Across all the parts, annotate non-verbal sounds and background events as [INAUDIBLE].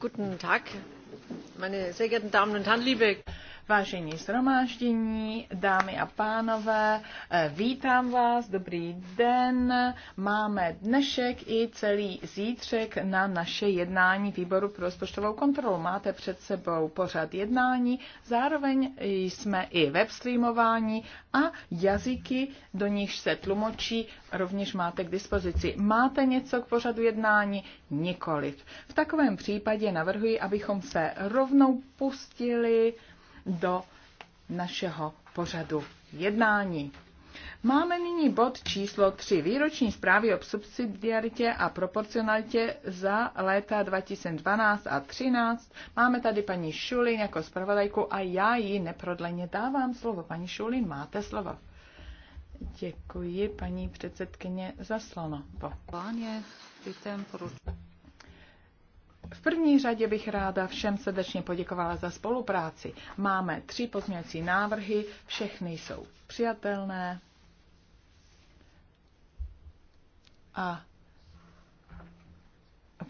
Guten Tag, meine sehr geehrten Damen und Herren, liebe kollegen! Vážení zhromáždění, dámy a pánové, eh, vítám vás, dobrý den. Máme dnešek i celý zítřek na naše jednání výboru pro rozpočtovou kontrolu. Máte před sebou pořad jednání, zároveň jsme i webstreamování a jazyky, do nichž se tlumočí, rovněž máte k dispozici. Máte něco k pořadu jednání? Nikoliv. V takovém případě navrhuji, abychom se rovnou pustili do našeho pořadu jednání. Máme nyní bod číslo 3. Výroční zprávy o subsidiaritě a proporcionalitě za léta 2012 a 2013. Máme tady paní Šulin jako zpravodajku a já ji neprodleně dávám slovo. Paní Šulin, máte slovo. Děkuji, paní předsedkyně, za slono. Po. V první řadě bych ráda všem srdečně poděkovala za spolupráci. Máme tři pozměňovací návrhy, všechny jsou přijatelné. A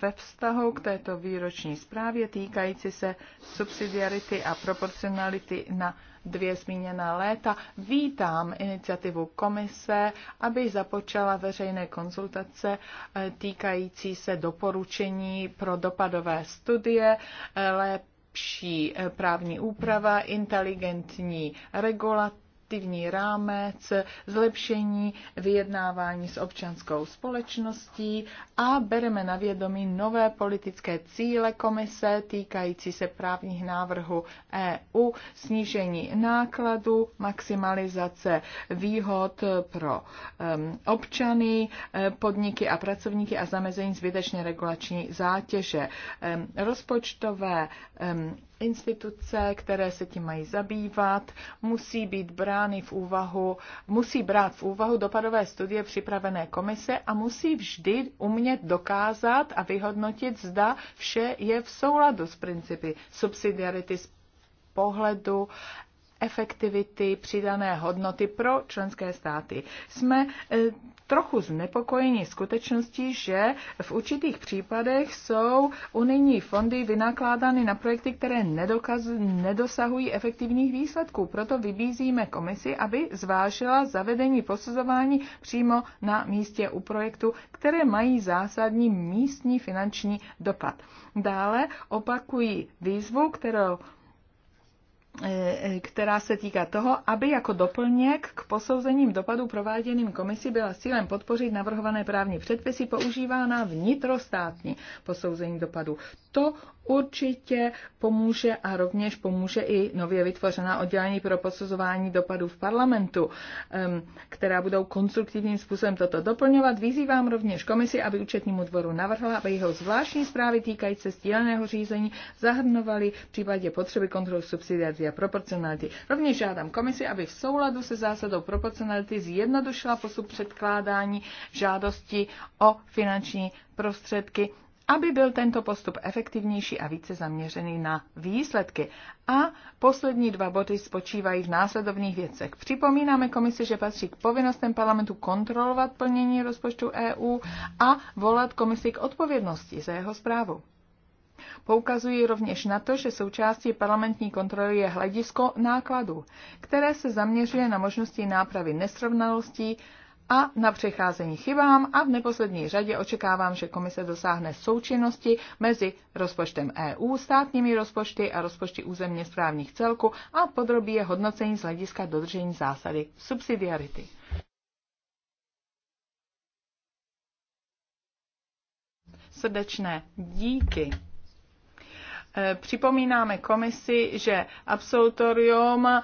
ve vztahu k této výroční zprávě týkající se subsidiarity a proporcionality na dvě zmíněná léta, vítám iniciativu komise, aby započala veřejné konzultace eh, týkající se doporučení pro dopadové studie, eh, lépe lepší eh, právní úprava, inteligentní regulace, legislativní rámec, zlepšení vyjednávání s občanskou společností a bereme na vědomí nové politické cíle komise týkající se právních návrhů EU, snížení nákladů, maximalizace výhod pro um, občany, eh, podniky a pracovníky a zamezení zbytečně regulační zátěže. Um, rozpočtové um, instituce, které se tím mají zabývat, musí být brány v úvahu, musí brát v úvahu dopadové studie připravené komise a musí vždy umět dokázat a vyhodnotit, zda vše je v souladu s principy subsidiarity z pohledu efektivity, přidané hodnoty pro členské státy. Jsme e, trochu znepokojení skutečností, že v určitých případech jsou unijní fondy vynakládány na projekty, které nedokaz, nedosahují efektivních výsledků. Proto vybízíme komisi, aby zvážila zavedení posuzování přímo na místě u projektu, které mají zásadní místní finanční dopad. Dále opakují výzvu, kterou která se týká toho, aby jako doplněk k posouzením dopadů prováděným komisí byla s cílem podpořit navrhované právní předpisy používána vnitrostátní posouzení dopadů. To určitě pomůže a rovněž pomůže i nově vytvořená oddělení pro posuzování dopadů v parlamentu, která budou konstruktivním způsobem toto doplňovat. Vyzývám rovněž komisi, aby účetnímu dvoru navrhla, aby jeho zvláštní zprávy týkající se stíleného řízení zahrnovaly v případě potřeby kontrol subsidiat a proporcionality. Rovněž žádám komisi, aby v souladu se zásadou proporcionality zjednodušila postup předkládání žádosti o finanční prostředky aby byl tento postup efektivnější a více zaměřený na výsledky. A poslední dva body spočívají v následovných věcech. Připomínáme komisi, že patří k povinnostem parlamentu kontrolovat plnění rozpočtu EU a volat komisi k odpovědnosti za jeho zprávu. Poukazují rovněž na to, že součástí parlamentní kontroly je hledisko nákladů, které se zaměřuje na možnosti nápravy nesrovnalostí a na přecházení chybám a v neposlední řadě očekávám, že komise dosáhne součinnosti mezi rozpočtem EU, státními rozpočty a rozpočty územně správních celků a podrobí je hodnocení z hlediska dodržení zásady subsidiarity. Srdečné díky Eh, připomínáme komisi, že absolutorium eh,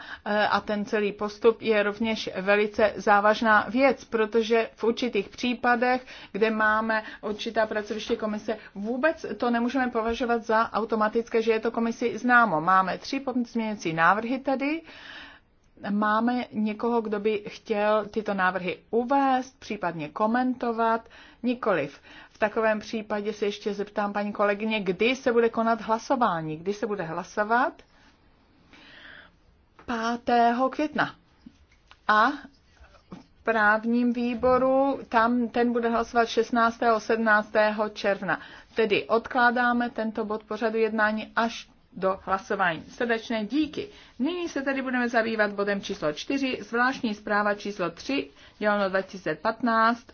a ten celý postup je rovněž velice závažná věc, protože v určitých případech, kde máme určitá pracoviště komise, vůbec to nemůžeme považovat za automatické, že je to komisi známo. Máme tři pozměňující návrhy tady máme někoho, kdo by chtěl tyto návrhy uvést, případně komentovat? Nikoliv. V takovém případě se ještě zeptám paní kolegyně, kdy se bude konat hlasování, kdy se bude hlasovat? 5. května. A v právním výboru, tam ten bude hlasovat 16. a 17. června. Tedy odkládáme tento bod pořadu jednání až do hlasování. Srdečné díky. Nyní se tedy budeme zabývat bodem číslo 4, zvláštní zpráva číslo 3, děláno 2015,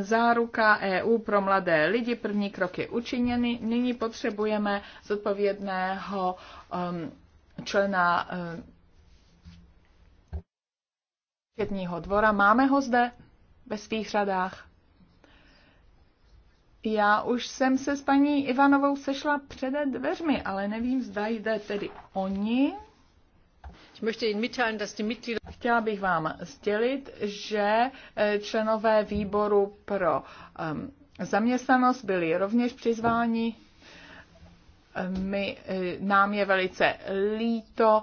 záruka EU pro mladé lidi, první kroky učiněny. Nyní potřebujeme zodpovědného um, člena um, dvora. Máme ho zde ve svých řadách? Já už jsem se s paní Ivanovou sešla před dveřmi, ale nevím, zda jde tedy oni. Chtěla bych vám sdělit, že eh, členové výboru pro ehm, zaměstnanost byli rovněž přizváni. Ehm, my, eh, nám je velice líto,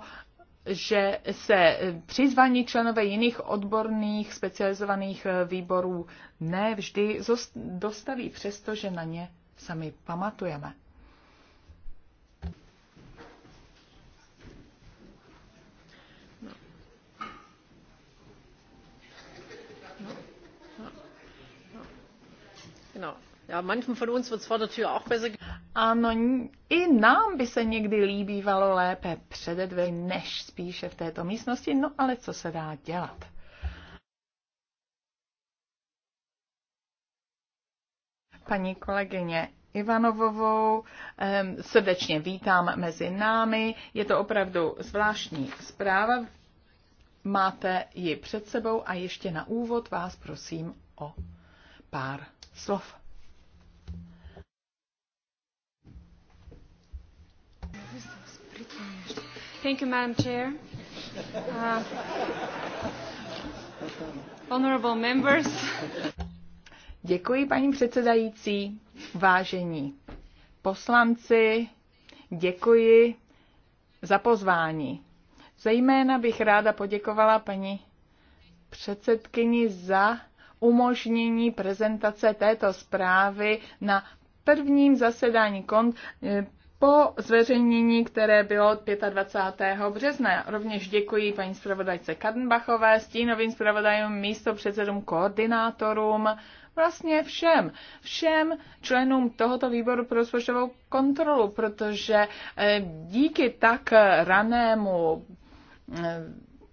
že se přizvaní členové jiných odborných specializovaných eh, výborů ne vždy dostaví, přestože na ně sami pamatujeme. Genau. No, ja, manchem von uns wird es vor der Tür auch besser. Ano, i nám by se někdy líbívalo lépe přede dveřmi, než spíše v této místnosti, no ale co se dá dělat? Paní kolegyně Ivanovovou srdečně vítám mezi námi. Je to opravdu zvláštní zpráva. Máte ji před sebou a ještě na úvod vás prosím o pár slov. Thank you, Madam Chair. Uh, honorable members. Děkuji, paní předsedající. Vážení poslanci, děkuji za pozvání. Zejména bych ráda poděkovala paní předsedkyni za umožnění prezentace této zprávy na prvním zasedání kont po zveřejnění, které bylo od 25. března. Rovněž děkuji paní zpravodajce Kadenbachové, stínovým zpravodajům, místo předsedům, koordinátorům, vlastně všem, všem členům tohoto výboru pro rozpočtovou kontrolu, protože eh, díky tak ranému eh,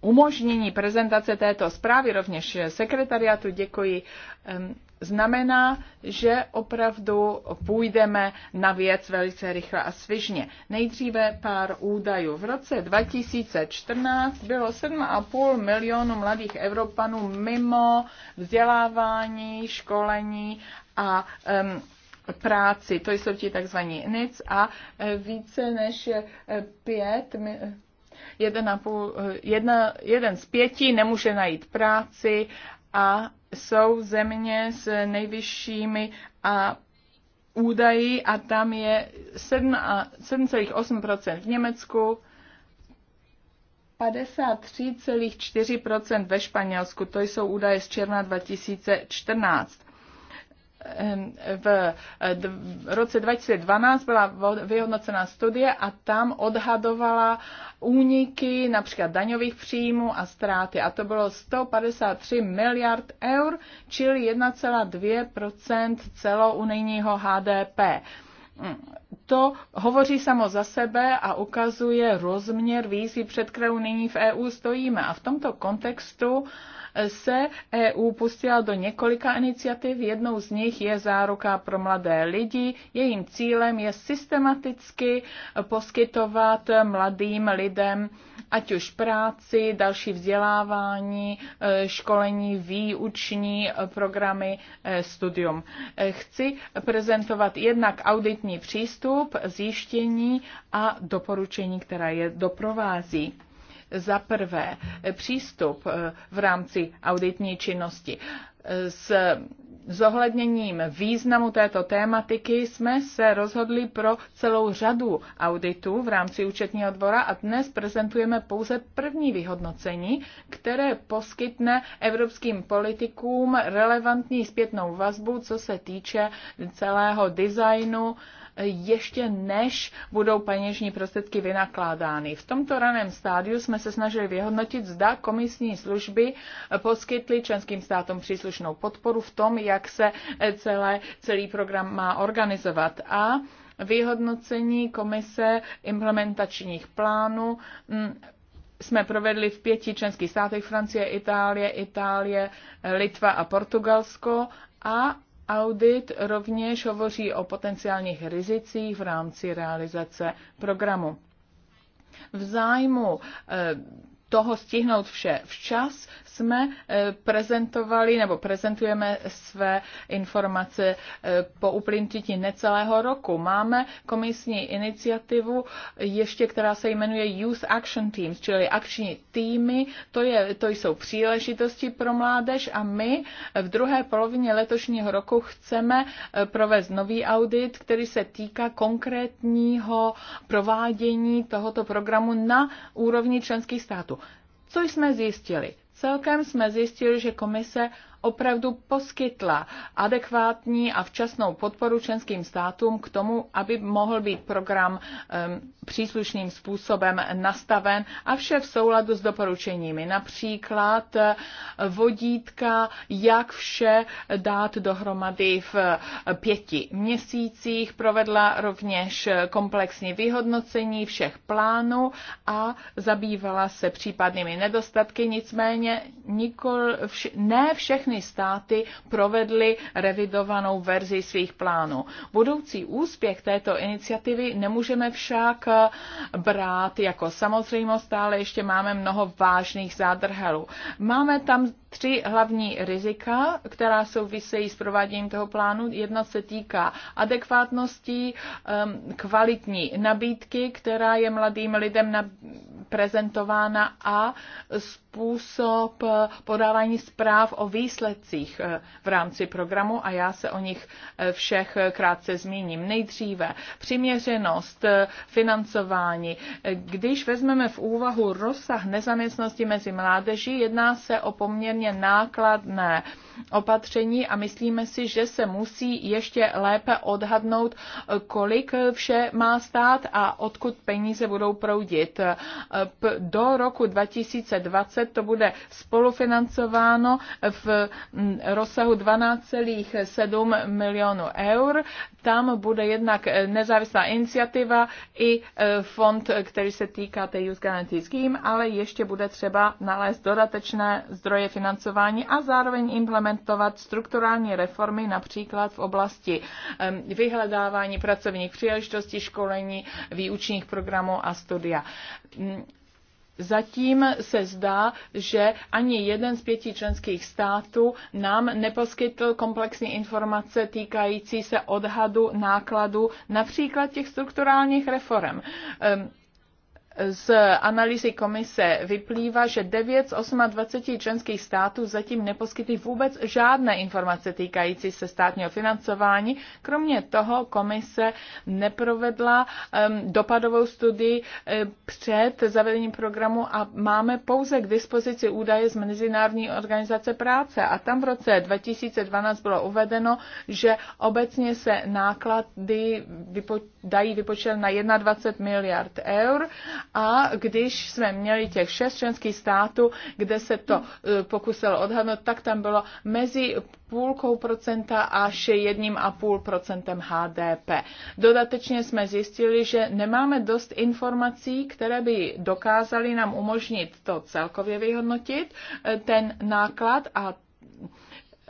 umožnění prezentace této zprávy, rovněž sekretariatu děkuji ehm, znamená, že opravdu půjdeme na věc velice rychle a svižně. Nejdříve pár údajů. V roce 2014 bylo 7,5 milionu mladých Evropanů mimo vzdělávání, školení a um, práci. To jsou ti tzv. NIC a e, více než 5 e, e, jeden, a půl, jedna, jeden z pěti nemůže najít práci a jsou země s nejvyššími a údaji a tam je 7,8% v Německu, 53,4% ve Španělsku, to jsou údaje z června 2014. Ehm, eh, v roce 2012 byla vyhodnocená studie a tam odhadovala úniky například daňových příjmů a ztráty. A to bylo 153 miliard eur, čili 1,2 celounijního HDP. To hovoří samo za sebe a ukazuje rozměr výzvy, před kterou nyní v EU stojíme. A v tomto kontextu uh, se EU pustila do několika iniciativ. Jednou z nich je záruka pro mladé lidi. Jejím cílem je systematicky poskytovat mladým lidem ať už práci, další vzdělávání, eh, školení, výuční eh, programy, eh, studium. Chci prezentovat jednak auditní přístup, zjištění a doporučení, která je doprovází. Za prvé, přístup eh, v rámci auditní činnosti. Eh, s zohledněním významu této tématiky jsme se rozhodli pro celou řadu auditů v rámci účetního dvora a dnes prezentujeme pouze první vyhodnocení, které poskytne evropským politikům relevantní zpětnou vazbu, co se týče celého designu ještě než budou peněžní prostředky vynakládány. V tomto raném stádiu jsme se snažili vyhodnotit, zda komisní služby poskytly členským státům příslušnou podporu v tom, jak se celé, celý program má organizovat. A vyhodnocení komise implementačních plánů mm, jsme provedli v pěti členských státech Francie, Itálie, Itálie, Litva a Portugalsko a Audit rovněž hovoří o potenciálních rizicích v rámci realizace programu. V zájmu eh, toho stihnout vše včas, jsme eh, prezentovali nebo prezentujeme své informace eh, po uplynutí necelého roku. Máme komisní iniciativu ještě, která se jmenuje Youth Action Teams, čili akční týmy. To, je, to jsou příležitosti pro mládež a my v druhé polovině letošního roku chceme eh, provést nový audit, který se týká konkrétního provádění tohoto programu na úrovni členských států. Co jsme zjistili? Celkem jsme zjistili, že komise opravdu poskytla adekvátní a včasnou podporu členským státům k tomu, aby mohl být program příslušným způsobem nastaven a vše v souladu s doporučeními. Například eh, vodítka, jak vše dát dohromady v eh, pěti měsících. Provedla rovněž eh, komplexní vyhodnocení všech plánů a zabývala se případnými nedostatky. Nicméně nikol, vš, ne všechny všechny státy provedly revidovanou verzi svých plánů. Budoucí úspěch této iniciativy nemůžeme však eh, brát jako samozřejmost, ale ještě máme mnoho vážných zádrhelů. Máme tam tři hlavní rizika, která souvisejí s prováděním toho plánu. Jedna se týká adekvátnosti um, kvalitní nabídky, která je mladým lidem prezentována a způsob eh, podávání zpráv o výsledcích eh, v rámci programu a já se o nich eh, všech krátce zmíním. Nejdříve přiměřenost financování. Když vezmeme v úvahu rozsah nezaměstnosti mezi mládeží, jedná se o poměrně poměrně nákladné opatření a myslíme si, že se musí ještě lépe odhadnout, kolik vše má stát a odkud peníze budou proudit. Do roku 2020 to bude spolufinancováno v rozsahu 12,7 milionů eur. Tam bude jednak nezávislá iniciativa i e, fond, který se týká té Youth Guarantee Scheme, ale ještě bude třeba nalézt dodatečné zdroje financování financování a zároveň implementovat strukturální reformy, například v oblasti vyhledávání pracovních příležitostí, školení, výučních programů a studia. Zatím se zdá, že ani jeden z pěti členských států nám neposkytl komplexní informace týkající se odhadu nákladu například těch strukturálních reform. Z analýzy komise vyplývá, že 9 z 28 členských států zatím neposkytly vůbec žádné informace týkající se státního financování. Kromě toho komise neprovedla um, dopadovou studii um, před zavedením programu a máme pouze k dispozici údaje z Mezinárodní organizace práce. A tam v roce 2012 bylo uvedeno, že obecně se náklady vypo- dají vypočet na 21 miliard eur a když jsme měli těch šest členských států, kde se to eh, pokusilo odhadnout, tak tam bylo mezi půlkou procenta až jedním a půl procentem HDP. Dodatečně jsme zjistili, že nemáme dost informací, které by dokázaly nám umožnit to celkově vyhodnotit, eh, ten náklad a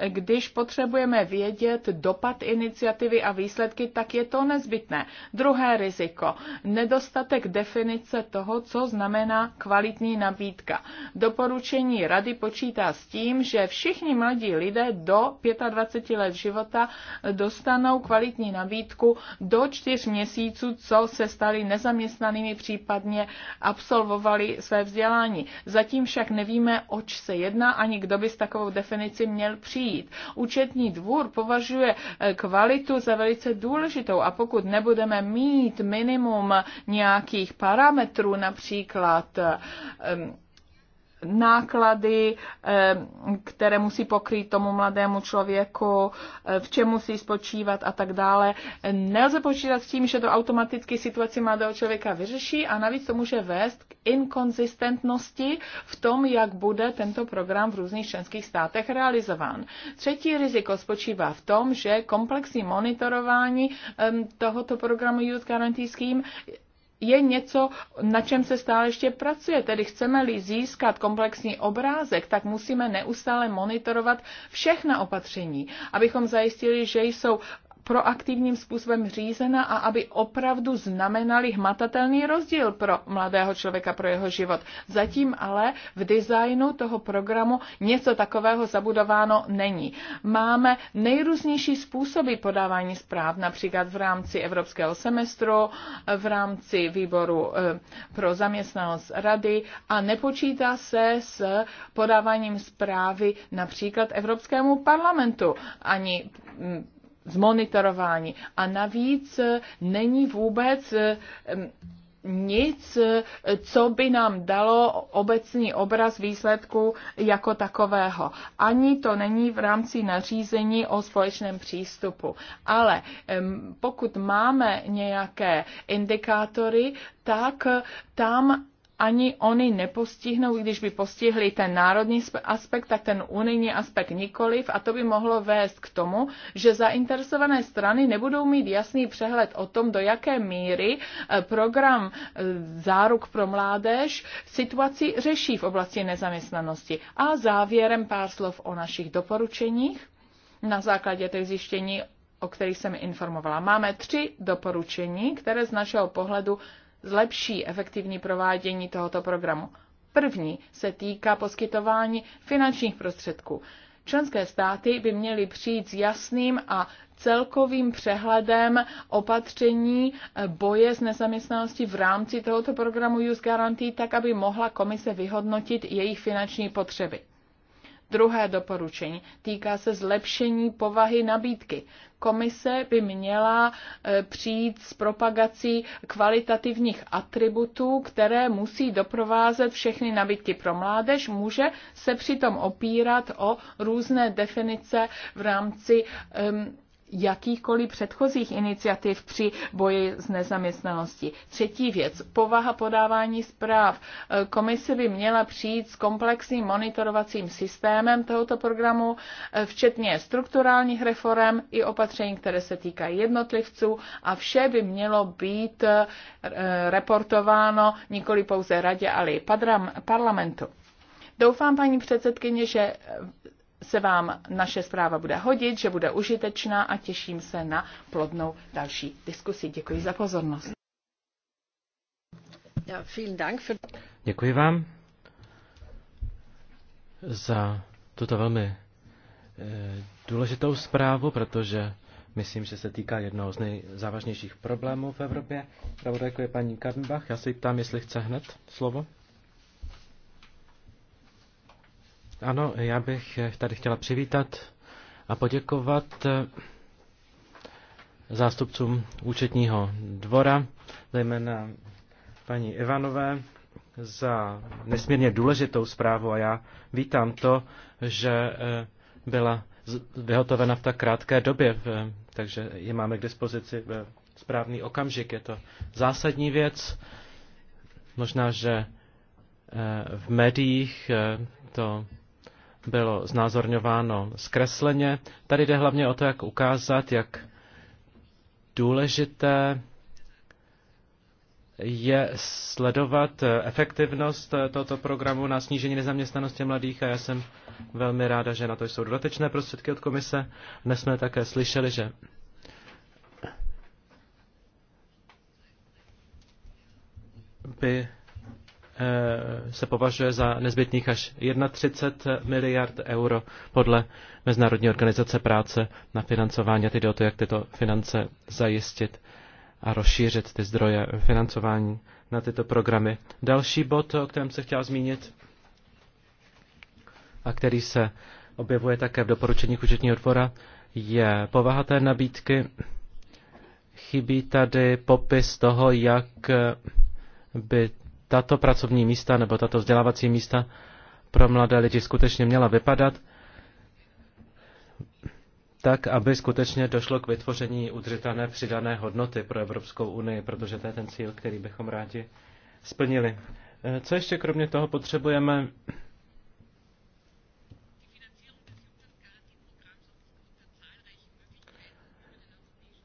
když potřebujeme vědět dopad iniciativy a výsledky, tak je to nezbytné. Druhé riziko. Nedostatek definice toho, co znamená kvalitní nabídka. Doporučení rady počítá s tím, že všichni mladí lidé do 25 let života dostanou kvalitní nabídku do čtyř měsíců, co se stali nezaměstnanými, případně absolvovali své vzdělání. Zatím však nevíme, oč se jedná, ani kdo by s takovou definici měl přijít přijít. Účetní dvůr považuje eh, kvalitu za velice důležitou a pokud nebudeme mít minimum nějakých parametrů, například um, náklady, eh, které musí pokrýt tomu mladému člověku, eh, v čem musí spočívat a tak dále. Nelze počítat s tím, že to automaticky situaci mladého člověka vyřeší a navíc to může vést k inkonzistentnosti v tom, jak bude tento program v různých členských státech realizován. Třetí riziko spočívá v tom, že komplexní monitorování tohoto programu Youth Guarantee Scheme je něco, na čem se stále ještě pracuje. Tedy chceme-li získat komplexní obrázek, tak musíme neustále monitorovat všechna opatření, abychom zajistili, že jsou proaktivním způsobem řízena a aby opravdu znamenaly hmatatelný rozdíl pro mladého člověka, pro jeho život. Zatím ale v designu toho programu něco takového zabudováno není. Máme nejrůznější způsoby podávání zpráv, například v rámci evropského semestru, v rámci výboru eh, pro zaměstnanost rady a nepočítá se s podáváním zprávy například Evropskému parlamentu ani hm, zmonitorování. A navíc e, není vůbec e, nic, e, co by nám dalo obecný obraz výsledku jako takového. Ani to není v rámci nařízení o společném přístupu. Ale pokud máme nějaké indikátory, tak tam ani oni nepostihnou, když by postihli ten národní aspekt, tak ten unijní aspekt nikoliv a to by mohlo vést k tomu, že zainteresované strany nebudou mít jasný přehled o tom, do jaké míry eh, program eh, záruk pro mládež situaci řeší v oblasti nezaměstnanosti. A závěrem pár slov o našich doporučeních na základě těch zjištění, o kterých jsem informovala. Máme tři doporučení, které z našeho pohledu zlepší efektivní provádění tohoto programu. První se týká poskytování finančních prostředků. Členské státy by měly přijít s jasným a celkovým přehledem opatření eh, boje s nezaměstnaností v rámci tohoto programu Youth Guarantee, tak aby mohla komise vyhodnotit jejich finanční potřeby. Druhé doporučení týká se zlepšení povahy nabídky. Komise by měla e, přijít s propagací kvalitativních atributů, které musí doprovázet všechny nabídky pro mládež. Může se přitom opírat o různé definice v rámci um, jakýchkoliv předchozích iniciativ při boji s nezaměstnaností. Třetí věc, povaha podávání zpráv. Komise by měla přijít s komplexním monitorovacím systémem tohoto programu, včetně strukturálních reform i opatření, které se týkají jednotlivců a vše by mělo být eh, reportováno nikoli pouze radě, ale i parlamentu. Doufám, paní předsedkyně, že se vám naše zpráva bude hodit, že bude užitečná a těším se na plodnou další diskusi. Děkuji za pozornost. Děkuji vám za tuto velmi eh, důležitou zprávu, protože myslím, že se týká jednoho z nejzávažnějších problémů v Evropě. Pravodajko je paní Karnbach. Já se ptám, jestli chce hned slovo. Ano, já bych tady chtěla přivítat a poděkovat eh, zástupcům účetního dvora, zejména paní Ivanové, za nesmírně důležitou zprávu a já vítám to, že eh, byla vyhotovena v tak krátké době, takže ji máme k dispozici v správný okamžik. Je to zásadní věc. Možná, že eh, v médiích to bylo znázorňováno zkresleně. Tady jde hlavně o to, jak ukázat, jak důležité je sledovat efektivnost tohoto programu na snížení nezaměstnanosti mladých a já jsem velmi ráda, že na to jsou dodatečné prostředky od komise. Dnes jsme také slyšeli, že by Eh, se považuje za nezbytných až 31 miliard euro podle Mezinárodní organizace práce na financování a teď jde o to, jak tyto finance zajistit a rozšířit ty zdroje financování na tyto programy. Další bod, o kterém se chtěla zmínit a který se objevuje také v doporučení účetního dvora, je povaha té nabídky. Chybí tady popis toho, jak by tato pracovní místa nebo tato vzdělávací místa pro mladé lidi skutečně měla vypadat, tak, aby skutečně došlo k vytvoření udržitelné přidané hodnoty pro Evropskou unii, protože to je ten cíl, který bychom rádi splnili. Eh, co ještě kromě toho potřebujeme?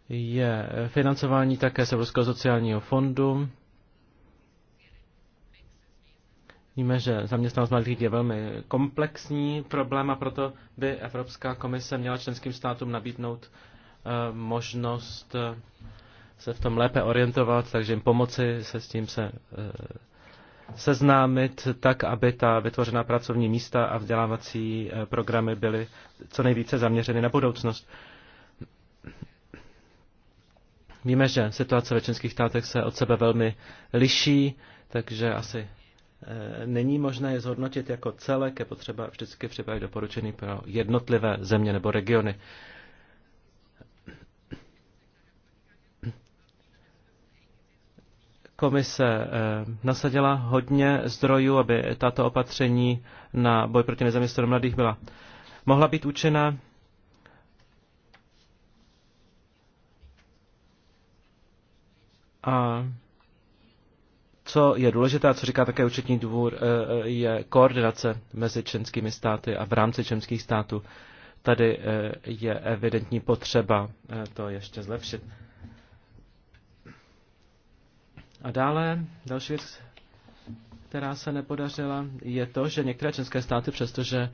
Je financování také z Evropského sociálního fondu. Víme, že zaměstnanost mladých je velmi komplexní problém a proto by Evropská komise měla členským státům nabídnout eh, možnost eh, se v tom lépe orientovat, takže jim pomoci se s tím se eh, seznámit tak, aby ta vytvořená pracovní místa a vzdělávací programy byly co nejvíce zaměřeny na budoucnost. Víme, že situace ve členských státech se od sebe velmi liší, takže asi Eh, není možné je zhodnotit jako celek, je potřeba vždycky připravit doporučený pro jednotlivé země nebo regiony. Komise eh, nasadila hodně zdrojů, aby tato opatření na boj proti nezaměstnanosti mladých byla mohla být účinná. A co je důležité a co říká také účetní dvůr, eh, eh, je koordinace mezi členskými státy a v rámci členských států. Tady eh, je evidentní potřeba to ještě zlepšit. A dále další věc, která se nepodařila, je to, že některé české státy, přestože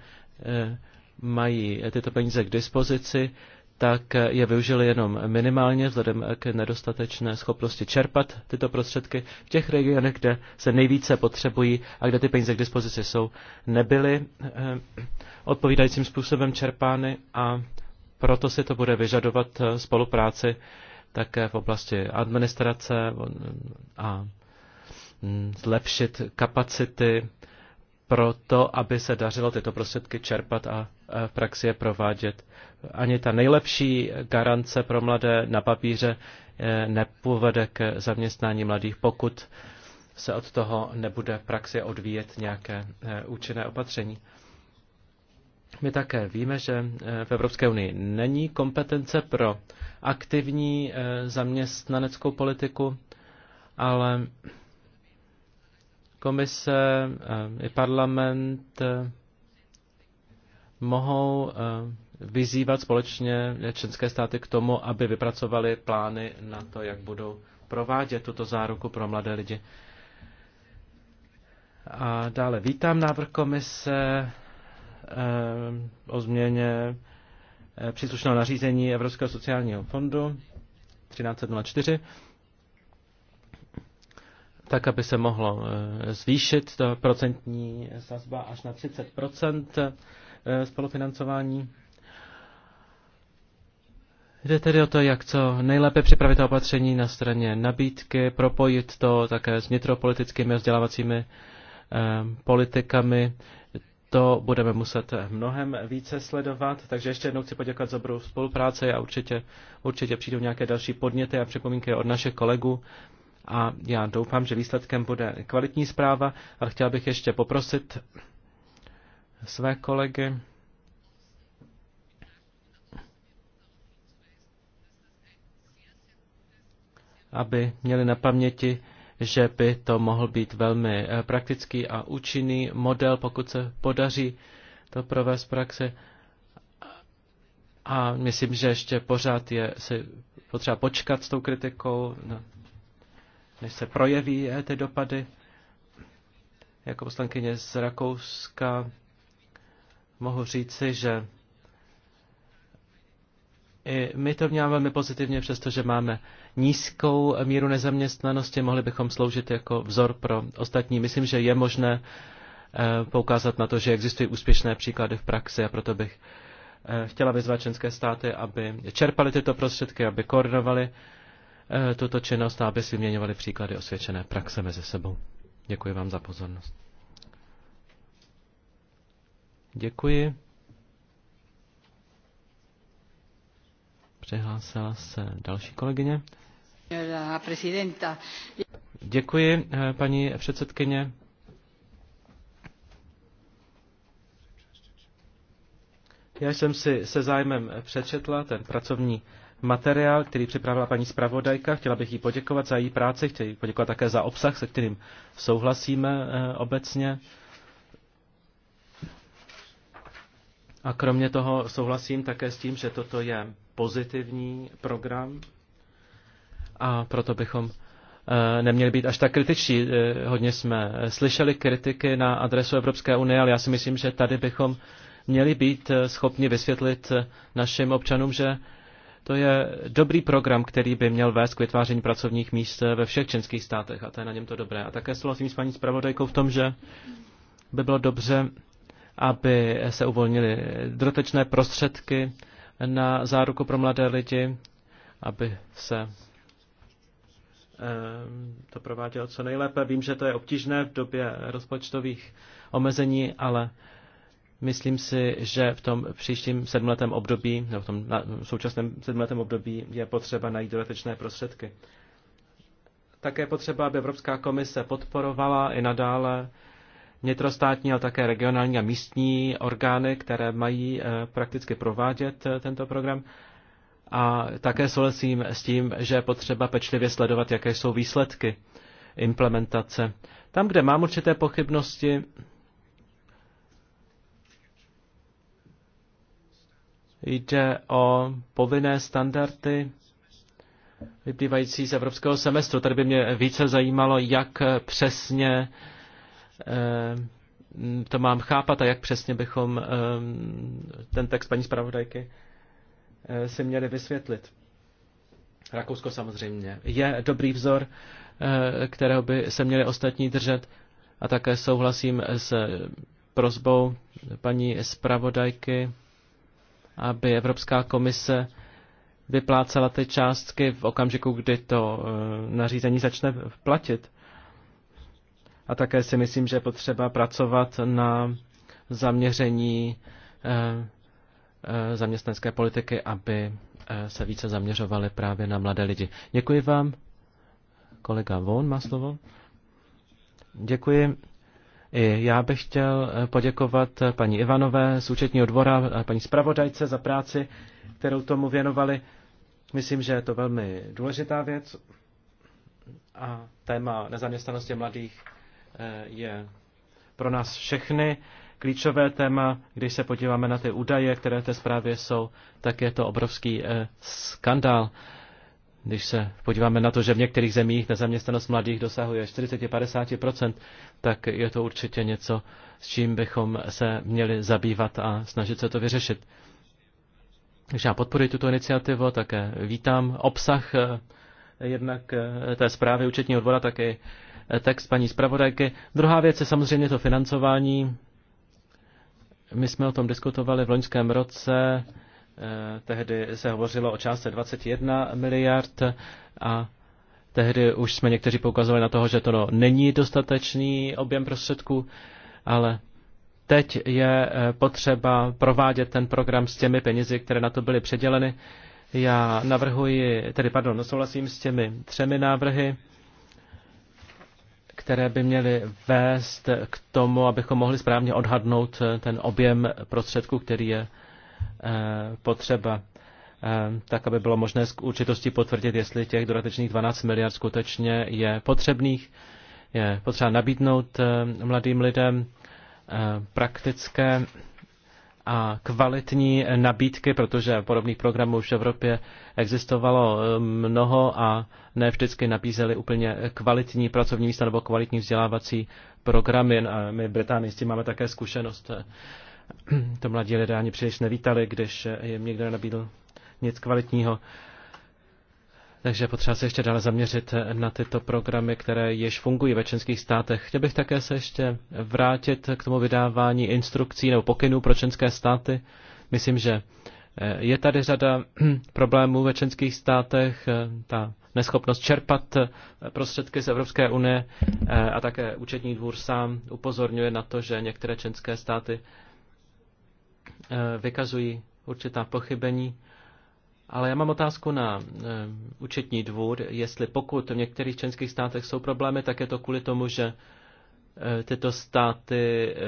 mají tyto peníze k dispozici, tak je využili jenom minimálně vzhledem k nedostatečné schopnosti čerpat tyto prostředky v těch regionech, kde se nejvíce potřebují a kde ty peníze k dispozici jsou, nebyly eh, odpovídajícím způsobem čerpány a proto si to bude vyžadovat eh, spolupráci také v oblasti administrace a mm, zlepšit kapacity pro to, aby se dařilo tyto prostředky čerpat a v eh, praxi je provádět. Ani ta nejlepší garance pro mladé na papíře eh, nepovede k zaměstnání mladých, pokud se od toho nebude v praxi odvíjet nějaké eh, účinné opatření. My také víme, že v Evropské unii není kompetence pro aktivní zaměstnaneckou politiku, ale komise i parlament mohou eh, vyzývat společně členské státy k tomu, aby vypracovali plány na to, jak budou provádět tuto záruku pro mladé lidi. A dále vítám návrh komise eh, o změně eh, příslušného nařízení Evropského sociálního fondu 1304, tak, aby se mohlo zvýšit to procentní sazba až na 30 Eh, spolufinancování. Jde tedy o to, jak co nejlépe připravit opatření na straně nabídky, propojit to také s vnitropolitickými a vzdělávacími eh, politikami. To budeme muset mnohem více sledovat, takže ještě jednou chci poděkovat za dobrou spolupráci a určitě, určitě přijdou nějaké další podněty a připomínky od našich kolegů a já doufám, že výsledkem bude kvalitní zpráva, ale chtěl bych ještě poprosit své kolegy. aby měli na paměti, že by to mohl být velmi eh, praktický a účinný model, pokud se podaří to provést v praxi. A myslím, že ještě pořád je si potřeba počkat s tou kritikou, no, než se projeví eh, ty dopady. Jako poslankyně z Rakouska mohu říci, že i my to vnímáme velmi pozitivně, přestože máme nízkou míru nezaměstnanosti, mohli bychom sloužit jako vzor pro ostatní. Myslím, že je možné eh, poukázat na to, že existují úspěšné příklady v praxi a proto bych eh, chtěla vyzvat členské státy, aby čerpali tyto prostředky, aby koordinovali eh, tuto činnost a aby si vyměňovali příklady osvědčené praxe mezi sebou. Děkuji vám za pozornost. Děkuji. Přihlásila se další kolegyně. Děkuji, eh, paní předsedkyně. Já jsem si se zájmem přečetla ten pracovní materiál, který připravila paní zpravodajka. Chtěla bych jí poděkovat za její práci, chtěla jí poděkovat také za obsah, se kterým souhlasíme eh, obecně. A kromě toho souhlasím také s tím, že toto je pozitivní program a proto bychom eh, neměli být až tak kritičtí. Eh, hodně jsme eh, slyšeli kritiky na adresu Evropské unie, ale já si myslím, že tady bychom měli být schopni vysvětlit našim občanům, že to je dobrý program, který by měl vést k vytváření pracovních míst ve všech českých státech a to je na něm to dobré. A také souhlasím s paní zpravodajkou v tom, že by bylo dobře aby se uvolnily drotečné prostředky na záruku pro mladé lidi, aby se eh, to provádělo co nejlépe. Vím, že to je obtížné v době rozpočtových omezení, ale myslím si, že v tom příštím sedmletém období, nebo v tom současném sedmletém období je potřeba najít dodatečné prostředky. Také potřeba, aby Evropská komise podporovala i nadále vnitrostátní, ale také regionální a místní orgány, které mají eh, prakticky provádět eh, tento program. A také souhlasím s tím, že je potřeba pečlivě sledovat, jaké jsou výsledky implementace. Tam, kde mám určité pochybnosti, jde o povinné standardy vyplývající z evropského semestru. Tady by mě více zajímalo, jak přesně Eh, to mám chápat a jak přesně bychom eh, ten text paní zpravodajky eh, si měli vysvětlit. Rakousko samozřejmě je dobrý vzor, kterého by se měli ostatní držet a také souhlasím s prozbou paní zpravodajky, aby Evropská komise vyplácela ty částky v okamžiku, kdy to nařízení začne platit. A také si myslím, že je potřeba pracovat na zaměření eh, eh, zaměstnanské politiky, aby eh, se více zaměřovali právě na mladé lidi. Děkuji vám. Kolega Von má slovo. Děkuji. I já bych chtěl poděkovat paní Ivanové z účetního dvora a paní zpravodajce za práci, kterou tomu věnovali. Myslím, že je to velmi důležitá věc a téma nezaměstnanosti mladých Eh, je pro nás všechny klíčové téma. Když se podíváme na ty údaje, které v té zprávě jsou, tak je to obrovský eh, skandál. Když se podíváme na to, že v některých zemích nezaměstnanost mladých dosahuje 40-50%, tak je to určitě něco, s čím bychom se měli zabývat a snažit se to vyřešit. Takže já podporuji tuto iniciativu, také vítám obsah eh, jednak té zprávy účetního odbora, také Eh, text paní zpravodajky. Druhá věc je samozřejmě to financování. My jsme o tom diskutovali v loňském roce. Eh, tehdy se hovořilo o částce 21 miliard a tehdy už jsme někteří poukazovali na toho, že to no, není dostatečný objem prostředků, ale teď je eh, potřeba provádět ten program s těmi penězi, které na to byly předěleny. Já navrhuji, tedy pardon, souhlasím s těmi třemi návrhy které by měly vést k tomu, abychom mohli správně odhadnout eh, ten objem prostředků, který je eh, potřeba, eh, tak aby bylo možné s určitostí potvrdit, jestli těch dodatečných 12 miliard skutečně je potřebných. Je potřeba nabídnout mladým lidem praktické a kvalitní nabídky, protože podobných programů už v Evropě existovalo um, mnoho a ne vždycky nabízely úplně kvalitní pracovní místa nebo kvalitní vzdělávací programy. A my v Británii s tím máme také zkušenost. To mladí lidé ani příliš nevítali, když jim někdo nabídl nic kvalitního. Takže potřeba se ještě dále zaměřit na tyto programy, které již fungují ve členských státech. Chtěl bych také se ještě vrátit k tomu vydávání instrukcí nebo pokynů pro členské státy. Myslím, že eh, je tady řada [CLEARS THROAT] problémů ve členských státech, eh, ta neschopnost čerpat eh, prostředky z Evropské unie a také účetní dvůr sám upozorňuje na to, že některé členské státy vykazují určitá pochybení ale já mám otázku na eh, účetní dvůr, jestli pokud v některých členských státech jsou problémy, tak je to kvůli tomu, že eh, tyto státy eh,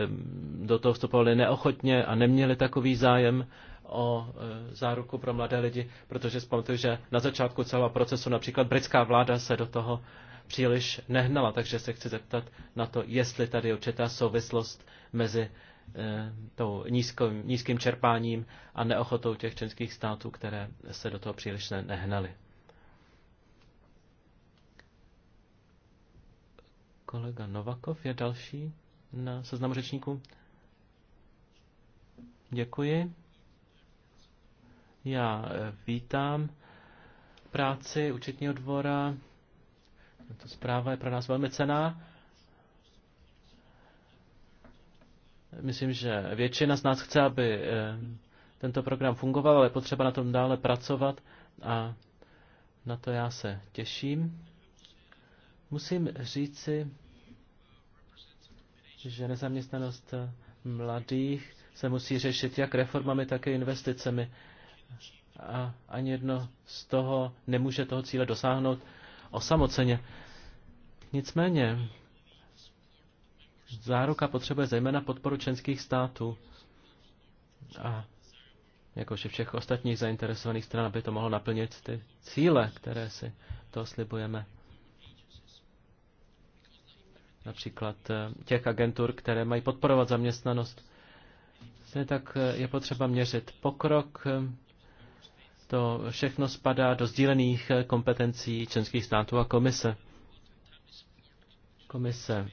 do toho vstupovaly neochotně a neměly takový zájem o záruku pro mladé lidi, protože zpamatuju, že na začátku celého procesu například britská vláda se do toho příliš nehnala, takže se chci zeptat na to, jestli tady je určitá souvislost mezi Eh, tou nízkým, nízkým čerpáním a neochotou těch členských států, které se do toho příliš nehnaly. Kolega Novakov je další na seznamu řečníků. Děkuji. Já eh, vítám práci účetního dvora. Tato zpráva je pro nás velmi cená. Myslím, že většina z nás chce, aby eh, tento program fungoval, ale je potřeba na tom dále pracovat a na to já se těším. Musím říci, že nezaměstnanost mladých se musí řešit jak reformami, tak i investicemi. A ani jedno z toho nemůže toho cíle dosáhnout osamoceně. Nicméně Záruka potřebuje zejména podporu členských států a jakož i všech ostatních zainteresovaných stran, aby to mohlo naplnit ty cíle, které si to slibujeme. Například eh, těch agentur, které mají podporovat zaměstnanost. tak eh, je potřeba měřit pokrok. To všechno spadá do sdílených eh, kompetencí členských států a komise. Komise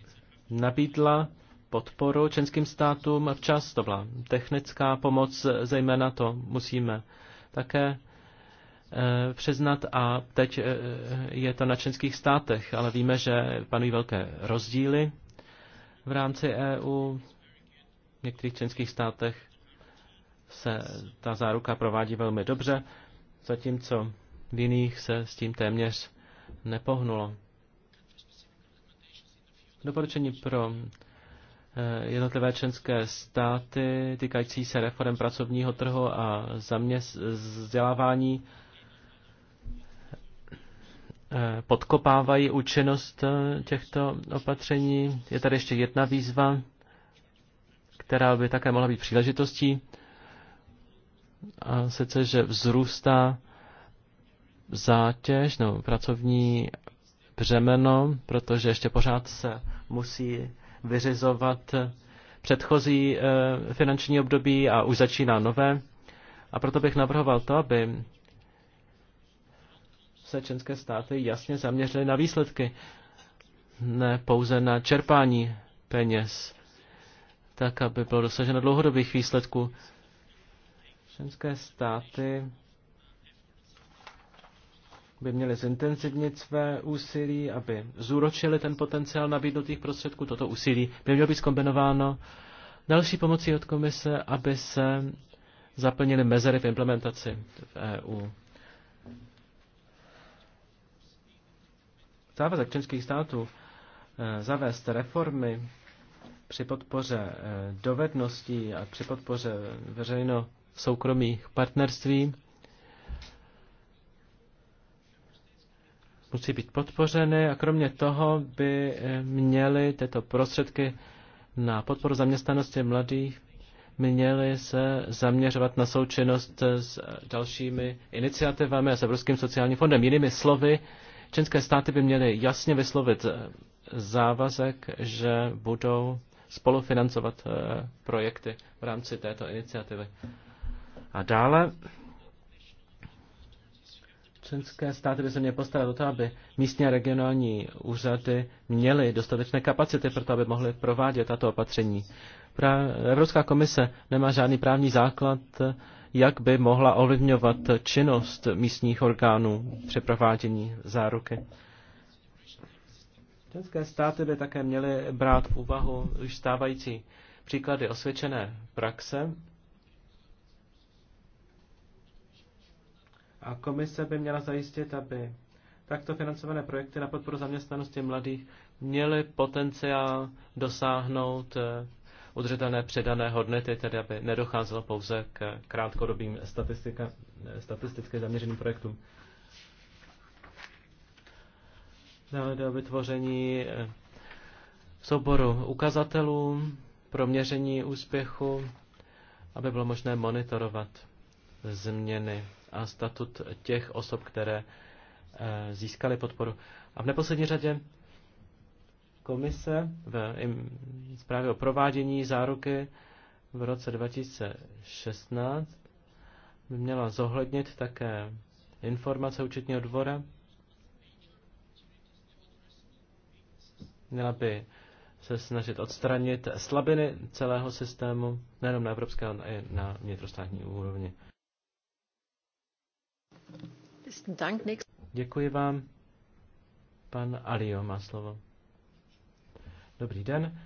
nabídla podporu členským státům včas, to byla technická pomoc, zejména to musíme také eh, přiznat a teď eh, je to na členských státech, ale víme, že panují velké rozdíly v rámci EU. V některých členských státech se ta záruka provádí velmi dobře, zatímco v jiných se s tím téměř nepohnulo. Doporučení pro eh, jednotlivé členské státy týkající se reform pracovního trhu a vzdělávání eh, podkopávají účinnost eh, těchto opatření. Je tady ještě jedna výzva, která by také mohla být příležitostí, a sice, že vzrůstá zátěž nebo pracovní břemeno, protože ještě pořád se musí vyřizovat předchozí eh, finanční období a už začíná nové. A proto bych navrhoval to, aby se členské státy jasně zaměřily na výsledky, ne pouze na čerpání peněz, tak aby bylo dosaženo dlouhodobých výsledků. Členské státy by měli zintenzivnit své úsilí, aby zúročili ten potenciál nabídnutých prostředků. Toto úsilí by mělo být skombinováno další pomocí od komise, aby se zaplnily mezery v implementaci v EU. Závazek členských států eh, zavést reformy při podpoře eh, dovedností a při podpoře veřejno-soukromých partnerství musí být podpořeny a kromě toho by eh, měly tyto prostředky na podporu zaměstnanosti mladých měly se zaměřovat na součinnost s dalšími iniciativami a s Evropským sociálním fondem. Jinými slovy, české státy by měly jasně vyslovit eh, závazek, že budou spolufinancovat eh, projekty v rámci této iniciativy. A dále Členské státy by se měly postarat o to, aby místní a regionální úřady měly dostatečné kapacity pro to, aby mohly provádět tato opatření. Evropská komise nemá žádný právní základ, jak by mohla ovlivňovat činnost místních orgánů při provádění záruky. Členské státy by také měly brát v úvahu už stávající příklady osvědčené praxe A komise by měla zajistit, aby takto financované projekty na podporu zaměstnanosti mladých měly potenciál dosáhnout eh, udržitelné předané hodnoty, tedy aby nedocházelo pouze k krátkodobým eh, statisticky zaměřeným projektům. Dále do vytvoření eh, souboru ukazatelů pro měření úspěchu, aby bylo možné monitorovat změny a statut těch osob, které eh, získaly podporu. A v neposlední řadě komise v zprávě o provádění záruky v roce 2016 by měla zohlednit také informace účetního dvora. Měla by se snažit odstranit slabiny celého systému, nejenom na evropské, ale i na vnitrostátní úrovni. Děkuji vám. Pan Alio má slovo. Dobrý den.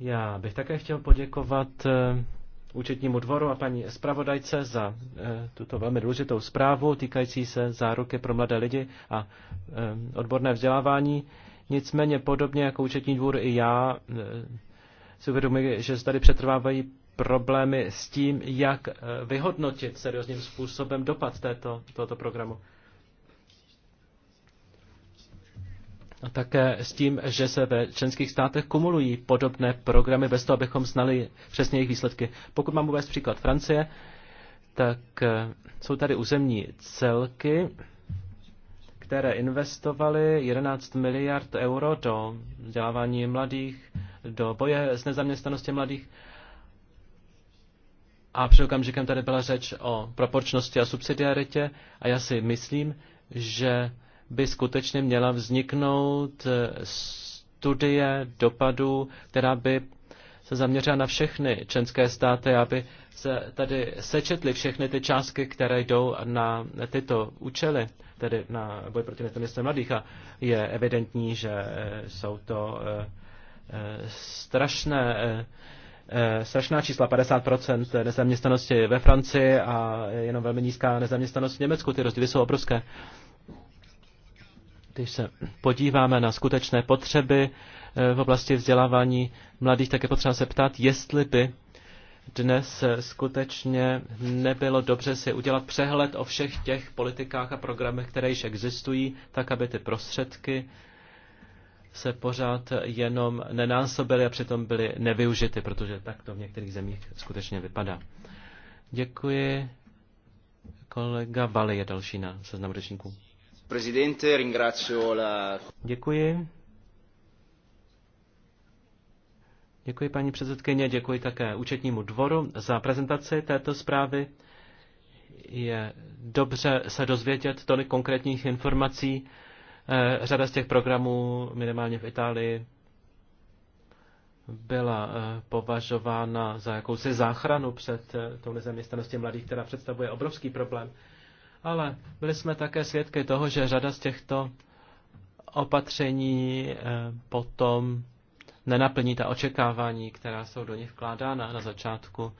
Já bych také chtěl poděkovat eh, účetnímu dvoru a paní zpravodajce za eh, tuto velmi důležitou zprávu týkající se záruky pro mladé lidi a eh, odborné vzdělávání. Nicméně podobně jako účetní dvůr i já si uvědomuji, že tady přetrvávají problémy s tím, jak eh, vyhodnotit seriózním způsobem dopad této, tohoto programu. A také s tím, že se ve členských státech kumulují podobné programy bez toho, abychom znali přesně jejich výsledky. Pokud mám uvést příklad Francie, tak eh, jsou tady územní celky, které investovaly 11 miliard euro do vzdělávání mladých, do boje s nezaměstnaností mladých a před okamžikem tady byla řeč o proporčnosti a subsidiaritě a já si myslím, že by skutečně měla vzniknout eh, studie dopadů, která by se zaměřila na všechny členské státy, aby se tady sečetly všechny ty částky, které jdou na tyto účely, tedy na boj proti nezaměstnanosti mladých. A je evidentní, že eh, jsou to eh, strašné Eh, strašná čísla, 50% nezaměstnanosti ve Francii a jenom velmi nízká nezaměstnanost v Německu. Ty rozdíly jsou obrovské. Když se podíváme na skutečné potřeby eh, v oblasti vzdělávání mladých, tak je potřeba se ptát, jestli by dnes eh, skutečně nebylo dobře si udělat přehled o všech těch politikách a programech, které již existují, tak aby ty prostředky se pořád jenom nenásobily a přitom byly nevyužity, protože tak to v některých zemích skutečně vypadá. Děkuji. Kolega Bali je další na seznamu řečníků. Prezidente, ringrazio la... Děkuji. Děkuji paní předsedkyně, děkuji také účetnímu dvoru za prezentaci této zprávy. Je dobře se dozvědět tolik konkrétních informací Eh, řada z těch programů, minimálně v Itálii, byla eh, považována za jakousi záchranu před eh, tou nezaměstnaností mladých, která představuje obrovský problém. Ale byli jsme také svědky toho, že řada z těchto opatření potom nenaplní ta očekávání, která jsou do nich vkládána na začátku.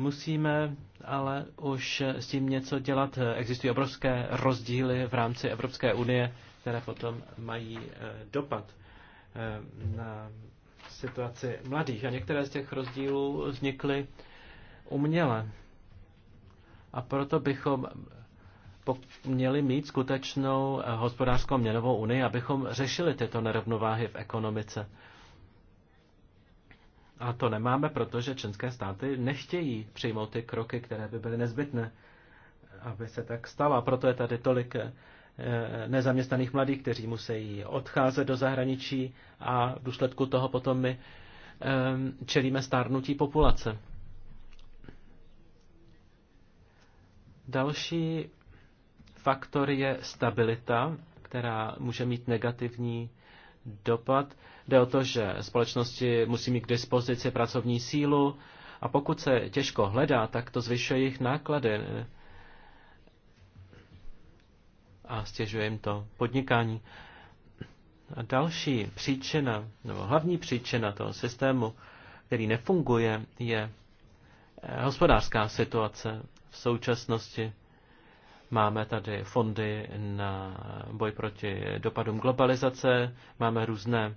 Musíme ale už s tím něco dělat. Existují obrovské rozdíly v rámci Evropské unie, které potom mají eh, dopad eh, na situaci mladých. A některé z těch rozdílů vznikly uměle. A proto bychom měli mít skutečnou eh, hospodářskou měnovou unii, abychom řešili tyto nerovnováhy v ekonomice. A to nemáme, protože členské státy nechtějí přijmout ty kroky, které by byly nezbytné, aby se tak stalo. A proto je tady tolik eh, nezaměstnaných mladých, kteří musí odcházet do zahraničí a v důsledku toho potom my eh, čelíme stárnutí populace. Další faktor je stabilita, která může mít negativní dopad. Jde o to, že společnosti musí mít k dispozici pracovní sílu a pokud se těžko hledá, tak to zvyšuje jejich náklady a stěžuje jim to podnikání. A další příčina, nebo hlavní příčina toho systému, který nefunguje, je eh, hospodářská situace v současnosti. Máme tady fondy na boj proti dopadům globalizace, máme různé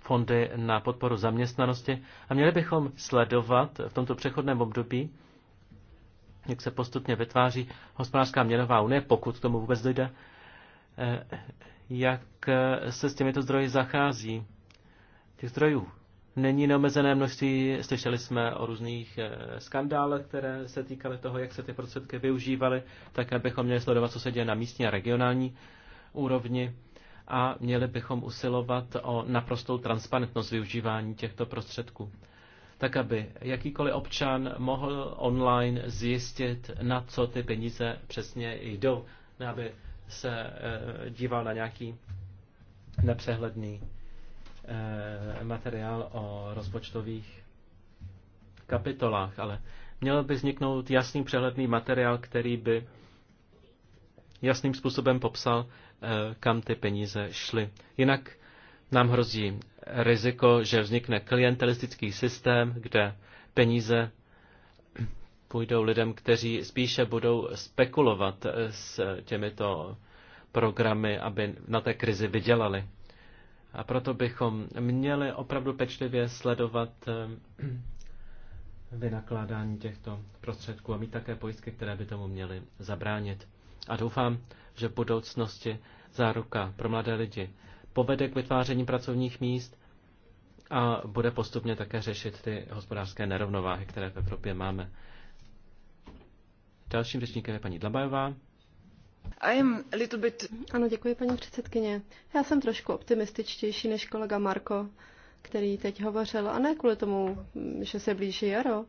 fondy na podporu zaměstnanosti a měli bychom sledovat v tomto přechodném období, jak se postupně vytváří hospodářská měnová unie, pokud k tomu vůbec dojde, eh, jak se s těmito zdroji zachází. Těch zdrojů není neomezené množství. Slyšeli jsme o různých eh, skandálech, které se týkaly toho, jak se ty prostředky využívaly, tak abychom měli sledovat, co se děje na místní a regionální úrovni a měli bychom usilovat o naprostou transparentnost využívání těchto prostředků. Tak, aby jakýkoliv občan mohl online zjistit, na co ty peníze přesně jdou, ne aby se eh, díval na nějaký nepřehledný Eh, materiál o rozpočtových kapitolách, ale měl by vzniknout jasný přehledný materiál, který by jasným způsobem popsal, eh, kam ty peníze šly. Jinak nám hrozí riziko, že vznikne klientelistický systém, kde peníze půjdou lidem, kteří spíše budou spekulovat eh, s těmito programy, aby na té krizi vydělali. A proto bychom měli opravdu pečlivě sledovat eh, [CLEARS THROAT] vynakládání těchto prostředků a mít také pojistky, které by tomu měly zabránit. A doufám, že v budoucnosti záruka pro mladé lidi povede k vytváření pracovních míst a bude postupně také řešit ty hospodářské nerovnováhy, které v Evropě máme. Dalším řečníkem je paní Dlabajová. Ano, děkuji paní předsedkyně. Já jsem trošku optimističtější než kolega Marko, který teď hovořil, a ne kvůli tomu, že se blíží jaro,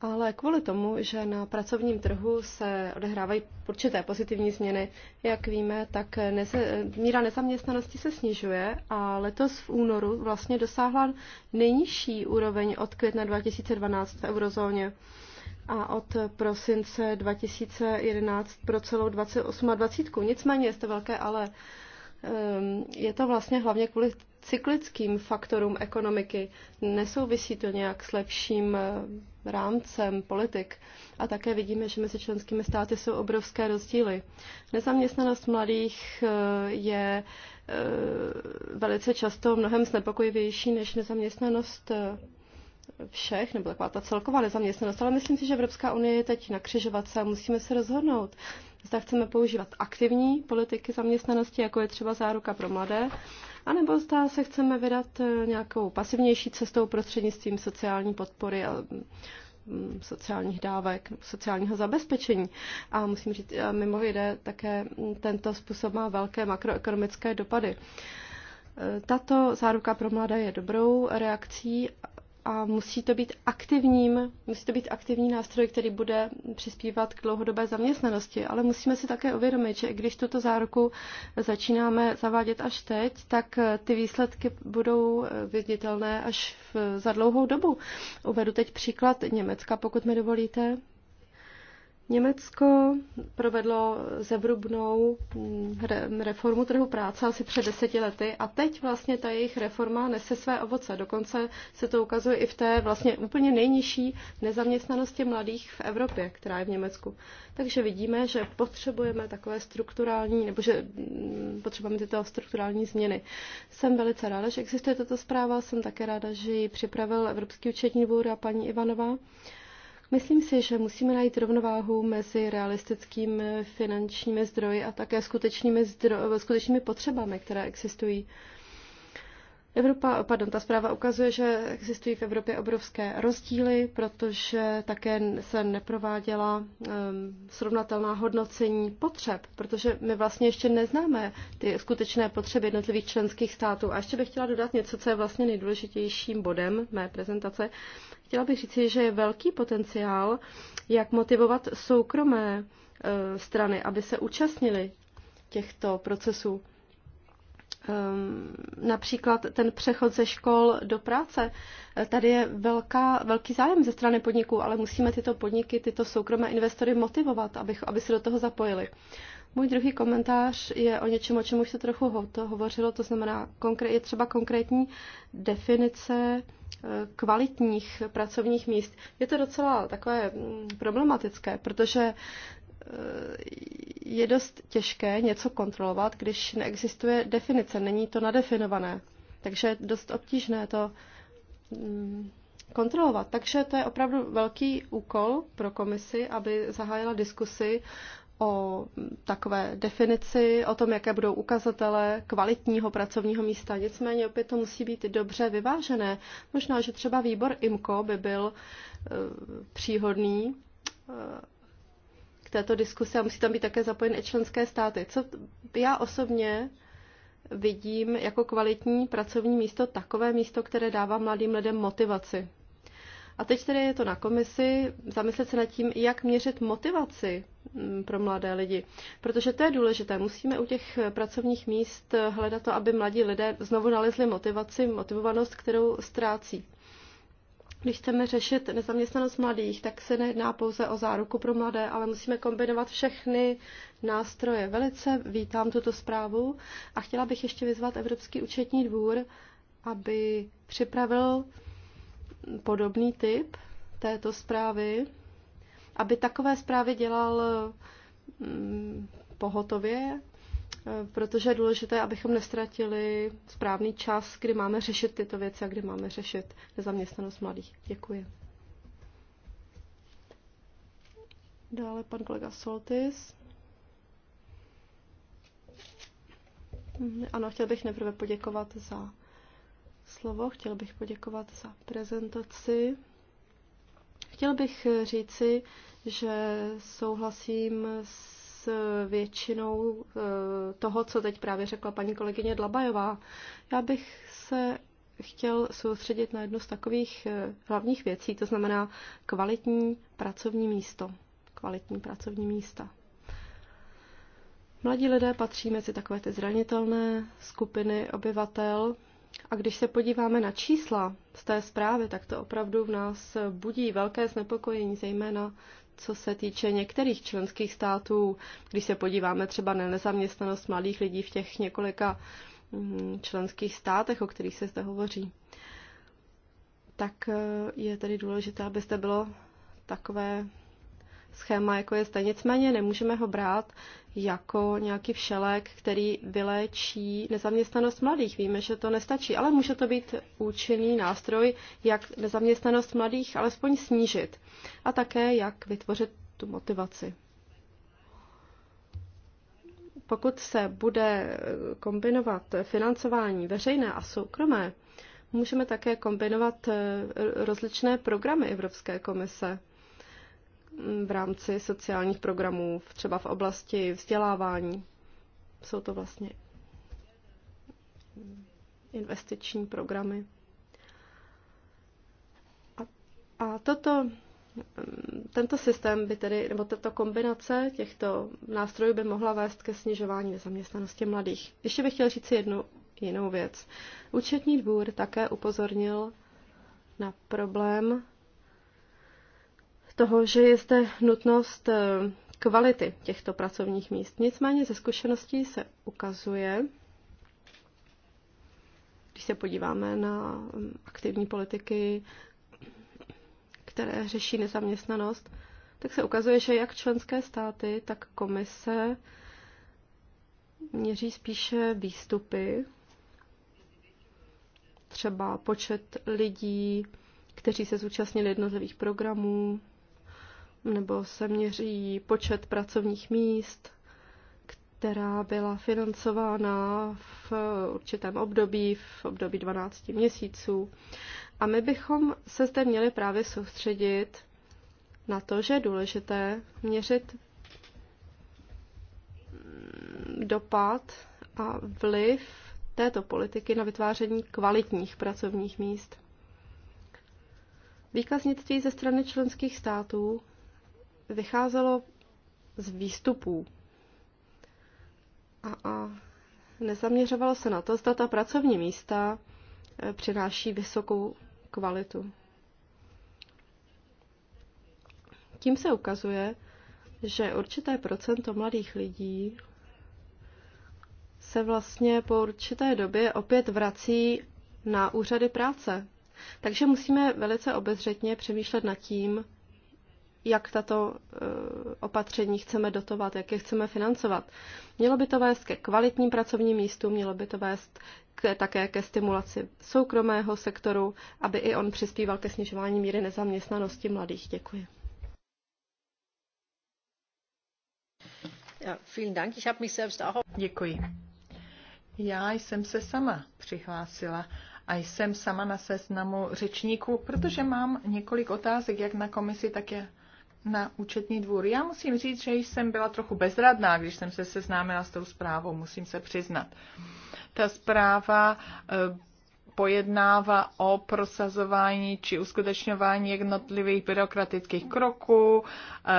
ale kvůli tomu, že na pracovním trhu se odehrávají určité pozitivní změny, jak víme, tak neze, míra nezaměstnanosti se snižuje a letos v únoru vlastně dosáhla nejnižší úroveň od května 2012 v eurozóně a od prosince 2011 pro celou 28 a 20. Nicméně je to velké, ale ehm, je to vlastně hlavně kvůli cyklickým faktorům ekonomiky. Nesouvisí to nějak s lepším eh, rámcem politik. A také vidíme, že mezi členskými státy jsou obrovské rozdíly. Nezaměstnanost mladých eh, je eh, velice často mnohem znepokojivější než nezaměstnanost všech, nebo taková ta celková nezaměstnanost, ale myslím si, že Evropská unie je teď na křižovatce a musíme se rozhodnout. Zda chceme používat aktivní politiky zaměstnanosti, jako je třeba záruka pro mladé, anebo zda se chceme vydat eh, nějakou pasivnější cestou prostřednictvím sociální podpory a mm, sociálních dávek, sociálního zabezpečení. A musím říct, eh, mimo jde také mm, tento způsob má velké makroekonomické dopady. Eh, tato záruka pro mladé je dobrou reakcí a musí to být aktivním, musí to být aktivní nástroj, který bude přispívat k dlouhodobé zaměstnanosti, ale musíme si také uvědomit, že když tuto záruku začínáme zavádět až teď, tak ty výsledky budou viditelné až v, za dlouhou dobu. Uvedu teď příklad Německa, pokud mi dovolíte. Německo provedlo zevrubnou reformu trhu práce asi před deseti lety a teď vlastně ta jejich reforma nese své ovoce. Dokonce se to ukazuje i v té vlastně úplně nejnižší nezaměstnanosti mladých v Evropě, která je v Německu. Takže vidíme, že potřebujeme takové strukturální, nebo že mm, potřebujeme tyto strukturální změny. Jsem velice ráda, že existuje tato zpráva, jsem také ráda, že ji připravil Evropský účetní dvůr a paní Ivanová. Myslím si, že musíme najít rovnováhu mezi realistickými finančními zdroji a také skutečnými, zdro- skutečnými potřebami, které existují. Evropa, pardon, ta zpráva ukazuje, že existují v Evropě obrovské rozdíly, protože také se neprováděla um, srovnatelná hodnocení potřeb, protože my vlastně ještě neznáme ty skutečné potřeby jednotlivých členských států. A ještě bych chtěla dodat něco, co je vlastně nejdůležitějším bodem mé prezentace. Chtěla bych říci, že je velký potenciál, jak motivovat soukromé uh, strany, aby se účastnili těchto procesů Ehm, například ten přechod ze škol do práce. Eh, tady je velká, velký zájem ze strany podniků, ale musíme tyto podniky, tyto soukromé investory motivovat, aby, aby se do toho zapojili. Můj druhý komentář je o něčem, o čem už se trochu ho, to hovořilo, to znamená, je třeba konkrétní definice eh, kvalitních pracovních míst. Je to docela takové mm, problematické, protože Eh, je dost těžké něco kontrolovat, když neexistuje definice, není to nadefinované. Takže je dost obtížné to mm, kontrolovat. Takže to je opravdu velký úkol pro komisi, aby zahájila diskusy o takové definici, o tom, jaké budou ukazatele kvalitního pracovního místa. Nicméně opět to musí být dobře vyvážené. Možná, že třeba výbor IMCO by byl eh, příhodný eh, této diskusi a musí tam být také i členské státy. Co já osobně vidím jako kvalitní pracovní místo, takové místo, které dává mladým lidem motivaci. A teď tedy je to na komisi zamyslet se nad tím, jak měřit motivaci mm, pro mladé lidi. Protože to je důležité. Musíme u těch pracovních míst hledat to, aby mladí lidé znovu nalezli motivaci, motivovanost, kterou ztrácí. Když chceme řešit nezaměstnanost mladých, tak se nejedná pouze o záruku pro mladé, ale musíme kombinovat všechny nástroje. Velice vítám tuto zprávu a chtěla bych ještě vyzvat Evropský účetní dvůr, aby připravil podobný typ této zprávy, aby takové zprávy dělal mm, pohotově protože je důležité, abychom nestratili správný čas, kdy máme řešit tyto věci a kdy máme řešit nezaměstnanost mladých. Děkuji. Dále pan kolega Soltis. Mhm, ano, chtěl bych nejprve poděkovat za slovo, chtěl bych poděkovat za prezentaci. Chtěl bych říci, že souhlasím s s většinou eh, toho, co teď právě řekla paní kolegyně Dlabajová. Já bych se chtěl soustředit na jednu z takových eh, hlavních věcí, to znamená kvalitní pracovní místo. Kvalitní pracovní místa. Mladí lidé patří mezi takové ty zranitelné skupiny obyvatel. A když se podíváme na čísla z té zprávy, tak to opravdu v nás budí velké znepokojení, zejména co se týče některých členských států, když se podíváme třeba na nezaměstnanost malých lidí v těch několika mm, členských státech, o kterých se zde hovoří, tak eh, je tedy důležité, aby zde bylo takové schéma, jako je zde. Nicméně nemůžeme ho brát jako nějaký všelek, který vylečí nezaměstnanost mladých. Víme, že to nestačí, ale může to být účinný nástroj, jak nezaměstnanost mladých alespoň snížit a také jak vytvořit tu motivaci. Pokud se bude kombinovat financování veřejné a soukromé, můžeme také kombinovat eh, rozličné programy Evropské komise v rámci sociálních programů, třeba v oblasti vzdělávání. Jsou to vlastně investiční programy. A, a toto, tento systém by tedy, nebo tato kombinace těchto nástrojů by mohla vést ke snižování nezaměstnanosti mladých. Ještě bych chtěl říct jednu jinou věc. Účetní dvůr také upozornil na problém toho, že je zde nutnost eh, kvality těchto pracovních míst. Nicméně ze zkušeností se ukazuje, když se podíváme na mm, aktivní politiky, které řeší nezaměstnanost, tak se ukazuje, že jak členské státy, tak komise měří spíše výstupy, třeba počet lidí, kteří se zúčastnili jednotlivých programů, nebo se měří počet pracovních míst, která byla financována v určitém období, v období 12 měsíců. A my bychom se zde měli právě soustředit na to, že je důležité měřit dopad a vliv této politiky na vytváření kvalitních pracovních míst. Výkaznictví ze strany členských států vycházelo z výstupů a, a nezaměřovalo se na to, zda ta pracovní místa e, přináší vysokou kvalitu. Tím se ukazuje, že určité procento mladých lidí se vlastně po určité době opět vrací na úřady práce. Takže musíme velice obezřetně přemýšlet nad tím, jak tato eh, opatření chceme dotovat, jak je chceme financovat. Mělo by to vést ke kvalitním pracovním místům, mělo by to vést k, také ke stimulaci soukromého sektoru, aby i on přispíval ke snižování míry nezaměstnanosti mladých. Děkuji. Děkuji. Já jsem se sama přihlásila a jsem sama na seznamu řečníků, protože mám několik otázek jak na komisi, tak je na účetní dvůr. Já musím říct, že jsem byla trochu bezradná, když jsem se seznámila s tou zprávou, musím se přiznat. Ta zpráva eh, pojednává o prosazování či uskutečňování jednotlivých byrokratických kroků, eh,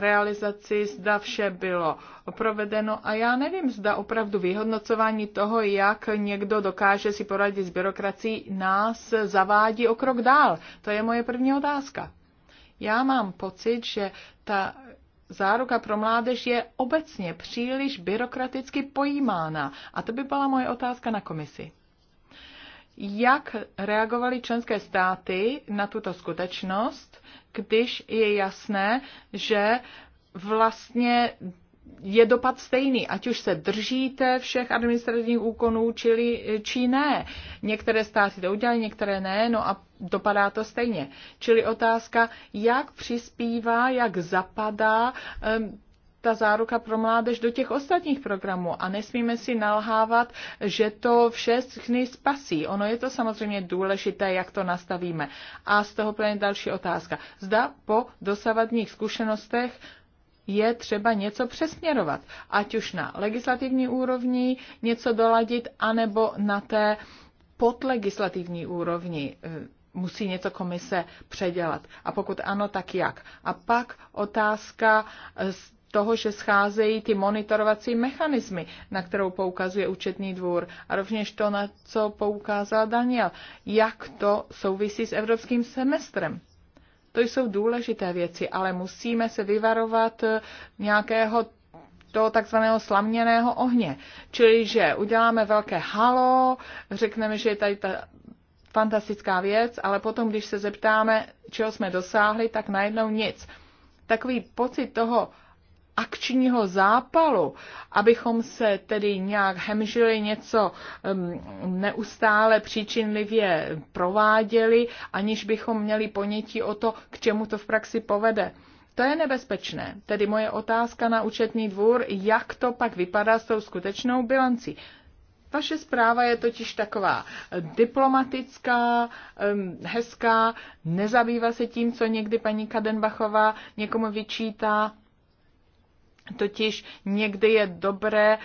realizaci, zda vše bylo provedeno a já nevím, zda opravdu vyhodnocování toho, jak někdo dokáže si poradit s byrokracií, nás zavádí o krok dál. To je moje první otázka. Já mám pocit, že ta záruka pro mládež je obecně příliš byrokraticky pojímána. A to by byla moje otázka na komisi. Jak reagovaly členské státy na tuto skutečnost, když je jasné, že vlastně je dopad stejný, ať už se držíte všech administrativních úkonů, čili, či ne. Některé státy to udělají, některé ne, no a dopadá to stejně. Čili otázka, jak přispívá, jak zapadá um, ta záruka pro mládež do těch ostatních programů a nesmíme si nalhávat, že to všechny spasí. Ono je to samozřejmě důležité, jak to nastavíme. A z toho plně další otázka. Zda po dosavadních zkušenostech je třeba něco přesměrovat, ať už na legislativní úrovni něco doladit, anebo na té podlegislativní úrovni eh, musí něco komise předělat. A pokud ano, tak jak? A pak otázka eh, z toho, že scházejí ty monitorovací mechanismy, na kterou poukazuje účetní dvůr a rovněž to, na co poukázal Daniel. Jak to souvisí s evropským semestrem? To jsou důležité věci, ale musíme se vyvarovat eh, nějakého toho takzvaného slaměného ohně. Čili, že uděláme velké halo, řekneme, že je tady ta fantastická věc, ale potom, když se zeptáme, čeho jsme dosáhli, tak najednou nic. Takový pocit toho akčního zápalu, abychom se tedy nějak hemžili něco neustále příčinlivě prováděli, aniž bychom měli ponětí o to, k čemu to v praxi povede. To je nebezpečné. Tedy moje otázka na účetní dvůr, jak to pak vypadá s tou skutečnou bilancí. Vaše zpráva je totiž taková diplomatická, hezká, nezabývá se tím, co někdy paní Kadenbachová někomu vyčítá, Totiž někdy je dobré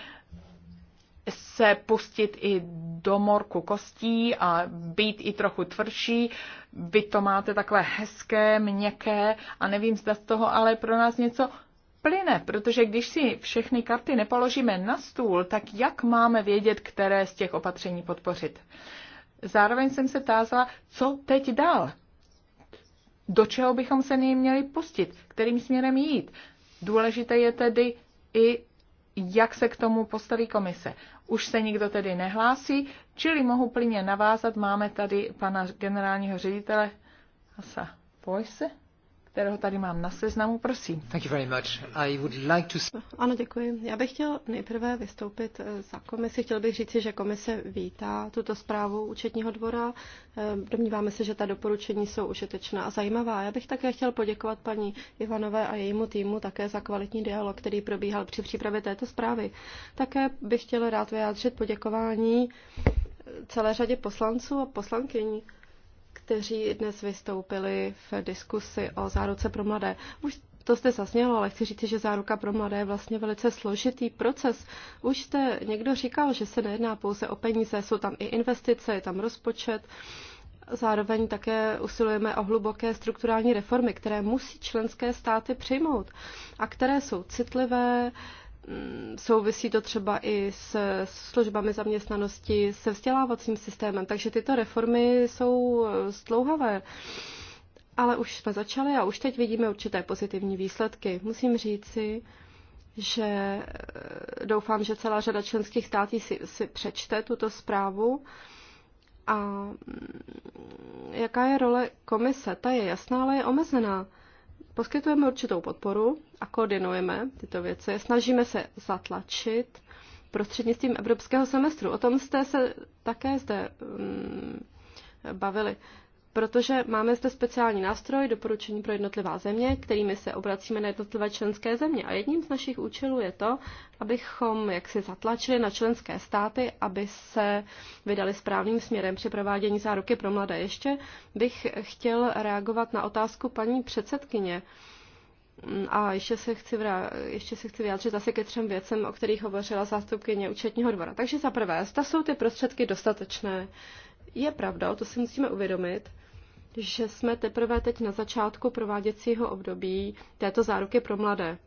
se pustit i do morku kostí a být i trochu tvrdší. Vy to máte takové hezké, měkké a nevím, zda z toho ale pro nás něco plyne, protože když si všechny karty nepoložíme na stůl, tak jak máme vědět, které z těch opatření podpořit? Zároveň jsem se tázala, co teď dál? Do čeho bychom se nyní měli pustit? Kterým směrem jít? Důležité je tedy i, jak se k tomu postaví komise. Už se nikdo tedy nehlásí, čili mohu plně navázat. Máme tady pana generálního ředitele Asa Pojse kterého tady mám na seznamu. Prosím. Thank you very much. I would like to... Ano, děkuji. Já bych chtěl nejprve vystoupit eh, za komisi. Chtěl bych říci, že komise vítá tuto zprávu účetního dvora. Eh, domníváme se, že ta doporučení jsou užitečná a zajímavá. Já bych také chtěl poděkovat paní Ivanové a jejímu týmu také za kvalitní dialog, který probíhal při přípravě této zprávy. Také bych chtěl rád vyjádřit poděkování eh, celé řadě poslanců a poslankyní kteří dnes vystoupili v diskusi o záruce pro mladé. Už to jste zasnělo, ale chci říct, že záruka pro mladé je vlastně velice složitý proces. Už jste někdo říkal, že se nejedná pouze o peníze, jsou tam i investice, je tam rozpočet. Zároveň také usilujeme o hluboké strukturální reformy, které musí členské státy přijmout a které jsou citlivé, Mm, souvisí to třeba i s službami zaměstnanosti, se vzdělávacím systémem, takže tyto reformy jsou eh, zdlouhavé. Ale už jsme začali a už teď vidíme určité pozitivní výsledky. Musím říci, že eh, doufám, že celá řada členských států si, si přečte tuto zprávu. A mm, jaká je role komise? Ta je jasná, ale je omezená. Poskytujeme určitou podporu a koordinujeme tyto věci. Snažíme se zatlačit prostřednictvím evropského semestru. O tom jste se také zde um, bavili protože máme zde speciální nástroj doporučení pro jednotlivá země, kterými se obracíme na jednotlivé členské země. A jedním z našich účelů je to, abychom jaksi zatlačili na členské státy, aby se vydali správným směrem při provádění záruky pro mladé. Ještě bych chtěl reagovat na otázku paní předsedkyně. A ještě se, chci vrát, ještě se chci vyjádřit zase ke třem věcem, o kterých hovořila zástupkyně účetního dvora. Takže za prvé, zda jsou ty prostředky dostatečné. Je pravda, to si musíme uvědomit, že jsme teprve teď na začátku prováděcího období této záruky pro mladé.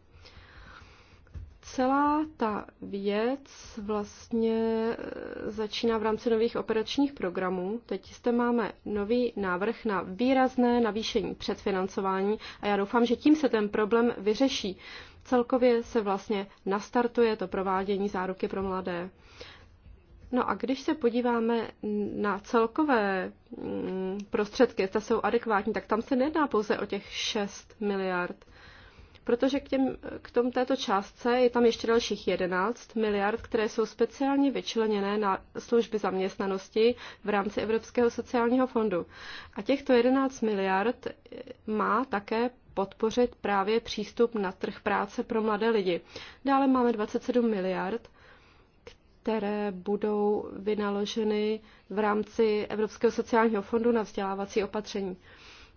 Celá ta věc vlastně eh, začíná v rámci nových operačních programů. Teď zde máme nový návrh na výrazné navýšení předfinancování a já doufám, že tím se ten problém vyřeší. Celkově se vlastně nastartuje to provádění záruky pro mladé. No a když se podíváme na celkové mm, prostředky, jestli jsou adekvátní, tak tam se nedá pouze o těch 6 miliard, protože k, těm, k tom této částce je tam ještě dalších 11 miliard, které jsou speciálně vyčleněné na služby zaměstnanosti v rámci Evropského sociálního fondu. A těchto 11 miliard eh, má také podpořit právě přístup na trh práce pro mladé lidi. Dále máme 27 miliard které budou vynaloženy v rámci Evropského sociálního fondu na vzdělávací opatření.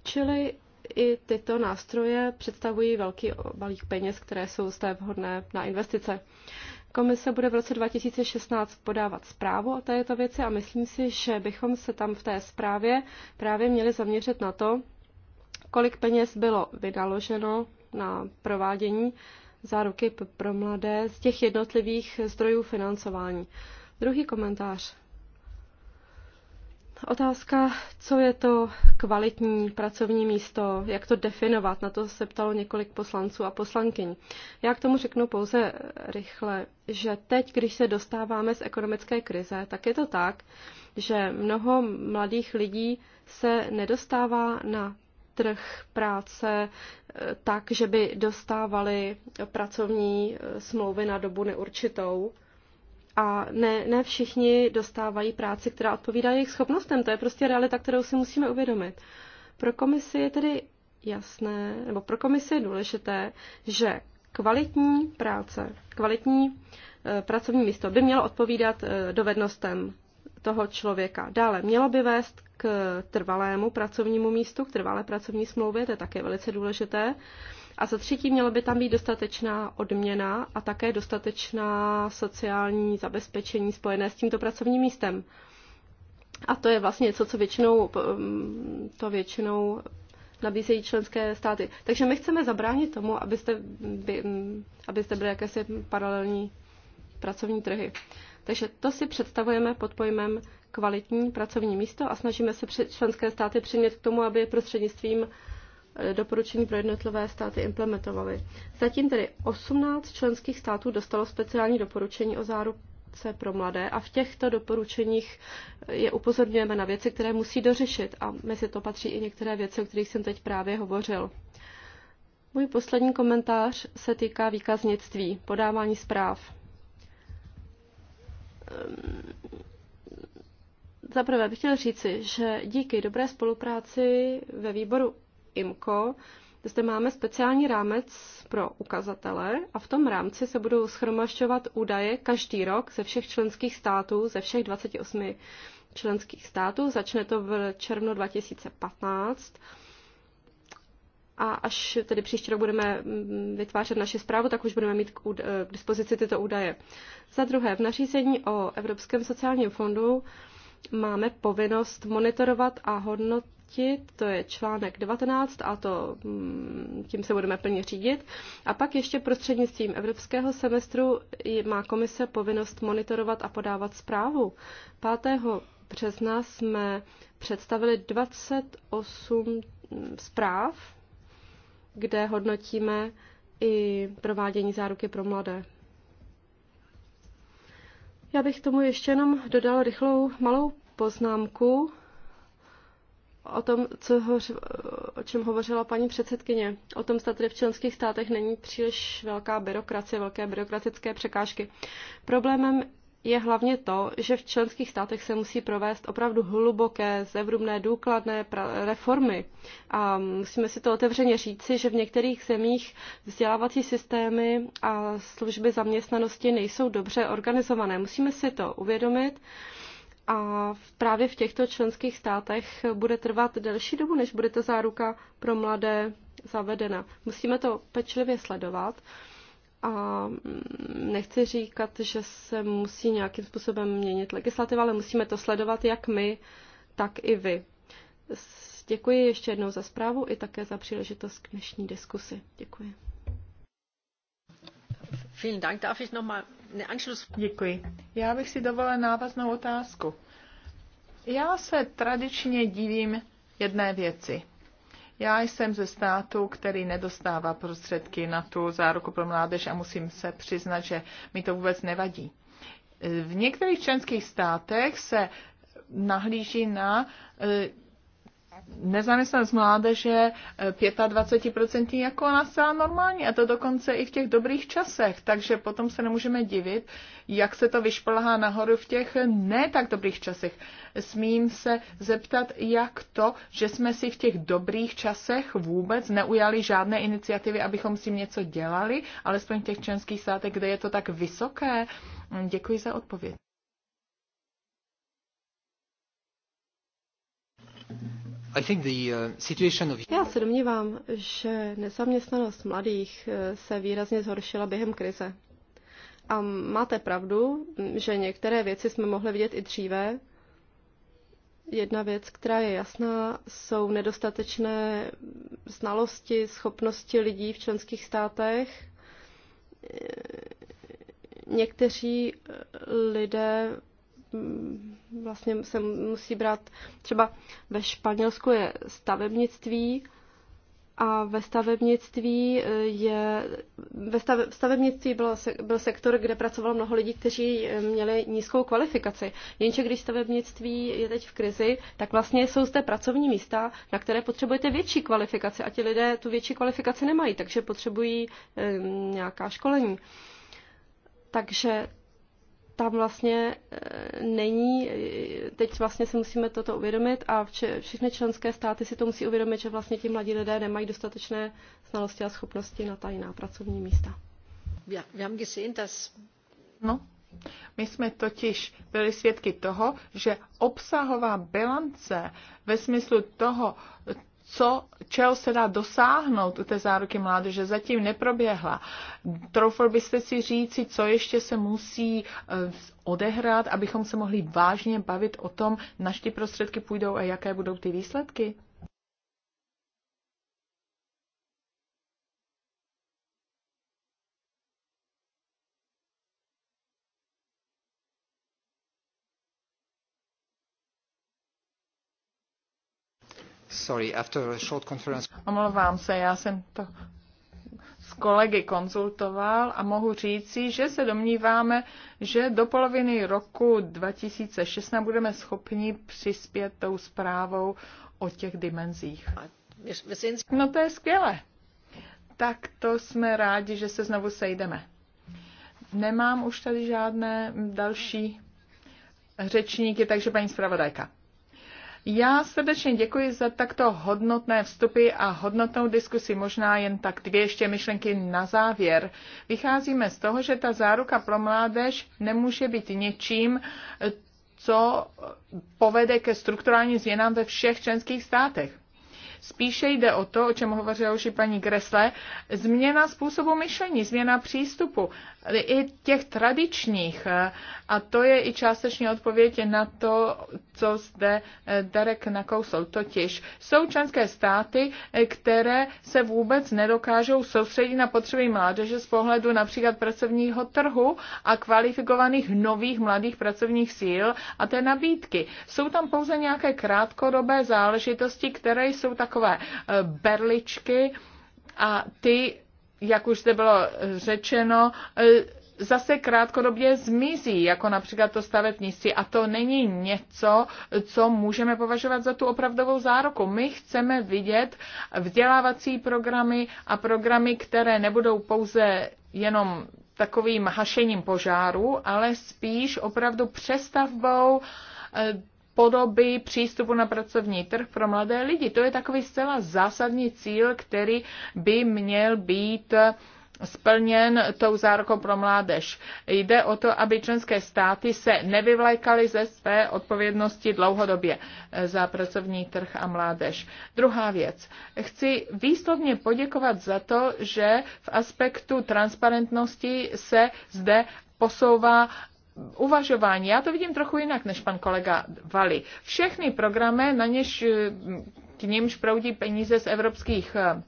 Čili i tyto nástroje představují velký balík peněz, které jsou zde vhodné na investice. Komise bude v roce 2016 podávat zprávu o této věci a myslím si, že bychom se tam v té zprávě právě měli zaměřit na to, kolik peněz bylo vynaloženo na provádění záruky pro mladé z těch jednotlivých zdrojů financování. Druhý komentář. Otázka, co je to kvalitní pracovní místo, jak to definovat, na to se ptalo několik poslanců a poslankyň. Já k tomu řeknu pouze rychle, že teď, když se dostáváme z ekonomické krize, tak je to tak, že mnoho mladých lidí se nedostává na trh práce eh, tak, že by dostávali pracovní eh, smlouvy na dobu neurčitou. A ne, ne všichni dostávají práci, která odpovídá jejich schopnostem. To je prostě realita, kterou si musíme uvědomit. Pro komisi je tedy jasné, nebo pro komisi je důležité, že kvalitní práce, kvalitní eh, pracovní místo by mělo odpovídat dovednostem toho člověka. Dále mělo by vést k trvalému pracovnímu místu, k trvalé pracovní smlouvě, to je také velice důležité. A za třetí měla by tam být dostatečná odměna a také dostatečná sociální zabezpečení spojené s tímto pracovním místem. A to je vlastně něco, co většinou, um, to většinou nabízejí členské státy. Takže my chceme zabránit tomu, abyste, by, um, abyste byli jakési paralelní pracovní trhy. Takže to si představujeme pod pojmem kvalitní pracovní místo a snažíme se členské státy přimět k tomu, aby prostřednictvím e, doporučení pro jednotlivé státy implementovaly. Zatím tedy 18 členských států dostalo speciální doporučení o záruce pro mladé a v těchto doporučeních e, je upozorňujeme na věci, které musí dořešit a mezi to patří i některé věci, o kterých jsem teď právě hovořil. Můj poslední komentář se týká výkaznictví, podávání zpráv. Ehm, Zaprvé bych chtěl říci, že díky dobré spolupráci ve výboru IMCO zde máme speciální rámec pro ukazatele a v tom rámci se budou schromažďovat údaje každý rok ze všech členských států, ze všech 28 členských států. Začne to v červnu 2015 a až tedy příští rok budeme mm, vytvářet naši zprávu, tak už budeme mít eh, k dispozici tyto údaje. Za druhé, v nařízení o Evropském sociálním fondu máme povinnost monitorovat a hodnotit, to je článek 19 a to mm, tím se budeme plně řídit. A pak ještě prostřednictvím evropského semestru má komise povinnost monitorovat a podávat zprávu. 5. března jsme představili 28 mm, zpráv kde hodnotíme i provádění záruky pro mladé. Já bych tomu ještě jenom dodal rychlou malou poznámku o tom, co hoř, o čem hovořila paní předsedkyně. O tom, že tady v členských státech není příliš velká byrokracie, velké byrokratické překážky. Problémem je hlavně to, že v členských státech se musí provést opravdu hluboké, zevrubné, důkladné reformy. A musíme si to otevřeně říci, že v některých zemích vzdělávací systémy a služby zaměstnanosti nejsou dobře organizované. Musíme si to uvědomit. A právě v těchto členských státech bude trvat delší dobu, než bude ta záruka pro mladé zavedena. Musíme to pečlivě sledovat a mm, nechci říkat, že se musí nějakým způsobem měnit legislativa, ale musíme to sledovat jak my, tak i vy. Děkuji ještě jednou za zprávu i také za příležitost k dnešní diskusi. Děkuji. Vielen Dank. Darf ich noch mal eine Anschluss... Děkuji. Já bych si dovolila návaznou otázku. Já se tradičně divím jedné věci. Já jsem ze státu, který nedostává prostředky na tu záruku pro mládež a musím se přiznat, že mi to vůbec nevadí. V některých členských státech se nahlíží na eh, nezaměstnanost mládeže 25% eh, jako ona zcela normální a to dokonce i v těch dobrých časech, takže potom se nemůžeme divit, jak se to vyšplhá nahoru v těch ne tak dobrých časech. Smím se zeptat, jak to, že jsme si v těch dobrých časech vůbec neujali žádné iniciativy, abychom si něco dělali, alespoň v těch členských státech, kde je to tak vysoké. Děkuji za odpověď. Uh, Já se domnívám, že nezaměstnanost mladých eh, se výrazně zhoršila během krize. A máte pravdu, že některé věci jsme mohli vidět i dříve. Jedna věc, která je jasná, jsou nedostatečné znalosti, schopnosti lidí v členských státech. Eh, někteří eh, lidé Mm, vlastně se musí brát, třeba ve Španělsku je stavebnictví a ve stavebnictví eh, je, ve stave, stavebnictví bylo, byl sektor, kde pracovalo mnoho lidí, kteří eh, měli nízkou kvalifikaci. Jenže když stavebnictví je teď v krizi, tak vlastně jsou zde pracovní místa, na které potřebujete větší kvalifikaci a ti lidé tu větší kvalifikaci nemají, takže potřebují eh, nějaká školení. Takže tam vlastně eh, není, eh, teď vlastně si musíme toto uvědomit a všechny členské státy si to musí uvědomit, že vlastně ti mladí lidé nemají dostatečné znalosti a schopnosti na ta jiná pracovní místa. No, my jsme totiž byli svědky toho, že obsahová bilance ve smyslu toho, co, čeho se dá dosáhnout u té záruky mládeže, zatím neproběhla. Troufal byste si říci, co ještě se musí eh, odehrát, abychom se mohli vážně bavit o tom, naš prostředky půjdou a jaké budou ty výsledky? Sorry, after a short conference. Omlouvám se, já jsem to s kolegy konzultoval a mohu říci, že se domníváme, že do poloviny roku 2016 budeme schopni přispět tou zprávou o těch dimenzích. No to je skvělé. Tak to jsme rádi, že se znovu sejdeme. Nemám už tady žádné další řečníky, takže paní zpravodajka. Já srdečně děkuji za takto hodnotné vstupy a hodnotnou diskusi. Možná jen tak dvě ještě myšlenky na závěr. Vycházíme z toho, že ta záruka pro mládež nemůže být něčím, co povede ke strukturálním změnám ve všech členských státech. Spíše jde o to, o čem hovořila už i paní Kresle, změna způsobu myšlení, změna přístupu i těch tradičních. A to je i částečně odpověď na to, co zde eh, Darek nakousl. Totiž jsou členské státy, eh, které se vůbec nedokážou soustředit na potřeby mládeže z pohledu například pracovního trhu a kvalifikovaných nových mladých pracovních síl a té nabídky. Jsou tam pouze nějaké krátkodobé záležitosti, které jsou takové eh, berličky, a ty jak už zde bylo řečeno, e, zase krátkodobě zmizí, jako například to stavebnictví. A to není něco, co můžeme považovat za tu opravdovou zároku. My chceme vidět vzdělávací programy a programy, které nebudou pouze jenom takovým hašením požáru, ale spíš opravdu přestavbou e, podoby přístupu na pracovní trh pro mladé lidi. To je takový zcela zásadní cíl, který by měl být splněn tou zárokou pro mládež. Jde o to, aby členské státy se nevyvlékaly ze své odpovědnosti dlouhodobě za pracovní trh a mládež. Druhá věc. Chci výslovně poděkovat za to, že v aspektu transparentnosti se zde posouvá uvažování. Já to vidím trochu jinak než pan kolega Vali. Všechny programy, na něž, eh, k němž proudí peníze z evropských eh,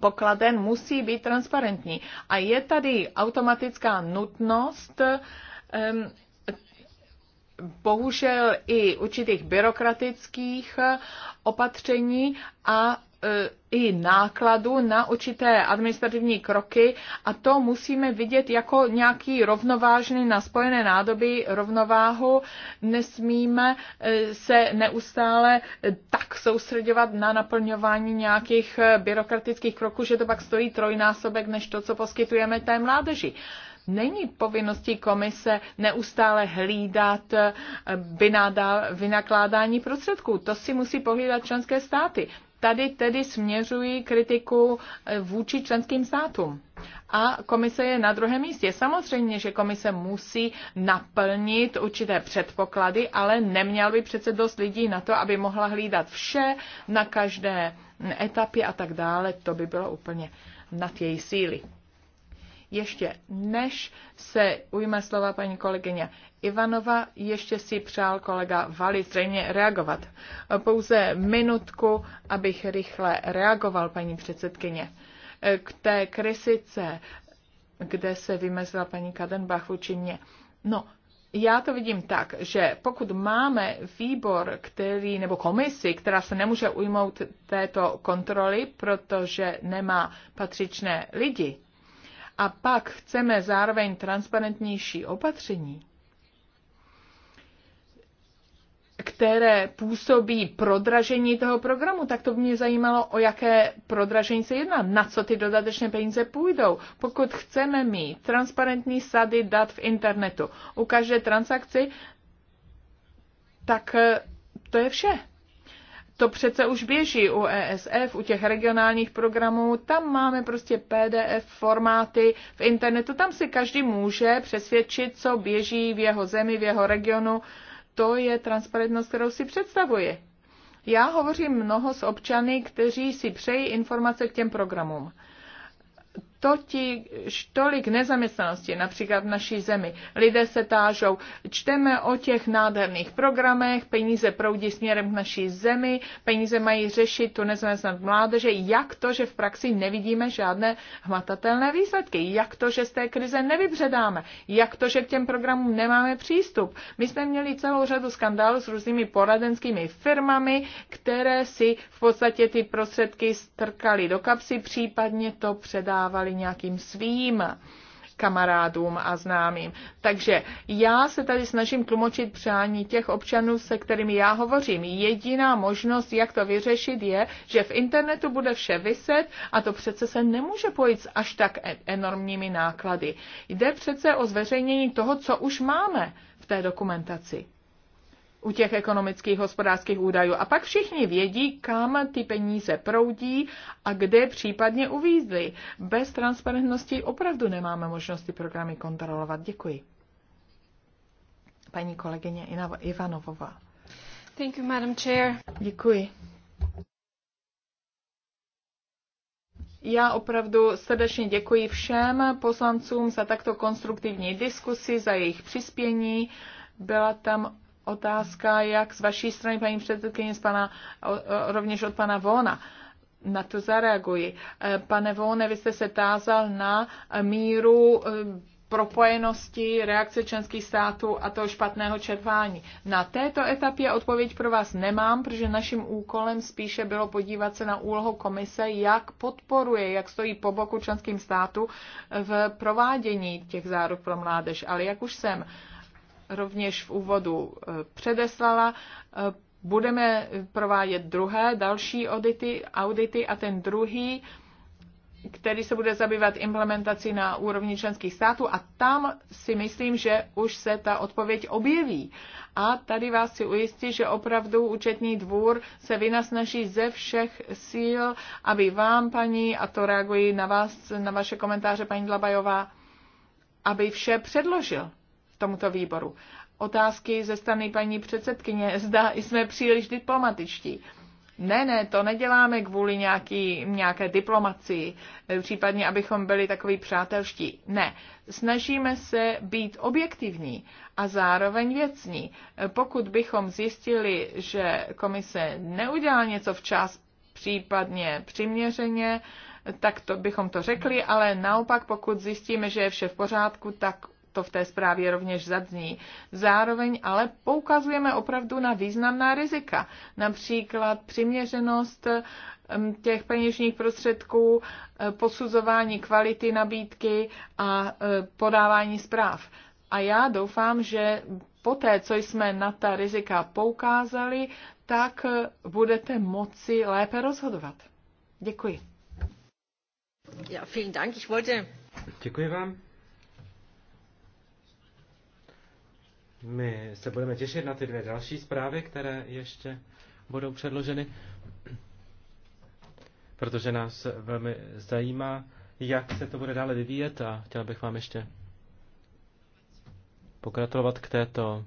pokladen, musí být transparentní. A je tady automatická nutnost um, bohužel i určitých byrokratických eh, opatření a E, i nákladu na určité administrativní kroky a to musíme vidět jako nějaký rovnovážný na spojené nádoby rovnováhu. Nesmíme e, se neustále tak soustředovat na naplňování nějakých e, byrokratických kroků, že to pak stojí trojnásobek než to, co poskytujeme té mládeži není povinností komise neustále hlídat vynakládání prostředků. To si musí pohlídat členské státy. Tady tedy směřují kritiku eh, vůči členským státům. A komise je na druhém místě. Samozřejmě, že komise musí naplnit určité předpoklady, ale neměl by přece dost lidí na to, aby mohla hlídat vše na každé etapě a tak dále. To by bylo úplně nad její síly. Ještě než se ujme slova paní kolegyně Ivanova, ještě si přál kolega Vali zřejmě reagovat. Pouze minutku, abych rychle reagoval, paní předsedkyně. K té krysice, kde se vymezila paní Kadenbach vůči mně. No, já to vidím tak, že pokud máme výbor, který, nebo komisi, která se nemůže ujmout této kontroly, protože nemá patřičné lidi, a pak chceme zároveň transparentnější opatření, které působí prodražení toho programu, tak to by mě zajímalo, o jaké prodražení se jedná, na co ty dodatečné peníze půjdou. Pokud chceme mít transparentní sady dat v internetu u každé transakci, tak to je vše. To přece už běží u ESF, u těch regionálních programů, tam máme prostě PDF formáty v internetu, tam si každý může přesvědčit, co běží v jeho zemi, v jeho regionu. To je transparentnost, kterou si představuje. Já hovořím mnoho s občany, kteří si přejí informace k těm programům totiž tolik nezaměstnanosti, například v naší zemi. Lidé se tážou, čteme o těch nádherných programech, peníze proudí směrem k naší zemi, peníze mají řešit tu nezaměstnanost mládeže. Jak to, že v praxi nevidíme žádné hmatatelné výsledky? Jak to, že z té krize nevybředáme? Jak to, že k těm programům nemáme přístup? My jsme měli celou řadu skandálů s různými poradenskými firmami, které si v podstatě ty prostředky strkaly do kapsy, případně to předávali dávali nějakým svým kamarádům a známým. Takže já se tady snažím tlumočit přání těch občanů, se kterými já hovořím. Jediná možnost, jak to vyřešit, je, že v internetu bude vše vyset a to přece se nemůže pojít s až tak e- enormními náklady. Jde přece o zveřejnění toho, co už máme v té dokumentaci u těch ekonomických hospodářských údajů. A pak všichni vědí, kam ty peníze proudí a kde případně uvízly. Bez transparentnosti opravdu nemáme možnost ty programy kontrolovat. Děkuji. Paní kolegyně Ivanovová. Thank you, Madam Chair. Děkuji. Já opravdu srdečně děkuji všem poslancům za takto konstruktivní diskusi, za jejich přispění. Byla tam otázka, jak z vaší strany, paní předsedkyně, z pana, rovněž od pana Vona. Na to zareaguji. E, pane Vone, vy jste se tázal na míru e, propojenosti reakce členských států a toho špatného čerpání. Na této etapě odpověď pro vás nemám, protože naším úkolem spíše bylo podívat se na úlohu komise, jak podporuje, jak stojí po boku členským státu v provádění těch záruk pro mládež. Ale jak už jsem uh, rovněž v úvodu e, předeslala, e, budeme provádět druhé, další audity, audity a ten druhý, který se bude zabývat implementací na úrovni členských států a tam si myslím, že už se ta odpověď objeví. A tady vás chci ujistit, že opravdu účetní dvůr se vynasnaží ze všech síl, aby vám, paní, a to reaguji na vás, na vaše komentáře, paní Dlabajová, aby vše předložil tomuto výboru. Otázky ze strany paní předsedkyně, zda jsme příliš diplomatičtí. Ne, ne, to neděláme kvůli nějaký, nějaké diplomacii, případně abychom byli takový přátelští. Ne, snažíme se být objektivní a zároveň věcní. Pokud bychom zjistili, že komise neudělá něco včas, případně přiměřeně, tak to bychom to řekli, ale naopak, pokud zjistíme, že je vše v pořádku, tak to v té zprávě rovněž zadní. Zároveň ale poukazujeme opravdu na významná rizika, například přiměřenost těch peněžních prostředků, e, posuzování kvality nabídky a e, podávání zpráv. A já doufám, že poté, co jsme na ta rizika poukázali, tak e, budete moci lépe rozhodovat. Děkuji. Ja, vielen Dank. Ich wollte... Děkuji vám. My se budeme těšit na ty dvě další zprávy, které ještě budou předloženy, protože nás velmi zajímá, jak se to bude dále vyvíjet a chtěl bych vám ještě pokratulovat k této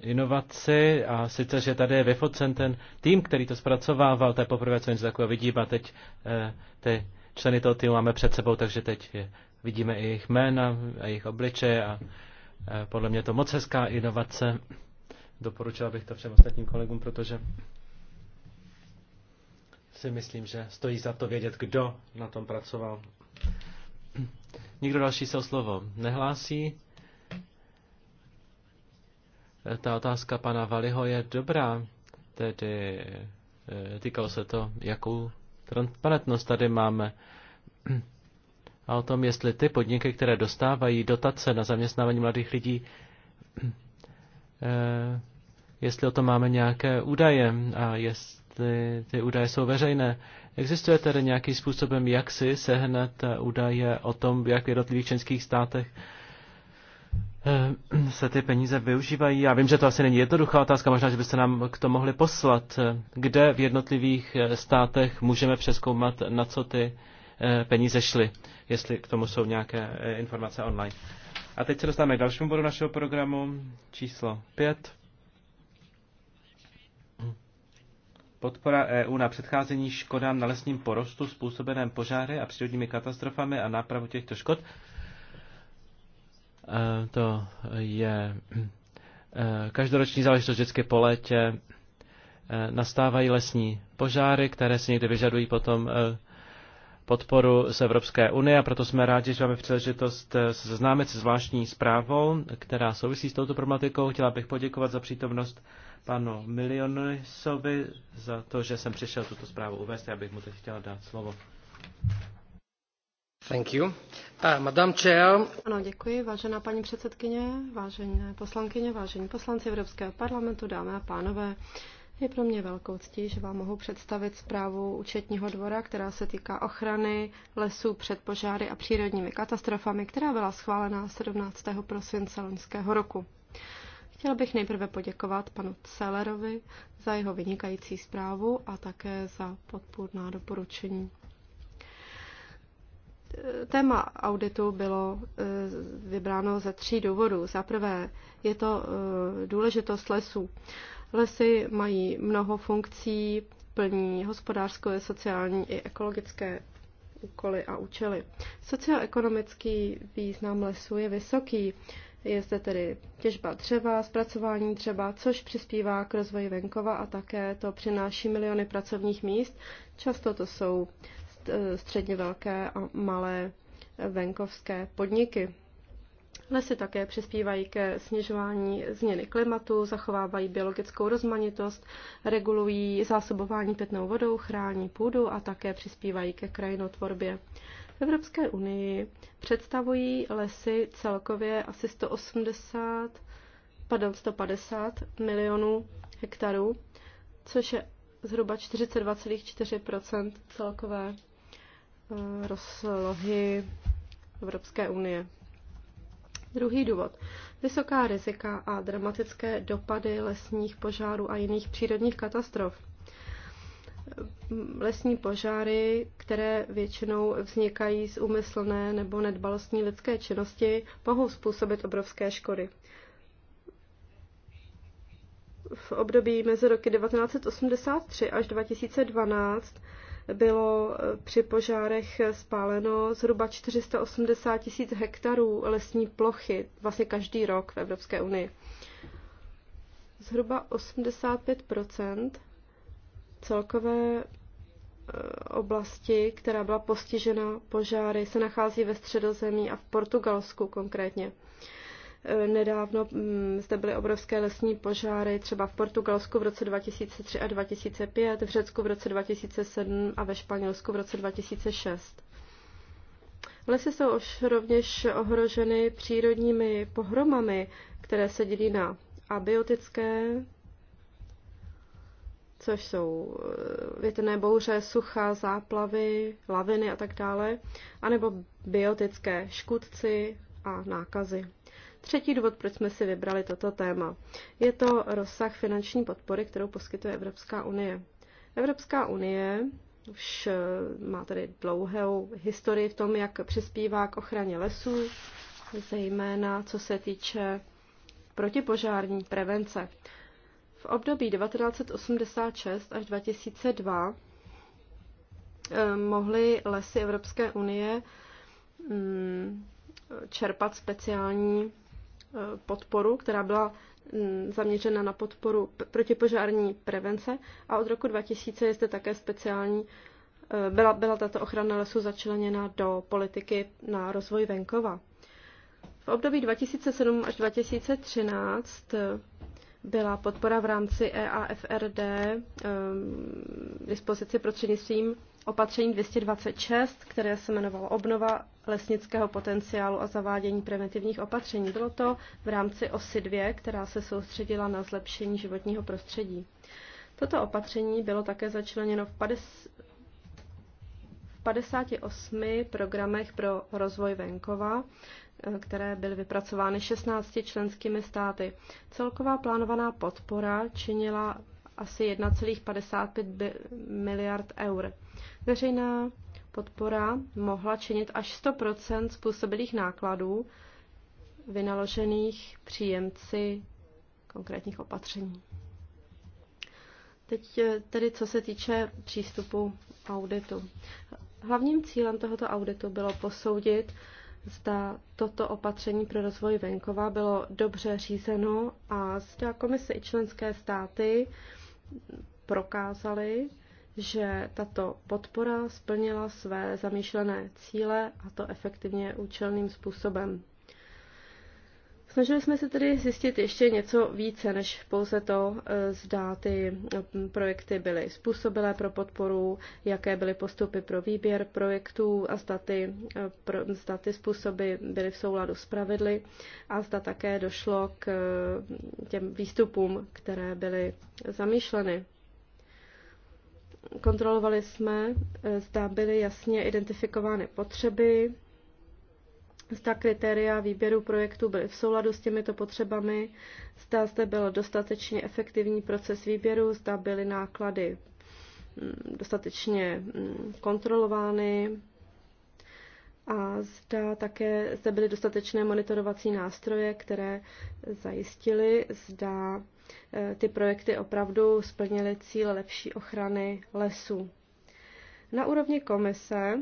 inovaci a sice, že tady je vyfocen ten tým, který to zpracovával, to je poprvé, co něco takového vidím a teď eh, ty členy toho týmu máme před sebou, takže teď je, vidíme i jejich jména a jejich obličeje a eh, Eh, podle mě je to moc hezká inovace. Doporučila bych to všem ostatním kolegům, protože si myslím, že stojí za to vědět, kdo na tom pracoval. [CLEARS THROAT] Nikdo další se o slovo nehlásí. Eh, ta otázka pana Valiho je dobrá, tedy eh, týkalo se to, jakou transparentnost tady máme. [CLEARS THROAT] a o tom, jestli ty podniky, které dostávají dotace na zaměstnávání mladých lidí, [CLEARS THROAT] eh, jestli o tom máme nějaké údaje a jestli ty údaje jsou veřejné. Existuje tedy nějaký způsobem, jak si sehnat údaje o tom, jak v jednotlivých členských státech eh, se ty peníze využívají. Já vím, že to asi není jednoduchá otázka, možná, že byste nám k tomu mohli poslat, eh, kde v jednotlivých státech můžeme přeskoumat, na co ty Eh, peníze šly, jestli k tomu jsou nějaké eh, informace online. A teď se dostáváme k dalšímu bodu našeho programu, číslo 5. Podpora EU na předcházení škodám na lesním porostu způsobeném požáry a přírodními katastrofami a nápravu těchto škod. Eh, to je každoroční záležitost vždycky po létě. Nastávají lesní požáry, které si někdy vyžadují potom podporu z Evropské unie a proto jsme rádi, že máme příležitost eh, seznámit se zvláštní zprávou, která souvisí s touto problematikou. Chtěla bych poděkovat za přítomnost panu Milionisovi za to, že jsem přišel tuto zprávu uvést. Já bych mu teď chtěla dát slovo. Thank you. Uh, eh, Madame Chair. Ano, děkuji, vážená paní předsedkyně, vážené poslankyně, vážení poslanci Evropského parlamentu, dámy a pánové. Je pro mě velkou ctí, že vám mohu představit zprávu účetního dvora, která se týká ochrany lesů před požáry a přírodními katastrofami, která byla schválena 17. prosince loňského roku. Chtěla bych nejprve poděkovat panu Celerovi za jeho vynikající zprávu a také za podpůrná doporučení. Téma auditu bylo eh, vybráno ze tří důvodů. Za prvé je to eh, důležitost lesů. Lesy mají mnoho funkcí, plní hospodářské, sociální i ekologické úkoly a účely. Socioekonomický význam lesů je vysoký. Je zde tedy těžba dřeva, zpracování dřeva, což přispívá k rozvoji venkova a také to přináší miliony pracovních míst. Často to jsou středně velké a malé venkovské podniky. Lesy také přispívají ke snižování změny klimatu, zachovávají biologickou rozmanitost, regulují zásobování pitnou vodou, chrání půdu a také přispívají ke krajinotvorbě. V Evropské unii představují lesy celkově asi 180, pardon, 150 milionů hektarů, což je zhruba 42,4 celkové eh, rozlohy Evropské unie. Druhý důvod. Vysoká rizika a dramatické dopady lesních požárů a jiných přírodních katastrof. Lesní požáry, které většinou vznikají z úmyslné nebo nedbalostní lidské činnosti, mohou způsobit obrovské škody v období mezi roky 1983 až 2012 bylo při požárech spáleno zhruba 480 tisíc hektarů lesní plochy vlastně každý rok v Evropské unii. Zhruba 85 celkové eh, oblasti, která byla postižena požáry, se nachází ve středozemí a v Portugalsku konkrétně. Nedávno mm, zde byly obrovské lesní požáry, třeba v Portugalsku v roce 2003 a 2005, v Řecku v roce 2007 a ve Španělsku v roce 2006. Lesy jsou už rovněž ohroženy přírodními pohromami, které se dělí na abiotické, což jsou eh, větrné bouře, sucha, záplavy, laviny a tak dále, anebo biotické škůdci a nákazy. Třetí důvod, proč jsme si vybrali toto téma, je to rozsah finanční podpory, kterou poskytuje Evropská unie. Evropská unie už eh, má tedy dlouhou historii v tom, jak přispívá k ochraně lesů, zejména co se týče protipožární prevence. V období 1986 až 2002 eh, mohly lesy Evropské unie mm, čerpat speciální podporu, která byla mm, zaměřena na podporu protipožární prevence a od roku 2000 je zde také speciální, e, byla, byla tato ochrana lesů začleněna do politiky na rozvoj venkova. V období 2007 až 2013 byla podpora v rámci EAFRD um, ehm, dispozici prostřednictvím opatření 226, které se jmenovalo obnova lesnického potenciálu a zavádění preventivních opatření. Bylo to v rámci osy 2, která se soustředila na zlepšení životního prostředí. Toto opatření bylo také začleněno v 58 programech pro rozvoj venkova Eh, které byly vypracovány 16 členskými státy. Celková plánovaná podpora činila asi 1,55 miliard eur. Veřejná podpora mohla činit až 100 způsobilých nákladů vynaložených příjemci konkrétních opatření. Teď eh, tedy co se týče přístupu auditu. Hlavním cílem tohoto auditu bylo posoudit, zda toto opatření pro rozvoj venkova bylo dobře řízeno a zda komise i členské státy prokázaly, že tato podpora splnila své zamýšlené cíle a to efektivně účelným způsobem. Snažili jsme se tedy zjistit ještě něco více, než pouze to, eh, zda ty eh, projekty byly způsobilé pro podporu, jaké byly postupy pro výběr projektů a zda ty, eh, pro, zda ty způsoby byly v souladu s pravidly a zda také došlo k těm výstupům, které byly zamýšleny. Kontrolovali jsme, zda byly jasně identifikovány potřeby, zda kritéria výběru projektu byly v souladu s těmito potřebami, zda zde byl dostatečně efektivní proces výběru, zda byly náklady mm, dostatečně mm, kontrolovány a zda také zde byly dostatečné monitorovací nástroje, které zajistily, zda e, ty projekty opravdu splnily cíl lepší ochrany lesů. Na úrovni komise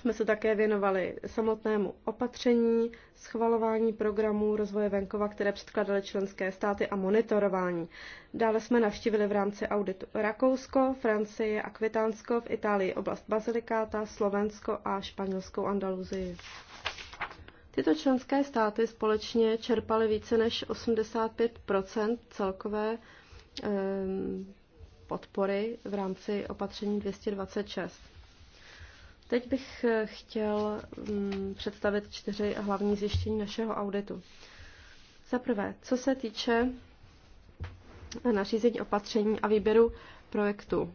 jsme se také věnovali samotnému opatření, schvalování programů rozvoje venkova, které předkladaly členské státy a monitorování. Dále jsme navštívili v rámci auditu Rakousko, Francii a Kvitánsko, v Itálii oblast Bazilikáta, Slovensko a španělskou Andaluzii. Tyto členské státy společně čerpaly více než 85 celkové ehm, podpory v rámci opatření 226. Teď bych eh, chtěl mm, představit čtyři hlavní zjištění našeho auditu. Za prvé, co se týče nařízení opatření a výběru projektu.